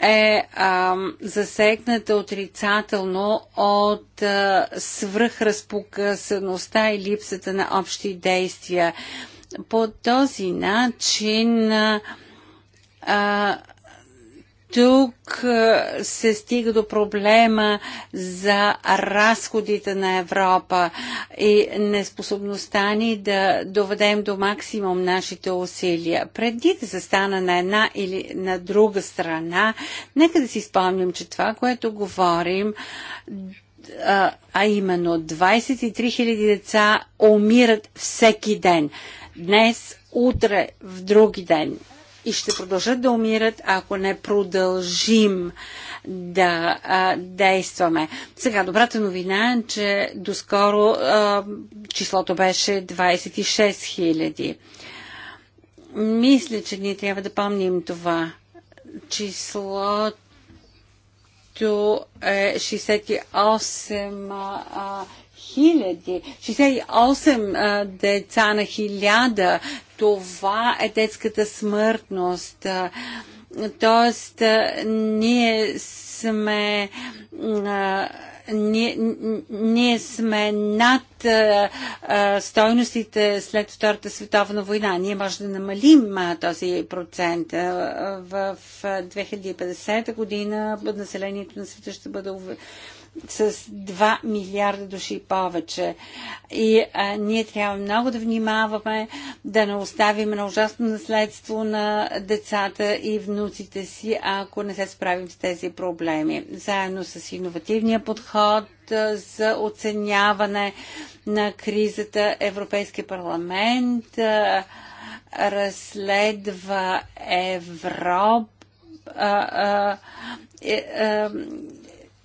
е а, засегната отрицателно от а, свръхразпокъсаността и липсата на общи действия. По този начин а, тук се стига до проблема за разходите на Европа и неспособността ни да доведем до максимум нашите усилия. Преди да се стана на една или на друга страна, нека да си спомним, че това, което говорим, а именно 23 000 деца умират всеки ден. Днес, утре, в други ден и ще продължат да умират, ако не продължим да а, действаме. Сега, добрата новина е, че доскоро а, числото беше 26 000. Мисля, че ние трябва да помним това. Числото е 68 а, хиляди, 68 а, деца на хиляда това е детската смъртност. Тоест, ние сме ние, ние сме над а, а, стойностите след Втората световна война. Ние може да намалим а, този процент. А, в 2050 година населението на света ще бъде с 2 милиарда души повече. И а, ние трябва много да внимаваме да не оставим на ужасно наследство на децата и внуците си, ако не се справим с тези проблеми. Заедно с иновативния подход за оценяване на кризата Европейски парламент а, разследва Европа а, а, е,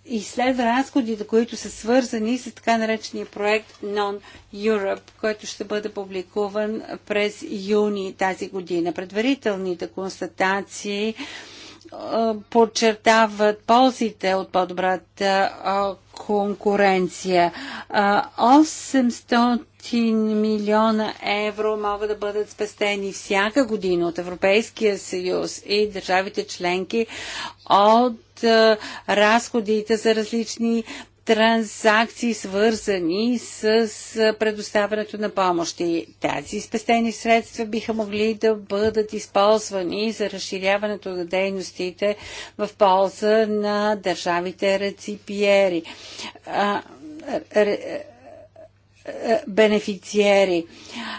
изследва разходите, които са свързани с така наречения проект Non-Europe, който ще бъде публикуван през юни тази година. Предварителните констатации подчертават ползите от по-добрата конкуренция. 800 милиона евро могат да бъдат спестени всяка година от Европейския съюз и държавите членки от разходите за различни транзакции, свързани с предоставянето на помощи. Тези спестени средства биха могли да бъдат използвани за разширяването на дейностите в полза на държавите реципиери, е, е, бенефициери.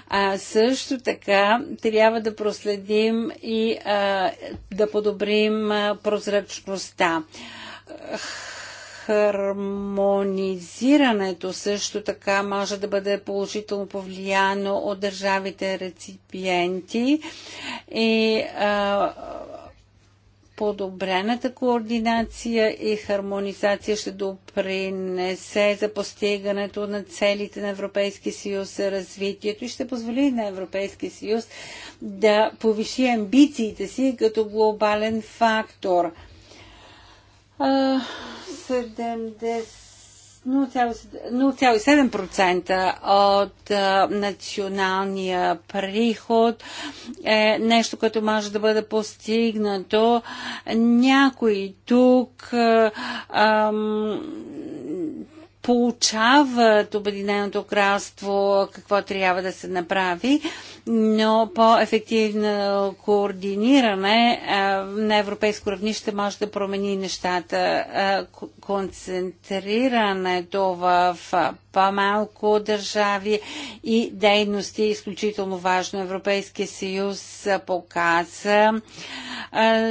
А, също така трябва да проследим и а, да подобрим а, прозрачността хармонизирането също така може да бъде положително повлияно от държавите реципиенти и а, подобрената координация и хармонизация ще допринесе за постигането на целите на Европейския съюз за развитието и ще позволи на Европейския съюз да повиши амбициите си като глобален фактор. 0,7% от националния приход е нещо, което може да бъде постигнато. Някои тук ам, получават Обединеното кралство какво трябва да се направи, но по-ефективно координиране на европейско равнище може да промени нещата. Концентрирането в по-малко държави и дейности е изключително важно. Европейския съюз показа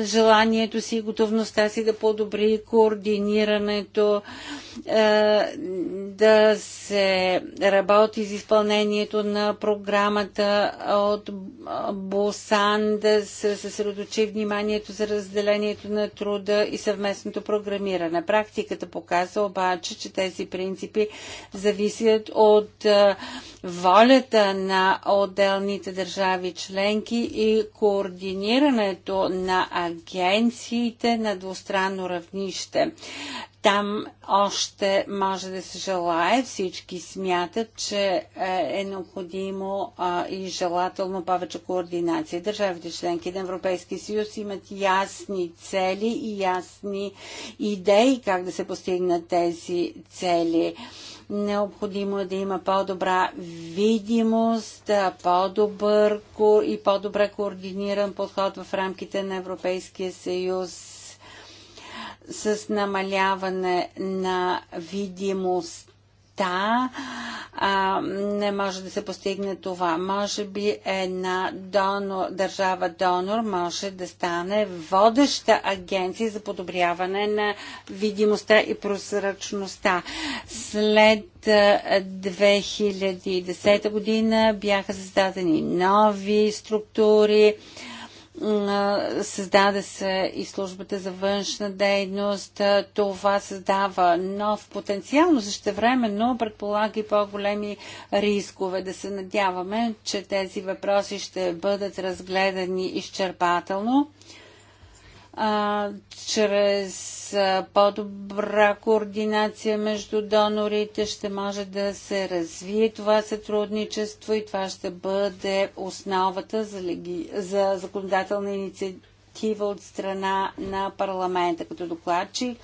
желанието си и готовността си да подобри координирането да се работи с изпълнението на програмата от Босан, да се съсредоточи вниманието за разделението на труда и съвместното програмиране. Практиката показва обаче, че тези принципи зависят от е, волята на отделните държави членки и координирането на агенциите на двустранно равнище. Там още може да се желае. Всички смятат, че е, е необходимо и желателно повече координация. Държавите членки на Европейския съюз имат ясни цели и ясни идеи как да се постигнат тези цели. Необходимо е да има по-добра видимост, по-добър и по-добре координиран подход в рамките на Европейския съюз с намаляване на видимостта, а, не може да се постигне това. Може би една донор, държава донор може да стане водеща агенция за подобряване на видимостта и прозрачността. След 2010 година бяха създадени нови структури. А, Създаде се и службата за външна дейност. Това създава нов потенциал, но също но предполага и по-големи рискове. Да се надяваме, че тези въпроси ще бъдат разгледани изчерпателно а, чрез по-добра координация между донорите ще може да се развие това сътрудничество и това ще бъде основата за, леги... за законодателна инициатива от страна на парламента. Като докладчи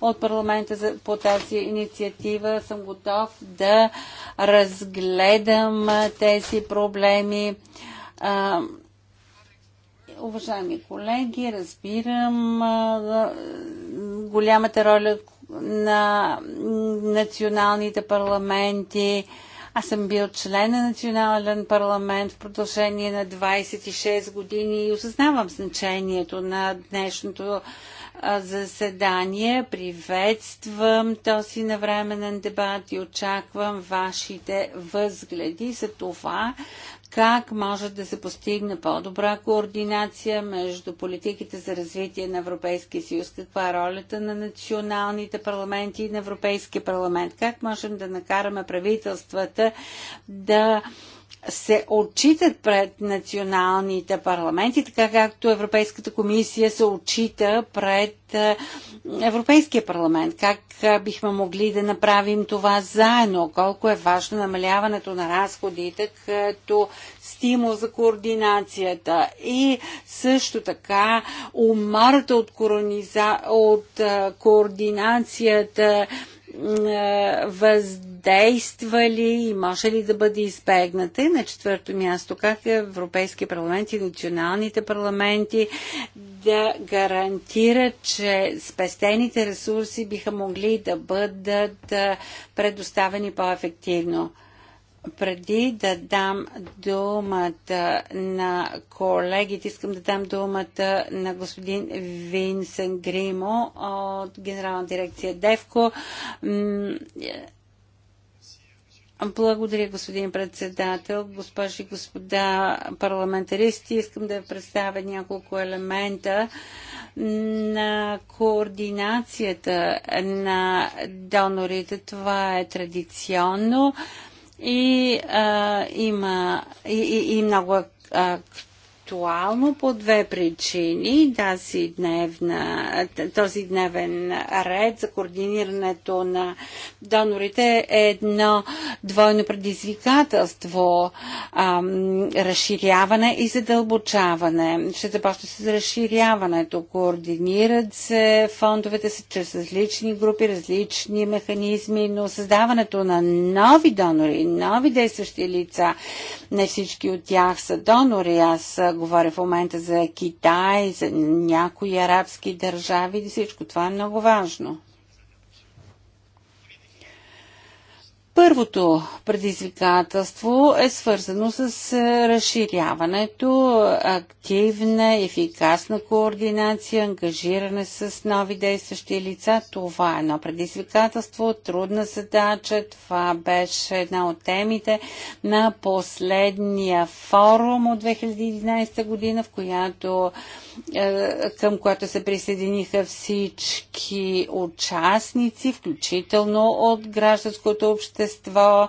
от парламента за... по тази инициатива съм готов да разгледам тези проблеми. А, Уважаеми колеги, разбирам голямата роля на националните парламенти. Аз съм бил член на национален парламент в продължение на 26 години и осъзнавам значението на днешното заседание. Приветствам този навременен дебат и очаквам вашите възгледи за това как може да се постигне по-добра координация между политиките за развитие на Европейския съюз, каква е ролята на националните парламенти и на Европейския парламент, как можем да накараме правителствата да се отчитат пред националните парламенти, така както Европейската комисия се отчита пред е, Европейския парламент. Как е, бихме могли да направим това заедно? Колко е важно намаляването на разходите като стимул за координацията и също така умарата от, корониза... от е, координацията въздействали и може ли да бъде избегната? И на четвърто място, как Европейски парламент и националните парламенти да гарантират, че спестените ресурси биха могли да бъдат предоставени по-ефективно? преди да дам думата на колегите, искам да дам думата на господин Винсен Гримо от Генерална дирекция Девко. Благодаря, господин председател, госпожи и господа парламентаристи. Искам да представя няколко елемента на координацията на донорите. Това е традиционно и а, има и, и, и много а, актуално по две причини. Тази дневна, този дневен ред за координирането на донорите е едно двойно предизвикателство, ам, разширяване и задълбочаване. Ще започне с разширяването. Координират се фондовете се чрез различни групи, различни механизми, но създаването на нови донори, нови действащи лица, не всички от тях са донори. Аз говоря в момента за Китай, за някои арабски държави. Всичко това е много важно. Първото предизвикателство е свързано с е, разширяването, активна, ефикасна координация, ангажиране с нови действащи лица. Това е едно предизвикателство, трудна задача. Това беше една от темите на последния форум от 2011 година, в която, е, към която се присъединиха всички участници, включително от гражданското общество общество.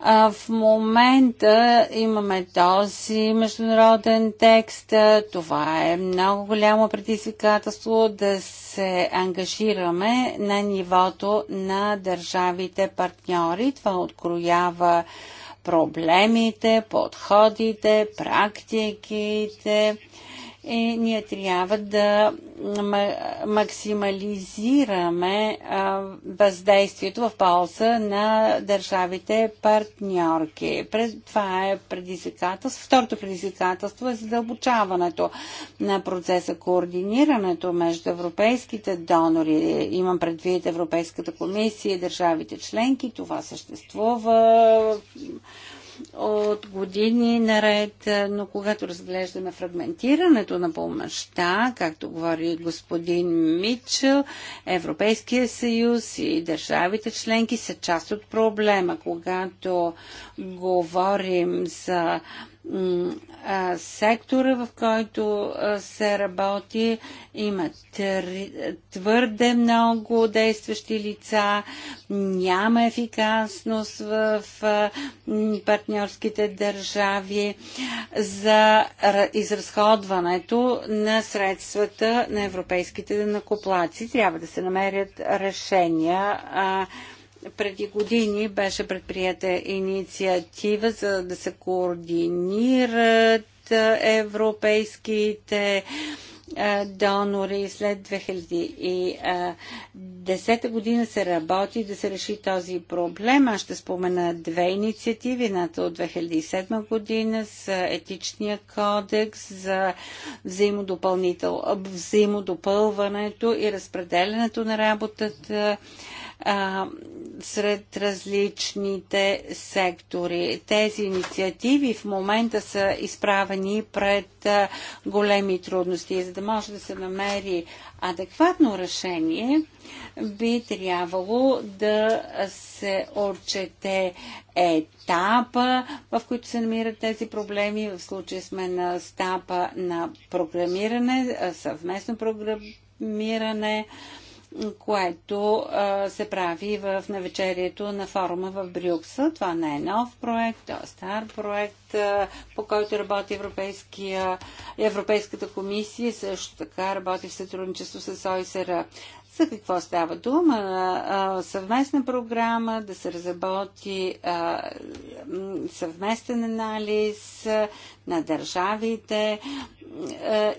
В момента имаме този международен текст. Това е много голямо предизвикателство да се ангажираме на нивото на държавите партньори. Това откроява проблемите, подходите, практиките е, ние трябва да максимализираме въздействието в полза на държавите партньорки. Това е предизвикателство. Второто предизвикателство е задълбочаването на процеса, координирането между европейските донори. Имам предвид Европейската комисия и държавите членки. Това съществува от години наред, е, но когато разглеждаме фрагментирането на помощта, както говори господин Мичел, Европейския съюз и държавите членки са част от проблема. Когато говорим за сектора, в който се работи, има твърде много действащи лица, няма ефикасност в партньорските държави за изразходването на средствата на европейските накоплаци. Трябва да се намерят решения преди години беше предприята инициатива за да се координират европейските донори. След 2010 година се работи да се реши този проблем. Аз ще спомена две инициативи. Едната от 2007 година с етичния кодекс за взаимодопълването и разпределянето на работата а, сред различните сектори. Тези инициативи в момента са изправени пред а, големи трудности. За да може да се намери адекватно решение, би трябвало да се отчете етапа, в който се намират тези проблеми. В случая сме на стапа на програмиране, съвместно програмиране, което а, се прави в навечерието на форума в Брюкса. Това не е нов проект, то е стар проект, а, по който работи Европейския, Европейската комисия, също така работи в сътрудничество с ОИСР. За какво става дума? Съвместна програма, да се разработи съвместен анализ на държавите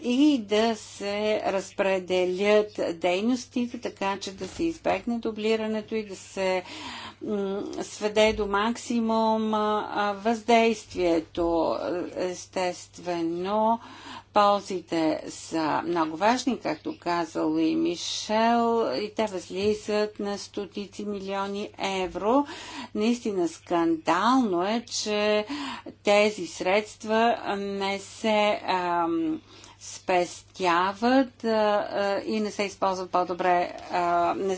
и да се разпределят дейностите, така че да се избегне дублирането и да се сведе до максимум въздействието. Естествено, ползите са много важни, както казал и Мишел, и те възлизат на стотици милиони евро. Наистина скандално е, че тези средства не се ам, спестяват а, и не се използват по-добре, не,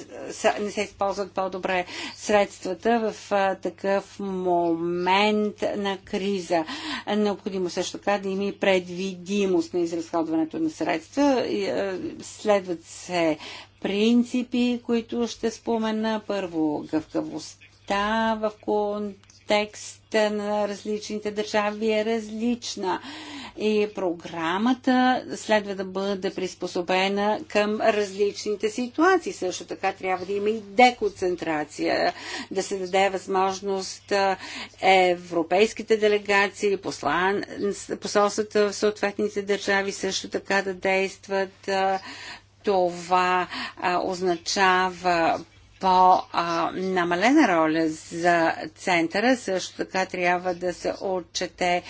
не, се използват по-добре средствата в а, такъв момент на криза. Необходимо също така да има и предвидимост на изразходването на средства. И, а, следват се принципи, които ще спомена. Първо, гъвкавостта в контекста на различните държави е различна и програмата следва да бъде приспособена към различните ситуации. Също така трябва да има и деконцентрация, да се даде възможност европейските делегации, послан, посолствата в съответните държави също така да действат това означава по-намалена роля за центъра. Също така трябва да се отчете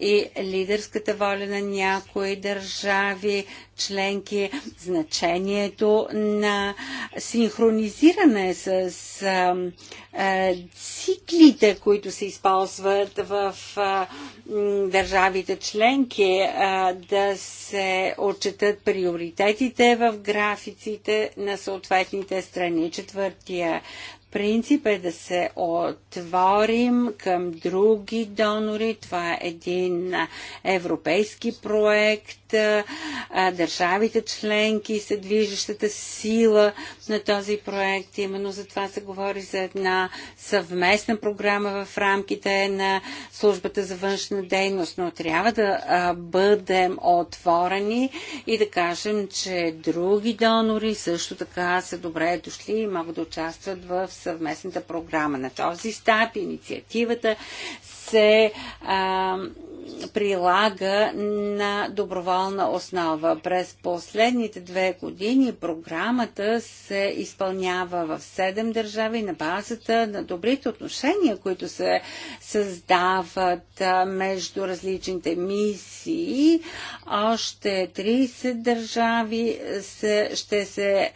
и лидерската воля на някои държави, членки, значението на синхронизиране с а, а, циклите, които се използват в а, държавите членки, а, да се отчетат приоритетите в графиците на съответните страни. Четвърто, партия принцип е да се отворим към други донори. Това е един европейски проект. Държавите членки са движещата сила на този проект. Именно за това се говори за една съвместна програма в рамките на службата за външна дейност. Но трябва да бъдем отворени и да кажем, че други донори също така са добре дошли и могат да участват в съвместната съвместната програма на този стап, инициативата се а, прилага на доброволна основа. През последните две години програмата се изпълнява в седем държави на базата на добрите отношения, които се създават между различните мисии. Още 30 държави се, ще се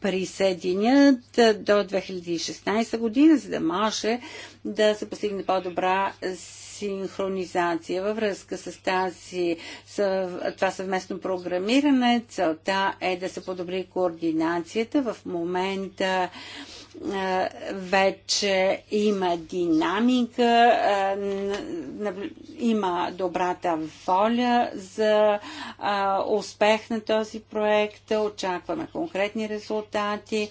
присъединят до 2016 година, за да може да се постигне по-добра синхронизация. Във връзка с тази, това съвместно програмиране, целта е да се подобри координацията. В момента вече има динамика, има добрата воля за успех на този проект, очакваме конкретни резултати.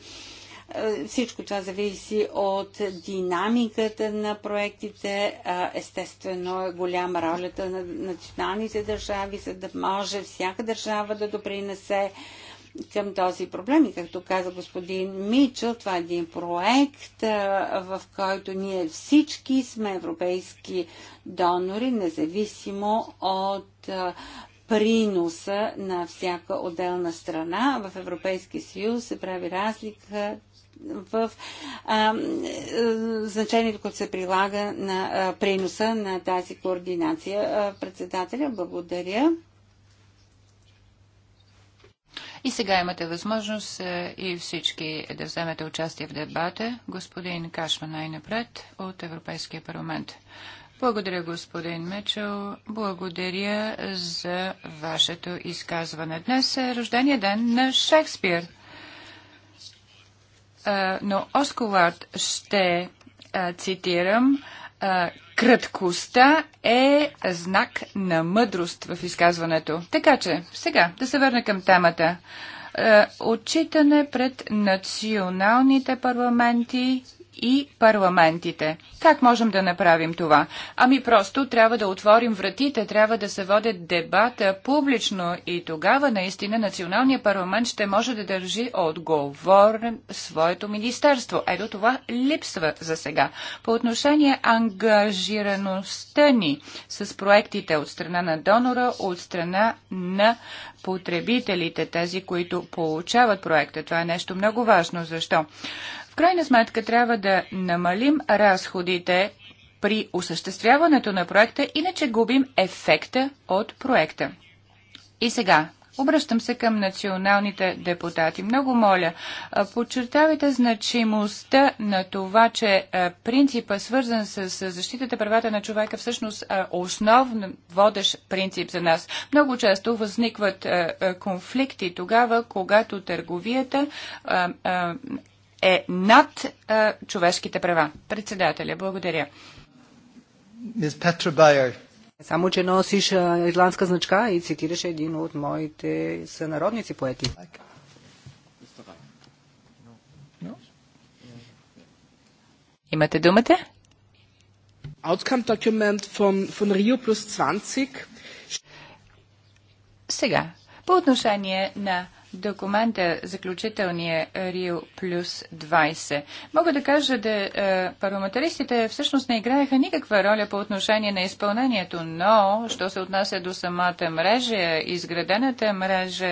Е, всичко това зависи от динамиката на проектите. Естествено е голяма ролята на националните държави, за да може всяка държава да допринесе към този проблем. И както каза господин Мичел, това е един проект, в който ние всички сме европейски донори, независимо от приноса на всяка отделна страна. В Европейския съюз се прави разлика в а, е, значението, което се прилага на а, приноса на тази координация. А, председателя, благодаря.
И сега имате възможност е, и всички да вземете участие в дебата. Господин Кашма най-напред от Европейския парламент. Благодаря, господин Мечел. Благодаря за вашето изказване. Днес е рождения ден на Шекспир но Осколард ще цитирам. Краткостта е знак на мъдрост в изказването. Така че, сега да се върна към темата. Отчитане пред националните парламенти и парламентите. Как можем да направим това? Ами просто трябва да отворим вратите, трябва да се водят дебата публично и тогава наистина националния парламент ще може да държи отговорен своето министерство. Ето това липсва за сега. По отношение ангажираността ни с проектите от страна на донора, от страна на потребителите, тези, които получават проекта. Това е нещо много важно. Защо? крайна сметка трябва да намалим разходите при осъществяването на проекта, иначе губим ефекта от проекта. И сега, Обръщам се към националните депутати. Много моля, подчертавайте значимостта на това, че принципа, свързан с защитата правата на човека, всъщност основно водещ принцип за нас. Много често възникват конфликти тогава, когато търговията е над а, човешките права. Председателя, благодаря.
Мис Петра Байер. Само, че носиш а, ирландска значка и цитираш един от моите сънародници поети.
Имате думата? Outcome document from, from Rio Plus 20. Сега, по отношение на документа заключителния Рио плюс 20. Мога да кажа, да е, парламентаристите всъщност не играеха никаква роля по отношение на изпълнението, но що се отнася до самата мрежа, изградената мрежа,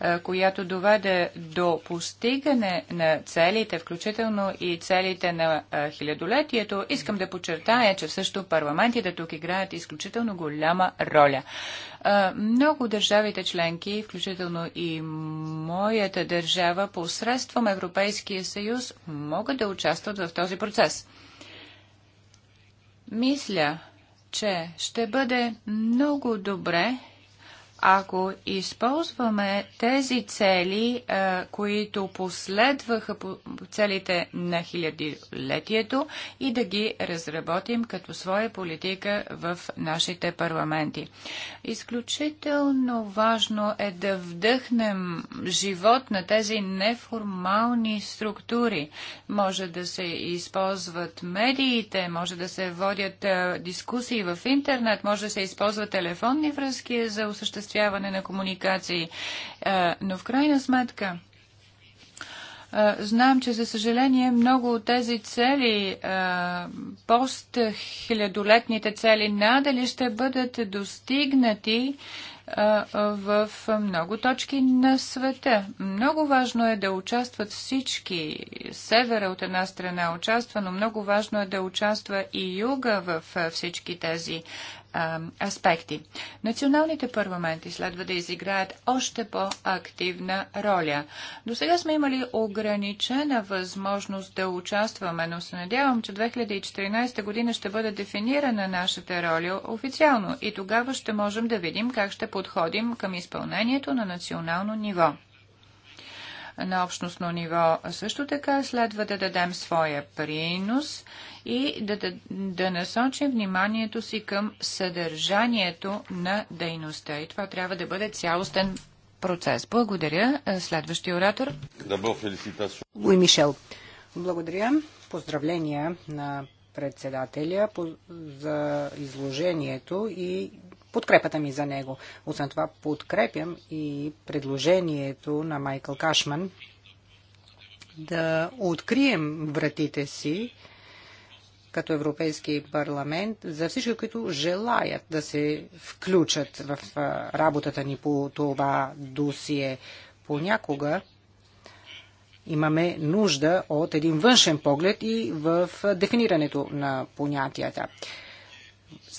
е, която доведе до постигане на целите, включително и целите на е, хилядолетието, искам да подчертая, че също парламентите тук играят изключително голяма роля. Много държавите членки, включително и моята държава, посредством Европейския съюз, могат да участват в този процес. Мисля, че ще бъде много добре ако използваме тези цели, е, които последваха по целите на хилядилетието и да ги разработим като своя политика в нашите парламенти. Изключително важно е да вдъхнем живот на тези неформални структури. Може да се използват медиите, може да се водят е, дискусии в интернет, може да се използват телефонни връзки за осъществяване осъществяване на комуникации. Е, но в крайна сметка, е, Знам, че за съжаление много от тези цели, е, постхилядолетните цели, надали ще бъдат достигнати в много точки на света. Много важно е да участват всички. Севера от една страна участва, но много важно е да участва и юга в всички тези аспекти. Националните парламенти следва да изиграят още по-активна роля. До сега сме имали ограничена възможност да участваме, но се надявам, че 2014 година ще бъде дефинирана нашата роля официално и тогава ще можем да видим как ще подходим към изпълнението на национално ниво на общностно ниво също така следва да дадем своя принос и да, да, да насочим вниманието си към съдържанието на дейността. И това трябва да бъде цялостен процес. Благодаря. Е, следващия оратор. Луи
Мишел. Благодаря. Поздравления на председателя за изложението и подкрепата ми за него. Освен това подкрепям и предложението на Майкъл Кашман да открием вратите си като Европейски парламент за всички, които желаят да се включат в работата ни по това досие. Понякога имаме нужда от един външен поглед и в дефинирането на понятията.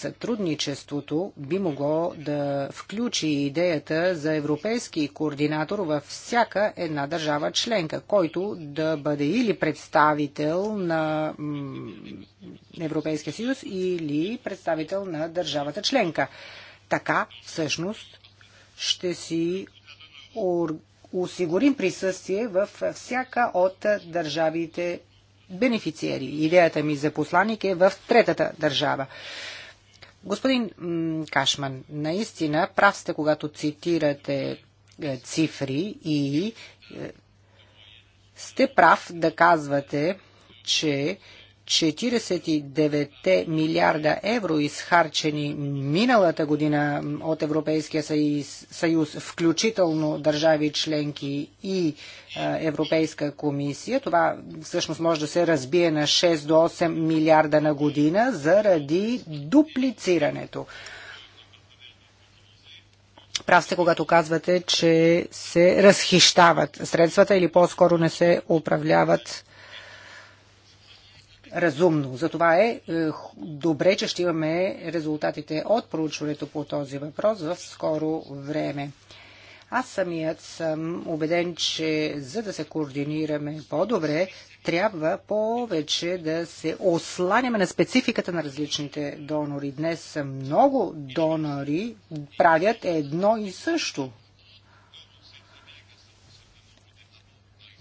Сътрудничеството би могло да включи идеята за европейски координатор във всяка една държава членка, който да бъде или представител на Европейския съюз или представител на държавата членка. Така всъщност ще си осигурим присъствие във всяка от държавите бенефициери. Идеята ми за посланик е в третата държава. Господин Кашман, наистина прав сте, когато цитирате е, цифри и е, сте прав да казвате, че 49 милиарда евро изхарчени миналата година от Европейския съюз, включително държави членки и е, Европейска комисия. Това всъщност може да се разбие на 6 до 8 милиарда на година заради дуплицирането. Прав сте, когато казвате, че се разхищават средствата или по-скоро не се управляват разумно. Затова е, е добре, че ще имаме резултатите от проучването по този въпрос в скоро време. Аз самият съм убеден, че за да се координираме по-добре, трябва повече да се осланяме на спецификата на различните донори. Днес много донори правят едно и също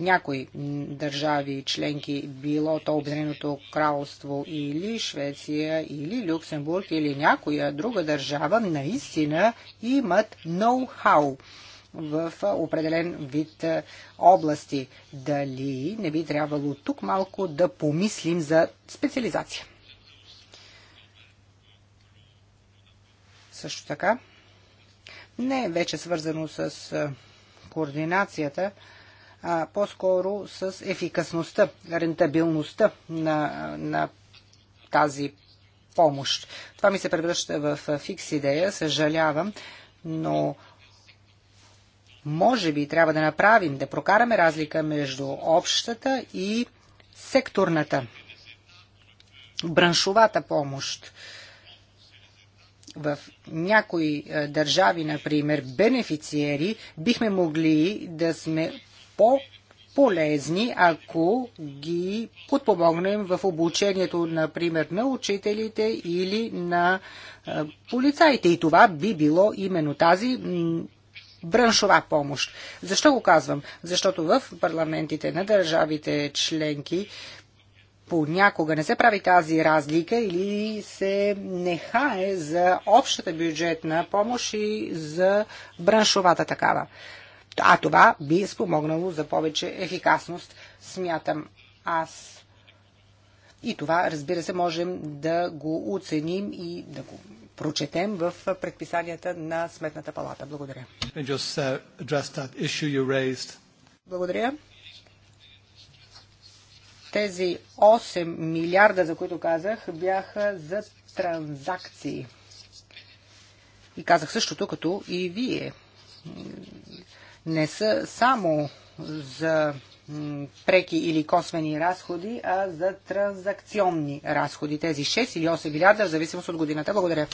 някои държави членки, било то Обединеното кралство или Швеция или Люксембург или някоя друга държава, наистина имат ноу-хау в определен вид области. Дали не би трябвало тук малко да помислим за специализация? Също така, не е вече свързано с координацията, а по-скоро с ефикасността, рентабилността на, на тази помощ. Това ми се превръща в фикс идея, съжалявам, но може би трябва да направим, да прокараме разлика между общата и секторната, браншовата помощ. В някои държави, например, бенефициери, бихме могли да сме по полезни, ако ги подпомогнем в обучението, например, на учителите или на полицаите. И това би било именно тази браншова помощ. Защо го казвам? Защото в парламентите на държавите членки понякога не се прави тази разлика или се нехае за общата бюджетна помощ и за браншовата такава а това би спомогнало за повече ефикасност, смятам аз. И това, разбира се, можем да го оценим и да го прочетем в предписанията на Сметната палата. Благодаря.
Uh,
Благодаря. Тези 8 милиарда, за които казах, бяха за транзакции. И казах същото, като и вие не са само за преки или косвени разходи, а за транзакционни разходи. Тези 6 или 8 милиарда, в зависимост от годината. Благодаря.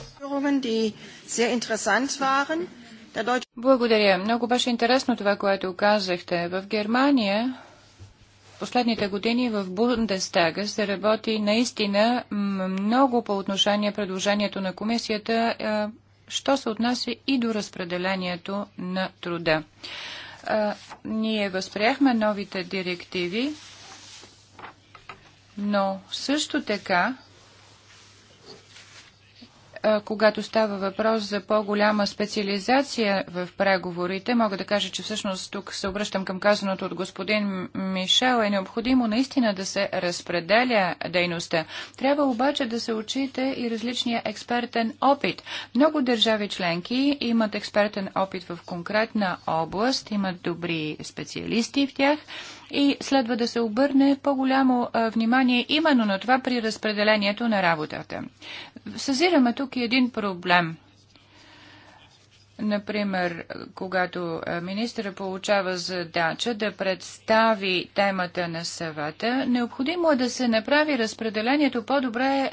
Благодаря. Много беше интересно това, което казахте. В Германия последните години в Бундестага се работи наистина много по отношение предложението на комисията що се отнася и до разпределението на труда. А, ние възприехме новите директиви, но също така когато става въпрос за по-голяма специализация в преговорите, мога да кажа, че всъщност тук се обръщам към казаното от господин Мишел, е необходимо наистина да се разпределя дейността. Трябва обаче да се очите и различния експертен опит. Много държави членки имат експертен опит в конкретна област, имат добри специалисти в тях – и следва да се обърне по-голямо внимание именно на това при разпределението на работата. Съзираме тук и един проблем – Например, когато министъра получава задача да представи темата на съвета, необходимо е да се направи разпределението по-добре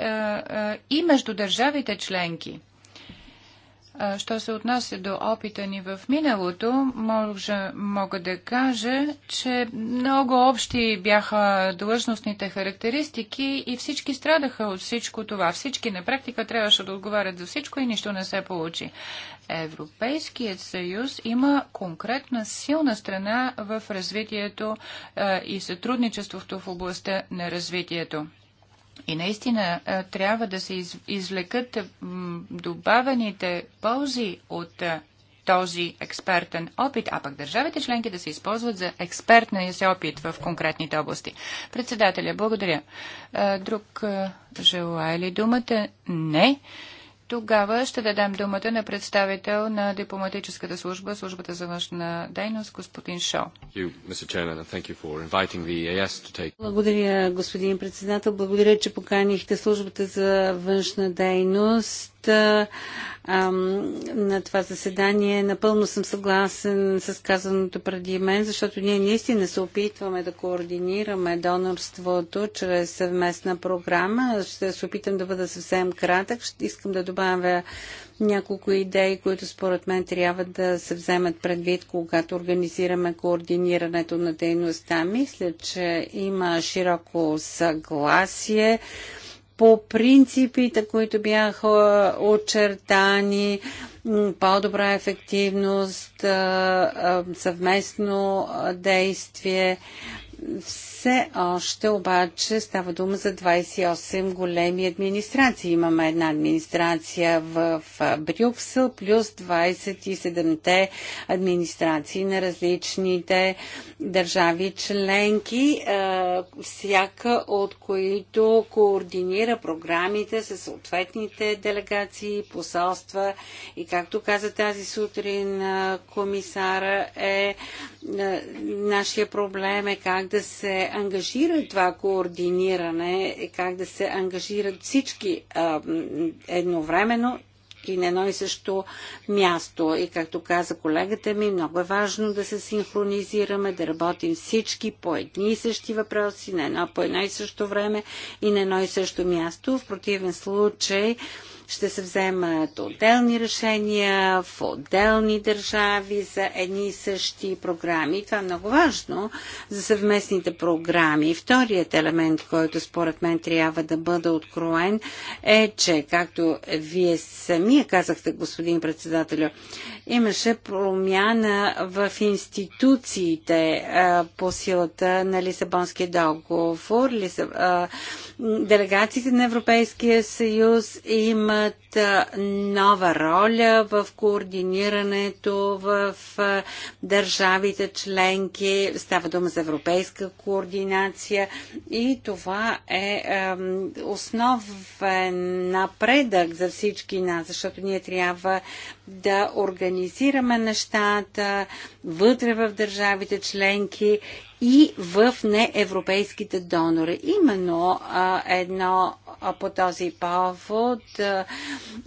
и между държавите членки. Що се отнася до опита ни в миналото, може, мога да кажа, че много общи бяха длъжностните характеристики и всички страдаха от всичко това. Всички на практика трябваше да отговарят за всичко и нищо не се получи. Европейският съюз има конкретна силна страна в развитието и сътрудничеството в областта на развитието. И наистина е, трябва да се извлекат добавените ползи от е, този експертен опит, а пък държавите членки да се използват за експертния си опит в конкретните области. Председателя, благодаря. Е, друг желая ли думата? Не. Тогава ще дадем думата на представител на дипломатическата служба, службата за външна дейност, господин Шо. Благодаря, господин председател. Благодаря, че поканихте службата
за външна дейност на това заседание. Напълно съм съгласен с казаното преди мен, защото ние наистина се опитваме да координираме донорството чрез съвместна програма. Ще се опитам да бъда съвсем кратък. Ще искам да добавя добавя няколко идеи, които според мен трябва да се вземат предвид, когато организираме координирането на дейността. Мисля, че има широко съгласие по принципите, които бяха очертани, по-добра ефективност, съвместно действие се, още обаче става дума за 28 големи администрации. Имаме една администрация в Брюксел, плюс 27-те администрации на различните държави членки, всяка от които координира програмите с съответните делегации, посолства и както каза тази сутрин комисара е нашия проблем е как да се ангажира това координиране, е как да се ангажират всички едновременно и на едно и също място. И както каза колегата ми, много е важно да се синхронизираме, да работим всички по едни и същи въпроси, на едно по едно и също време и на едно и също място. В противен случай, ще се вземат отделни решения в отделни държави за едни и същи програми. Това е много важно за съвместните програми. Вторият елемент, който според мен трябва да бъде откроен е, че, както вие самия казахте, господин председателю, имаше промяна в институциите по силата на Лисабонския договор. Делегациите на Европейския съюз имат нова роля в координирането в държавите членки. Става дума за европейска координация и това е основен напредък за всички нас, защото ние трябва да организираме организираме нещата вътре в държавите членки и в неевропейските донори. Именно а, едно а, по този повод а,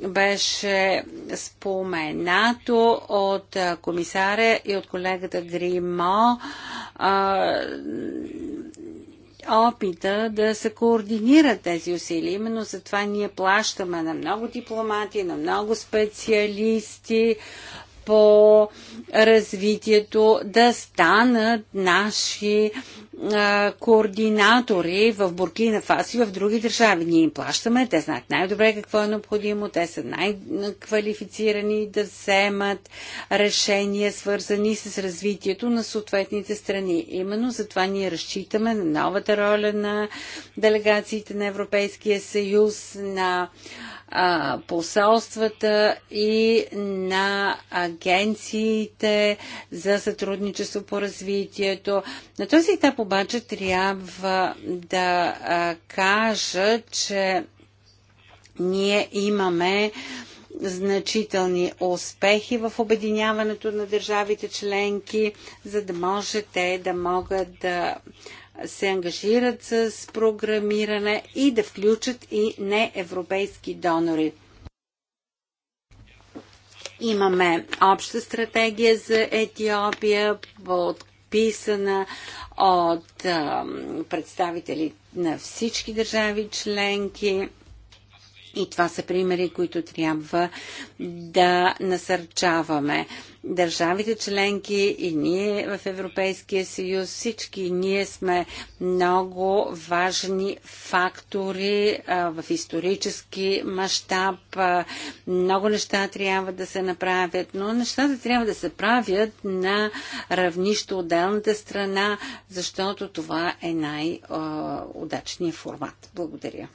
беше споменато от а, комисаря и от колегата Гримо а, опита да се координират тези усилия. Именно за това ние плащаме на много дипломати, на много специалисти по развитието да станат наши координатори в Буркина Фаси и в други държави. Ние им плащаме, те знаят най-добре какво е необходимо, те са най-квалифицирани да вземат решения, свързани с развитието на съответните страни. Именно затова ние разчитаме на новата роля на делегациите на Европейския съюз, на а, а, посолствата и на агенциите за сътрудничество по развитието. На този етап обаче трябва да а, кажа, че ние имаме значителни успехи в обединяването на държавите членки, за да може те да могат да се ангажират с програмиране и да включат и неевропейски донори. Имаме обща стратегия за Етиопия, подписана от представители на всички държави членки. И това са примери, които трябва да насърчаваме. Държавите членки и ние в Европейския съюз, всички ние сме много важни фактори а, в исторически мащаб. Много неща трябва да се направят, но нещата трябва да се правят на равнище отделната страна, защото това е най-удачният формат. Благодаря.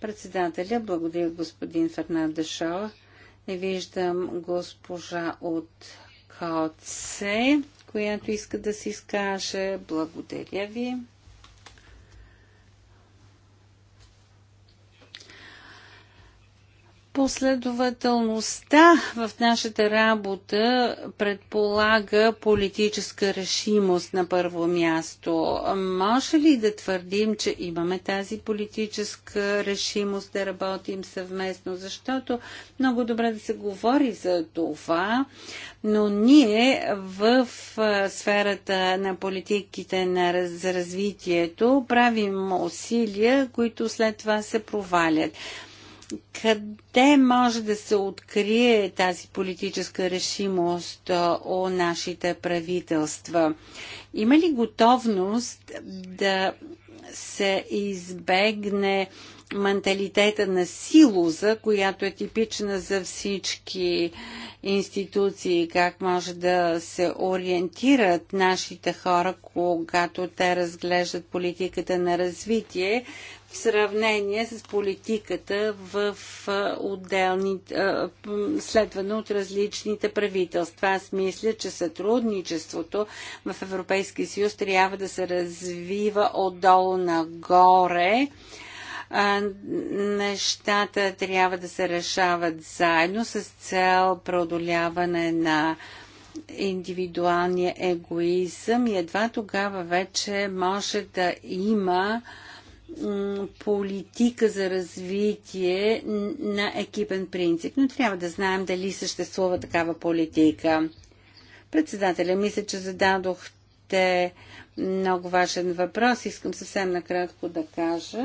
Председателя, благодаря господин Не Виждам госпожа от Коце, която иска да се изкаже. Благодаря ви. Последователността в нашата работа предполага политическа решимост на първо място. Може ли да твърдим, че имаме тази политическа решимост да работим съвместно? Защото много добре да се говори за това, но ние в сферата на политиките на, за развитието правим усилия, които след това се провалят къде може да се открие тази политическа решимост у нашите правителства? Има ли готовност да се избегне менталитета на силоза, която е типична за всички институции, как може да се ориентират нашите хора, когато те разглеждат политиката на развитие в сравнение с политиката в отделни, следвано от различните правителства. Аз мисля, че сътрудничеството в Европейския съюз трябва да се развива отдолу нагоре нещата трябва да се решават заедно с цел преодоляване на индивидуалния егоизъм и едва тогава вече може да има политика за развитие на екипен принцип, но трябва да знаем дали съществува такава политика. Председателя, мисля, че зададохте много
важен въпрос. Искам съвсем накратко да кажа.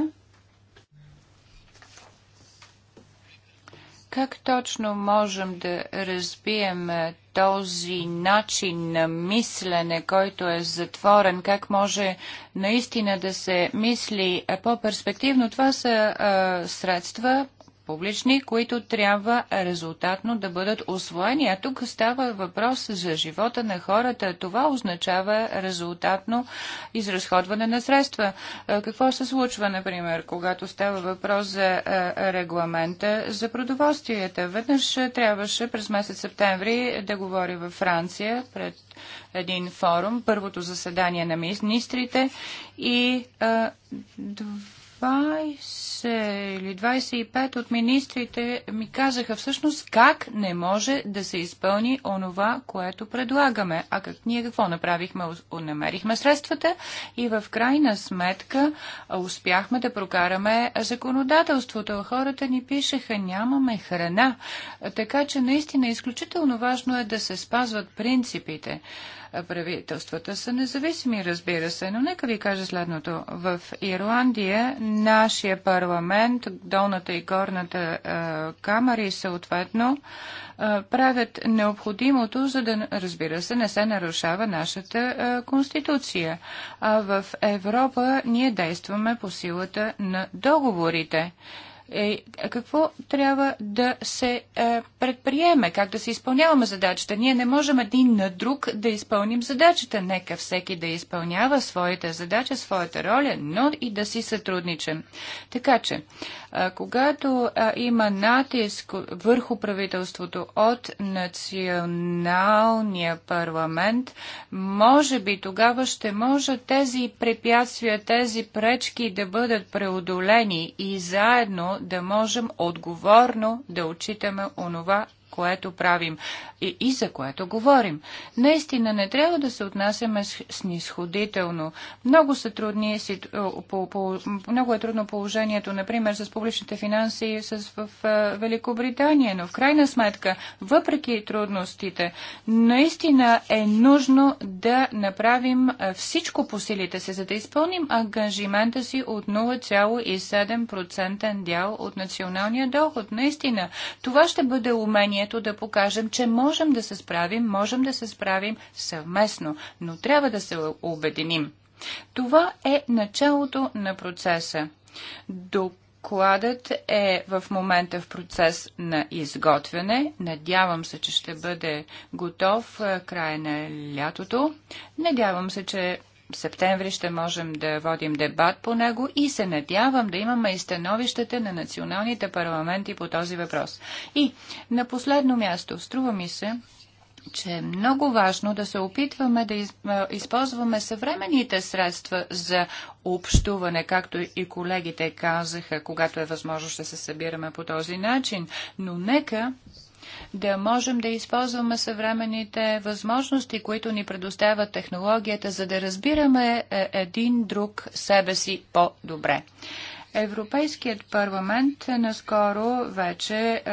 Как точно можем да разбием този начин на мислене, който е затворен, как може наистина да се мисли по-перспективно. Това са а, средства, публични, които трябва резултатно да бъдат освоени. А тук става въпрос за живота на хората. Това означава резултатно изразходване на средства. Е, какво се случва, например, когато става въпрос за е, регламента за продоволствията? Веднъж е, трябваше през месец септември да говори във Франция пред един форум, първото заседание на министрите и а, 20 или 25 от министрите ми казаха всъщност как не може да се изпълни онова, което предлагаме. А как ние какво направихме? Намерихме средствата и в крайна сметка успяхме да прокараме законодателството. Хората ни пишеха, нямаме храна. Така че наистина изключително важно е да се спазват принципите правителствата са независими, разбира се, но нека ви кажа следното. В Ирландия нашия парламент, долната и горната е, камери съответно, е, правят необходимото, за да, разбира се, не се нарушава нашата е, конституция. А в Европа ние действаме по силата на договорите е, какво трябва да се е, предприеме, как да се изпълняваме задачата. Ние не можем един на друг да изпълним задачата. Нека всеки да изпълнява своите задачи, своята роля, но и да си сътрудничим. Така че, когато има натиск върху правителството от националния парламент, може би тогава ще може тези препятствия, тези пречки да бъдат преодолени и заедно да можем отговорно да отчитаме онова, което правим и, и за което говорим. Наистина не трябва да се отнасяме снисходително. Много, са трудни, по, по, много е трудно положението, например, с публичните финанси с, в, в Великобритания, но в крайна сметка, въпреки трудностите, наистина е нужно да направим всичко по силите си, за да изпълним ангажимента си от 0,7% дял от националния доход. Наистина, това ще бъде умение желанието да покажем, че можем да се справим, можем да се справим съвместно, но трябва да се обединим. Това е началото на процеса. Докладът е в момента в процес на изготвяне. Надявам се, че ще бъде готов края на лятото. Надявам се, че септември ще можем да водим дебат по него и се надявам да имаме и становищата на националните парламенти по този въпрос. И на последно място, струва ми се, че е много важно да се опитваме да използваме съвременните средства за общуване, както и колегите казаха, когато е възможно ще се събираме по този начин, но нека да можем да използваме съвременните възможности, които ни предоставят технологията, за да разбираме е, един друг себе си по-добре. Европейският парламент наскоро вече е,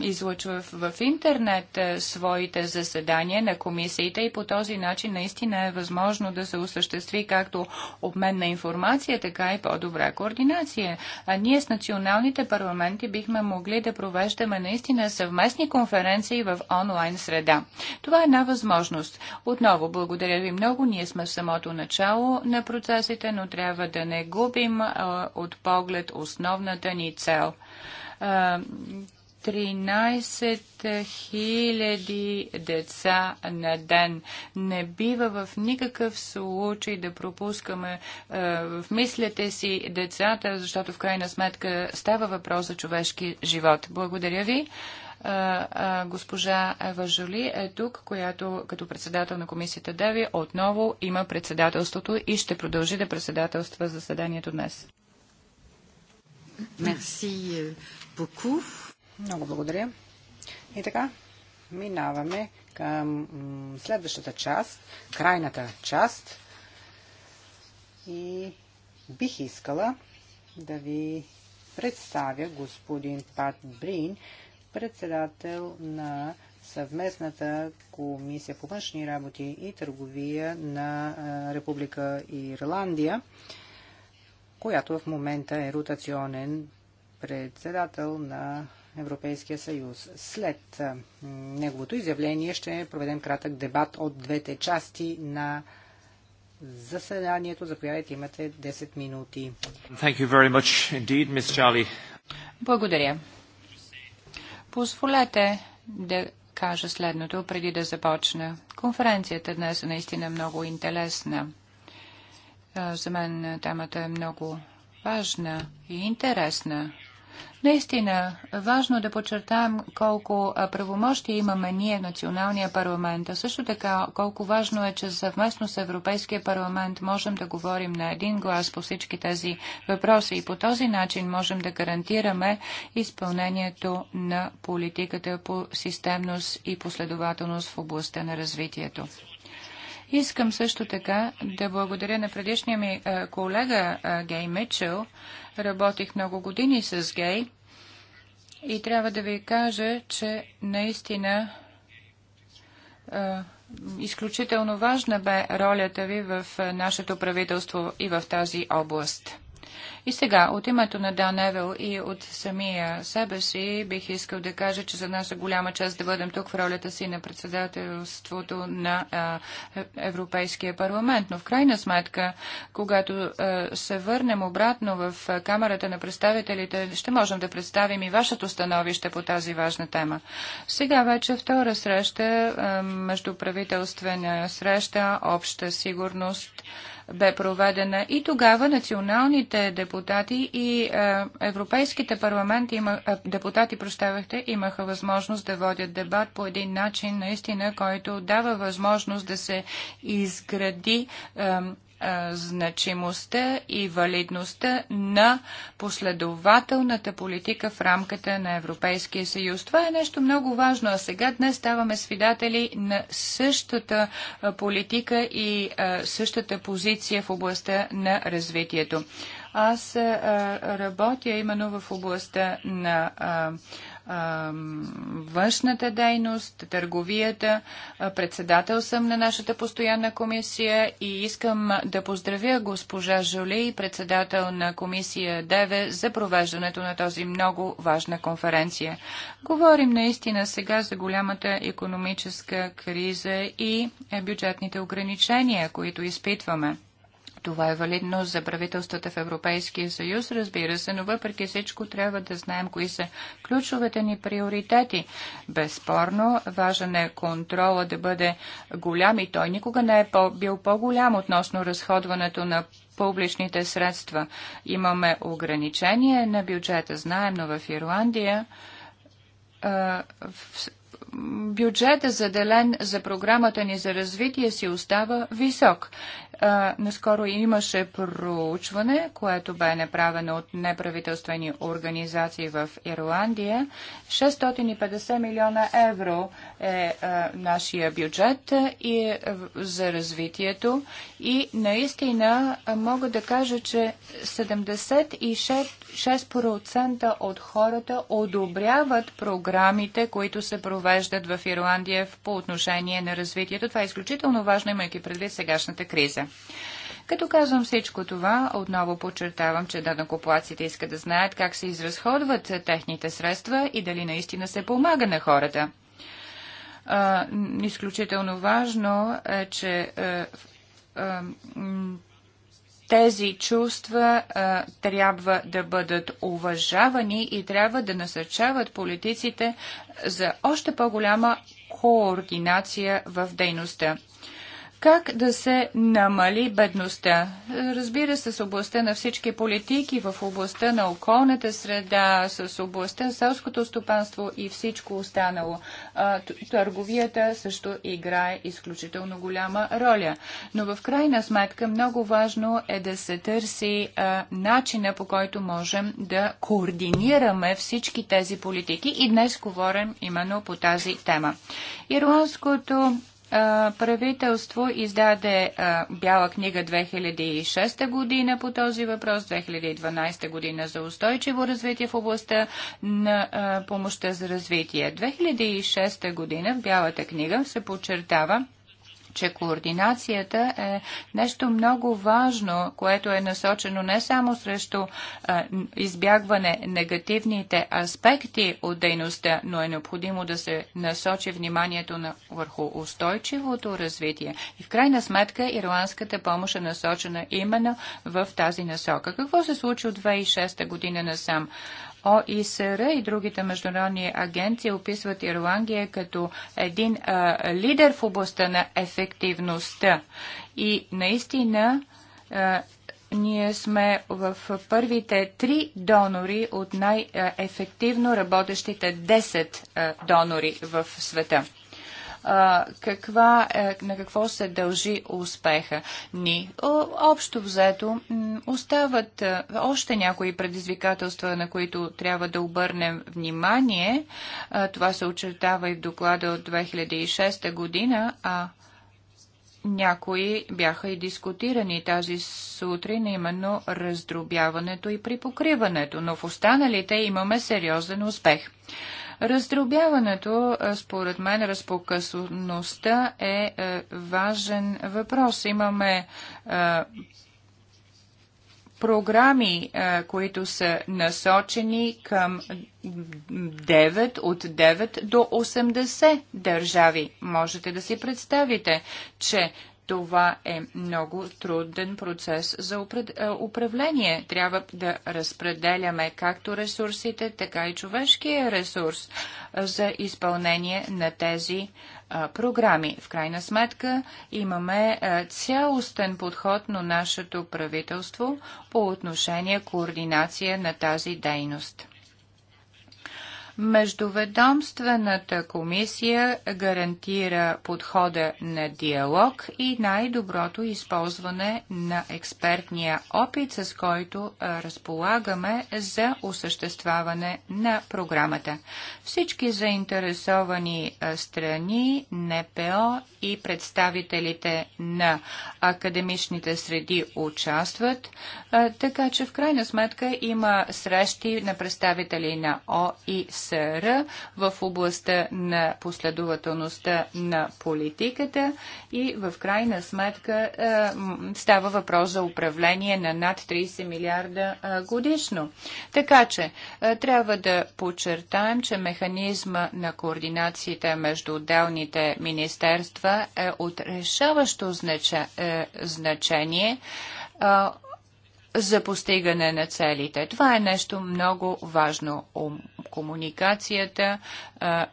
излъчва в, в интернет е, своите заседания на комисиите и по този начин наистина е възможно да се осъществи както обмен на информация, така и по-добра координация. А ние с националните парламенти бихме могли да провеждаме наистина съвместни конференции в онлайн среда. Това е една възможност. Отново благодаря ви много. Ние сме в самото начало на процесите, но трябва да не губим е, от поглед основната ни цел. 13 000 деца на ден. Не бива в никакъв случай да пропускаме е, в мислите си децата, защото в крайна сметка става въпрос за човешки живот. Благодаря ви. Е, е, госпожа Ева Жоли е тук, която като председател на комисията Деви отново има председателството и ще продължи да председателства заседанието днес.
Мерси euh, Много благодаря. И така, минаваме към следващата част, крайната част. И бих искала да ви представя господин Пат Брин, председател на съвместната комисия по външни работи и търговия на Република Ирландия която в момента е ротационен председател на Европейския съюз. След неговото изявление ще проведем кратък дебат от двете части на заседанието. Заповядайте, имате 10 минути.
Thank you very much indeed, Charlie.
Благодаря. Позволете да кажа следното преди да започна. Конференцията днес е наистина много интересна. За мен темата е много важна и интересна. Наистина, важно да подчертаем колко правомощи имаме ние, националния парламент, а също така колко важно е, че съвместно с Европейския парламент можем да говорим на един глас по всички тези въпроси и по този начин можем да гарантираме изпълнението на политиката по системност и последователност в областта на развитието. Искам също така да благодаря на предишния ми колега Гей Мичел. Работих много години с Гей и трябва да ви кажа, че наистина изключително важна бе ролята ви в нашето правителство и в тази област. И сега, от името на Дан Евел и от самия себе си, бих искал да кажа, че за нас е голяма част да бъдем тук в ролята си на председателството на а, Европейския парламент. Но в крайна сметка, когато а, се върнем обратно в Камерата на представителите, ще можем да представим и вашето становище по тази важна тема. Сега вече втора среща, а, междуправителствена среща, обща сигурност, бе проведена и тогава националните депутати и е, европейските парламенти, има, е, депутати, прощавахте, имаха възможност да водят дебат по един начин, наистина, който дава възможност да се изгради е, значимостта и валидността на последователната политика в рамката на Европейския съюз. Това е нещо много важно, а сега днес ставаме свидатели на същата политика и същата позиция в областта на развитието. Аз работя именно в областта на външната дейност, търговията. Председател съм на нашата постоянна комисия и искам да поздравя госпожа Жоли, председател на комисия ДЕВЕ, за провеждането на този много важна конференция. Говорим наистина сега за голямата економическа криза и е, бюджетните ограничения, които изпитваме. Това е валидно за правителствата в Европейския съюз, разбира се, но въпреки всичко трябва да знаем кои са ключовете ни приоритети. Безспорно, важен е контрола да бъде голям и той никога не е по бил по-голям относно разходването на публичните средства. Имаме ограничение на бюджета, знаем, но в Ирландия бюджетът бюджета заделен за програмата ни за развитие си остава висок. А, наскоро имаше проучване, което бе направено от неправителствени организации в Ирландия. 650 милиона евро е, е нашия бюджет и е, за развитието. И наистина е, мога да кажа, че 76% от хората одобряват програмите, които се провеждат в Ирландия по отношение на развитието. Това е изключително важно, имайки предвид сегашната криза. Като казвам всичко това, отново подчертавам, че данакоплаците искат да знаят как се изразходват техните средства и дали наистина се помага на хората изключително важно е, че е, е, тези чувства е, трябва да бъдат уважавани и трябва да насърчават политиците за още по-голяма координация в дейността. Как да се намали бедността? Разбира се, с областта на всички политики, в областта на околната среда, с областта на селското стопанство и всичко останало. Търговията също играе изключително голяма роля. Но в крайна сметка много важно е да се търси начина по който можем да координираме всички тези политики и днес говорим именно по тази тема. Ирландското правителство издаде Бяла книга 2006 година по този въпрос, 2012 година за устойчиво развитие в областта на помощта за развитие. 2006 година в Бялата книга се подчертава, че координацията е нещо много важно, което е насочено не само срещу е, избягване негативните аспекти от дейността, но е необходимо да се насочи вниманието на, върху устойчивото развитие. И в крайна сметка ирландската помощ е насочена именно в тази насока. Какво се случи от 2006 година насам? ОИСР и другите международни агенции описват Ирландия като един а, лидер в областта на ефективността. И наистина а, ние сме в първите три донори от най-ефективно работещите 10 донори в света каква, е, на какво се дължи успеха ни. Общо взето остават още някои предизвикателства, на които трябва да обърнем внимание. Това се очертава и в доклада от 2006 година, а някои бяха и дискутирани тази сутрин, именно раздробяването и припокриването, но в останалите имаме сериозен успех. Раздробяването, според мен, разпокъсността е, е важен въпрос. Имаме е, програми, е, които са насочени към 9 от 9 до 80 държави. Можете да си представите, че това е много труден процес за е, управление. Трябва да разпределяме както ресурсите, така и човешкия ресурс е, за изпълнение на тези е, програми. В крайна сметка имаме цялостен подход на нашето правителство по отношение координация на тази дейност. Междуведомствената комисия гарантира подхода на диалог и най-доброто използване на експертния опит, с който разполагаме за осъществяване на програмата. Всички заинтересовани страни, НПО и представителите на академичните среди участват, така че в крайна сметка има срещи на представители на ОИС СР в областта на последователността на политиката и в крайна сметка е, става въпрос за управление на над 30 милиарда е, годишно. Така че е, трябва да подчертаем, че механизма на координацията между отделните министерства е от решаващо значение за постигане на целите. Това е нещо много важно. Комуникацията,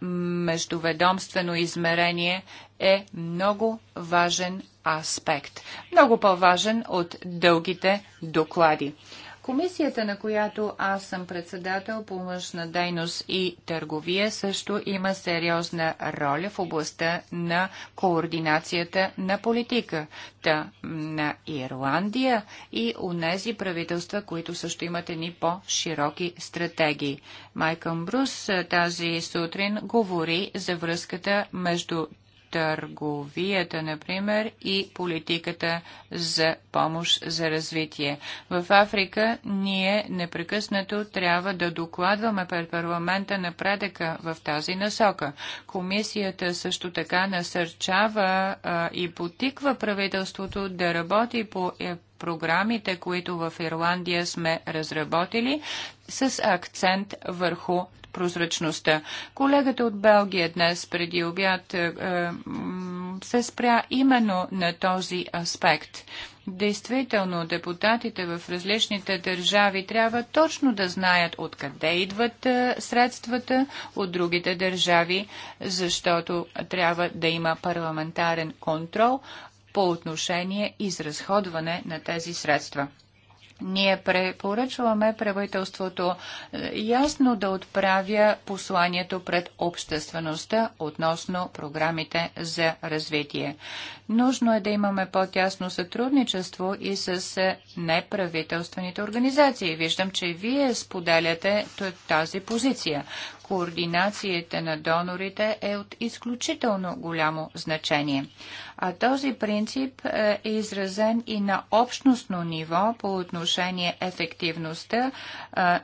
междуведомствено измерение е много важен аспект. Много по-важен от дългите доклади. Комисията, на която аз съм председател по мъжна дейност и търговия, също има сериозна роля в областта на координацията на политиката на Ирландия и нези правителства, които също имат едни по-широки стратегии. Майкъл Брус е, тази сутрин говори за връзката между търговията, например, и политиката за помощ за развитие. В Африка ние непрекъснато трябва да докладваме пред парламента напредъка в тази насока. Комисията също така насърчава а, и потиква правителството да работи по е, програмите, които в Ирландия сме разработили, с акцент върху прозрачността. Колегата от Белгия днес преди обяд е, е, се спря именно на този аспект. Действително, депутатите в различните държави трябва точно да знаят откъде идват е, средствата от другите държави, защото трябва да има парламентарен контрол по отношение изразходване на тези средства. Ние препоръчваме правителството е, ясно да отправя посланието пред обществеността относно програмите за развитие. Нужно е да имаме по-тясно сътрудничество и с е, неправителствените организации. Виждам, че вие споделяте тази позиция координацията на донорите е от изключително голямо значение. А този принцип е изразен и на общностно ниво по отношение ефективността е,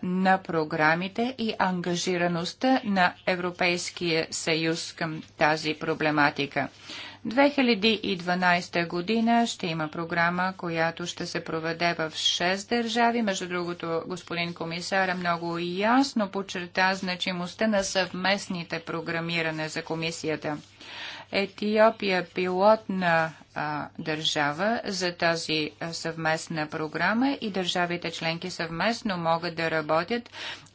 на програмите и ангажираността на Европейския съюз към тази проблематика. 2012 година ще има програма, която ще се проведе в 6 държави. Между другото, господин комисар много ясно подчерта значимостта на съвместните програмиране за комисията. Етиопия е пилотна а, държава за тази съвместна програма и държавите членки съвместно могат да работят,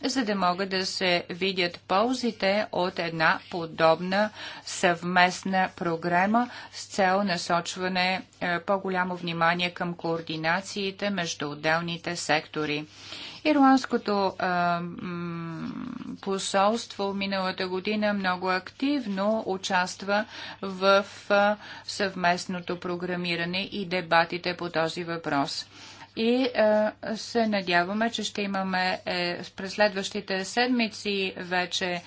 за да могат да се видят ползите от една подобна съвместна програма с цел насочване по-голямо внимание към координациите между отделните сектори. Ирландското а, посолство миналата година много активно участва в съвместното програмиране и дебатите по този въпрос и е, се надяваме, че ще имаме е, през следващите седмици вече е,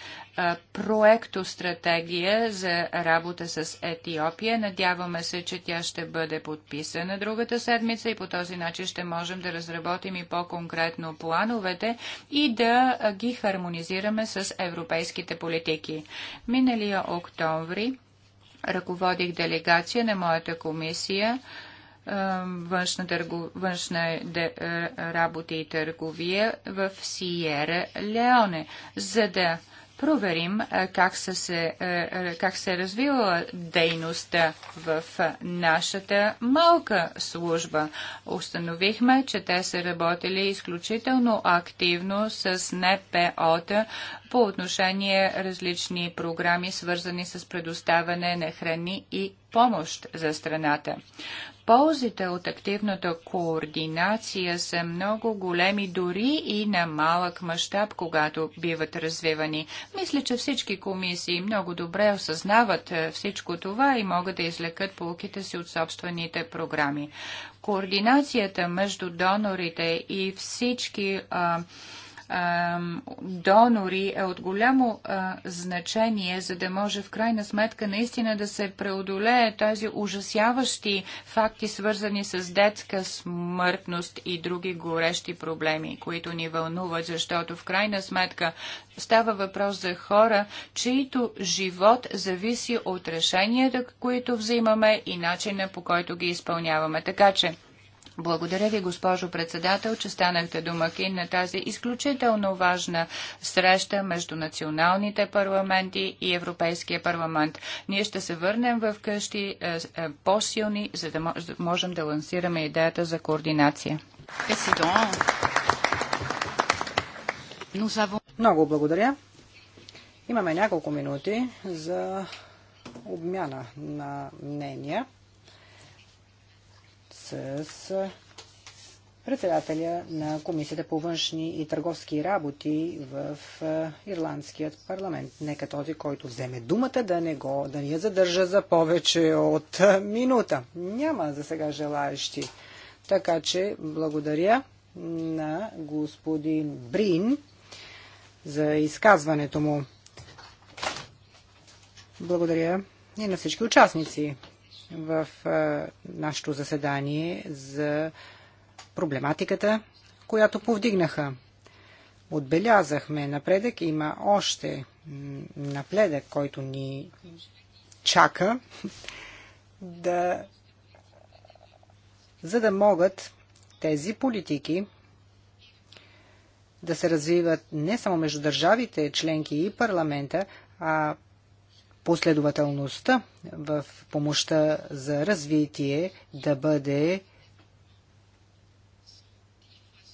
проектостратегия за работа с Етиопия. Надяваме се, че тя ще бъде подписана другата седмица и по този начин ще можем да разработим и по-конкретно плановете и да е, ги хармонизираме с европейските политики. Миналия октомври ръководих делегация на моята комисия външна, търгу, външна де, работа и търговия в Сиера Леоне, за да проверим как, са се, как се е дейността в нашата малка служба. Установихме, че те са работили изключително активно с нпо по отношение различни програми, свързани с предоставяне на храни и помощ за страната ползите от активната координация са много големи дори и на малък мащаб, когато биват развивани. Мисля, че всички комисии много добре осъзнават е, всичко това и могат да излекат полките си от собствените програми. Координацията между донорите и всички а, донори е от голямо значение, за да може в крайна сметка наистина да се преодолее тези ужасяващи факти, свързани с детска смъртност и други горещи проблеми, които ни вълнуват, защото в крайна сметка става въпрос за хора, чието живот зависи от решенията, които взимаме и начина по който ги изпълняваме. Така че благодаря ви, госпожо председател, че станахте домакин на тази изключително важна среща между националните парламенти и Европейския парламент. Ние ще се върнем в къщи е, е, по-силни, за да можем да лансираме идеята за координация.
Много благодаря. Имаме няколко минути за обмяна на мнения с председателя на Комисията по външни и търговски работи в е, Ирландският парламент. Нека този, който вземе думата, да не, го, да ни я задържа за повече от е, минута. Няма за сега желаящи. Така че благодаря на господин Брин за изказването му. Благодаря и на всички участници в нашето заседание за проблематиката, която повдигнаха. Отбелязахме напредък, има още напредък, който ни чака да за да могат тези политики да се развиват не само между държавите, членки и парламента, а последователността в помощта за развитие да бъде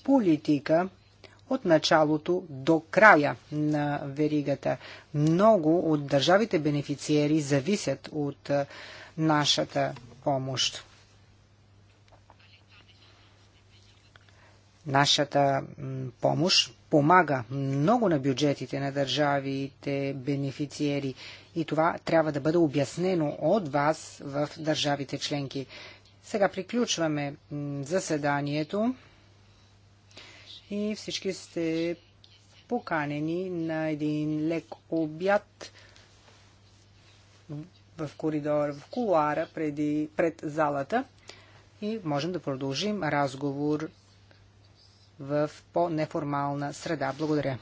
политика от началото до края на веригата. Много от държавите бенефициери зависят от нашата помощ. Нашата помощ помага много на бюджетите на държавите бенефициери и това трябва да бъде обяснено от вас в държавите членки. Сега приключваме заседанието и всички сте поканени на един лек обяд в коридор, в кулуара преди, пред залата и можем да продължим разговор в по-неформална среда. Благодаря.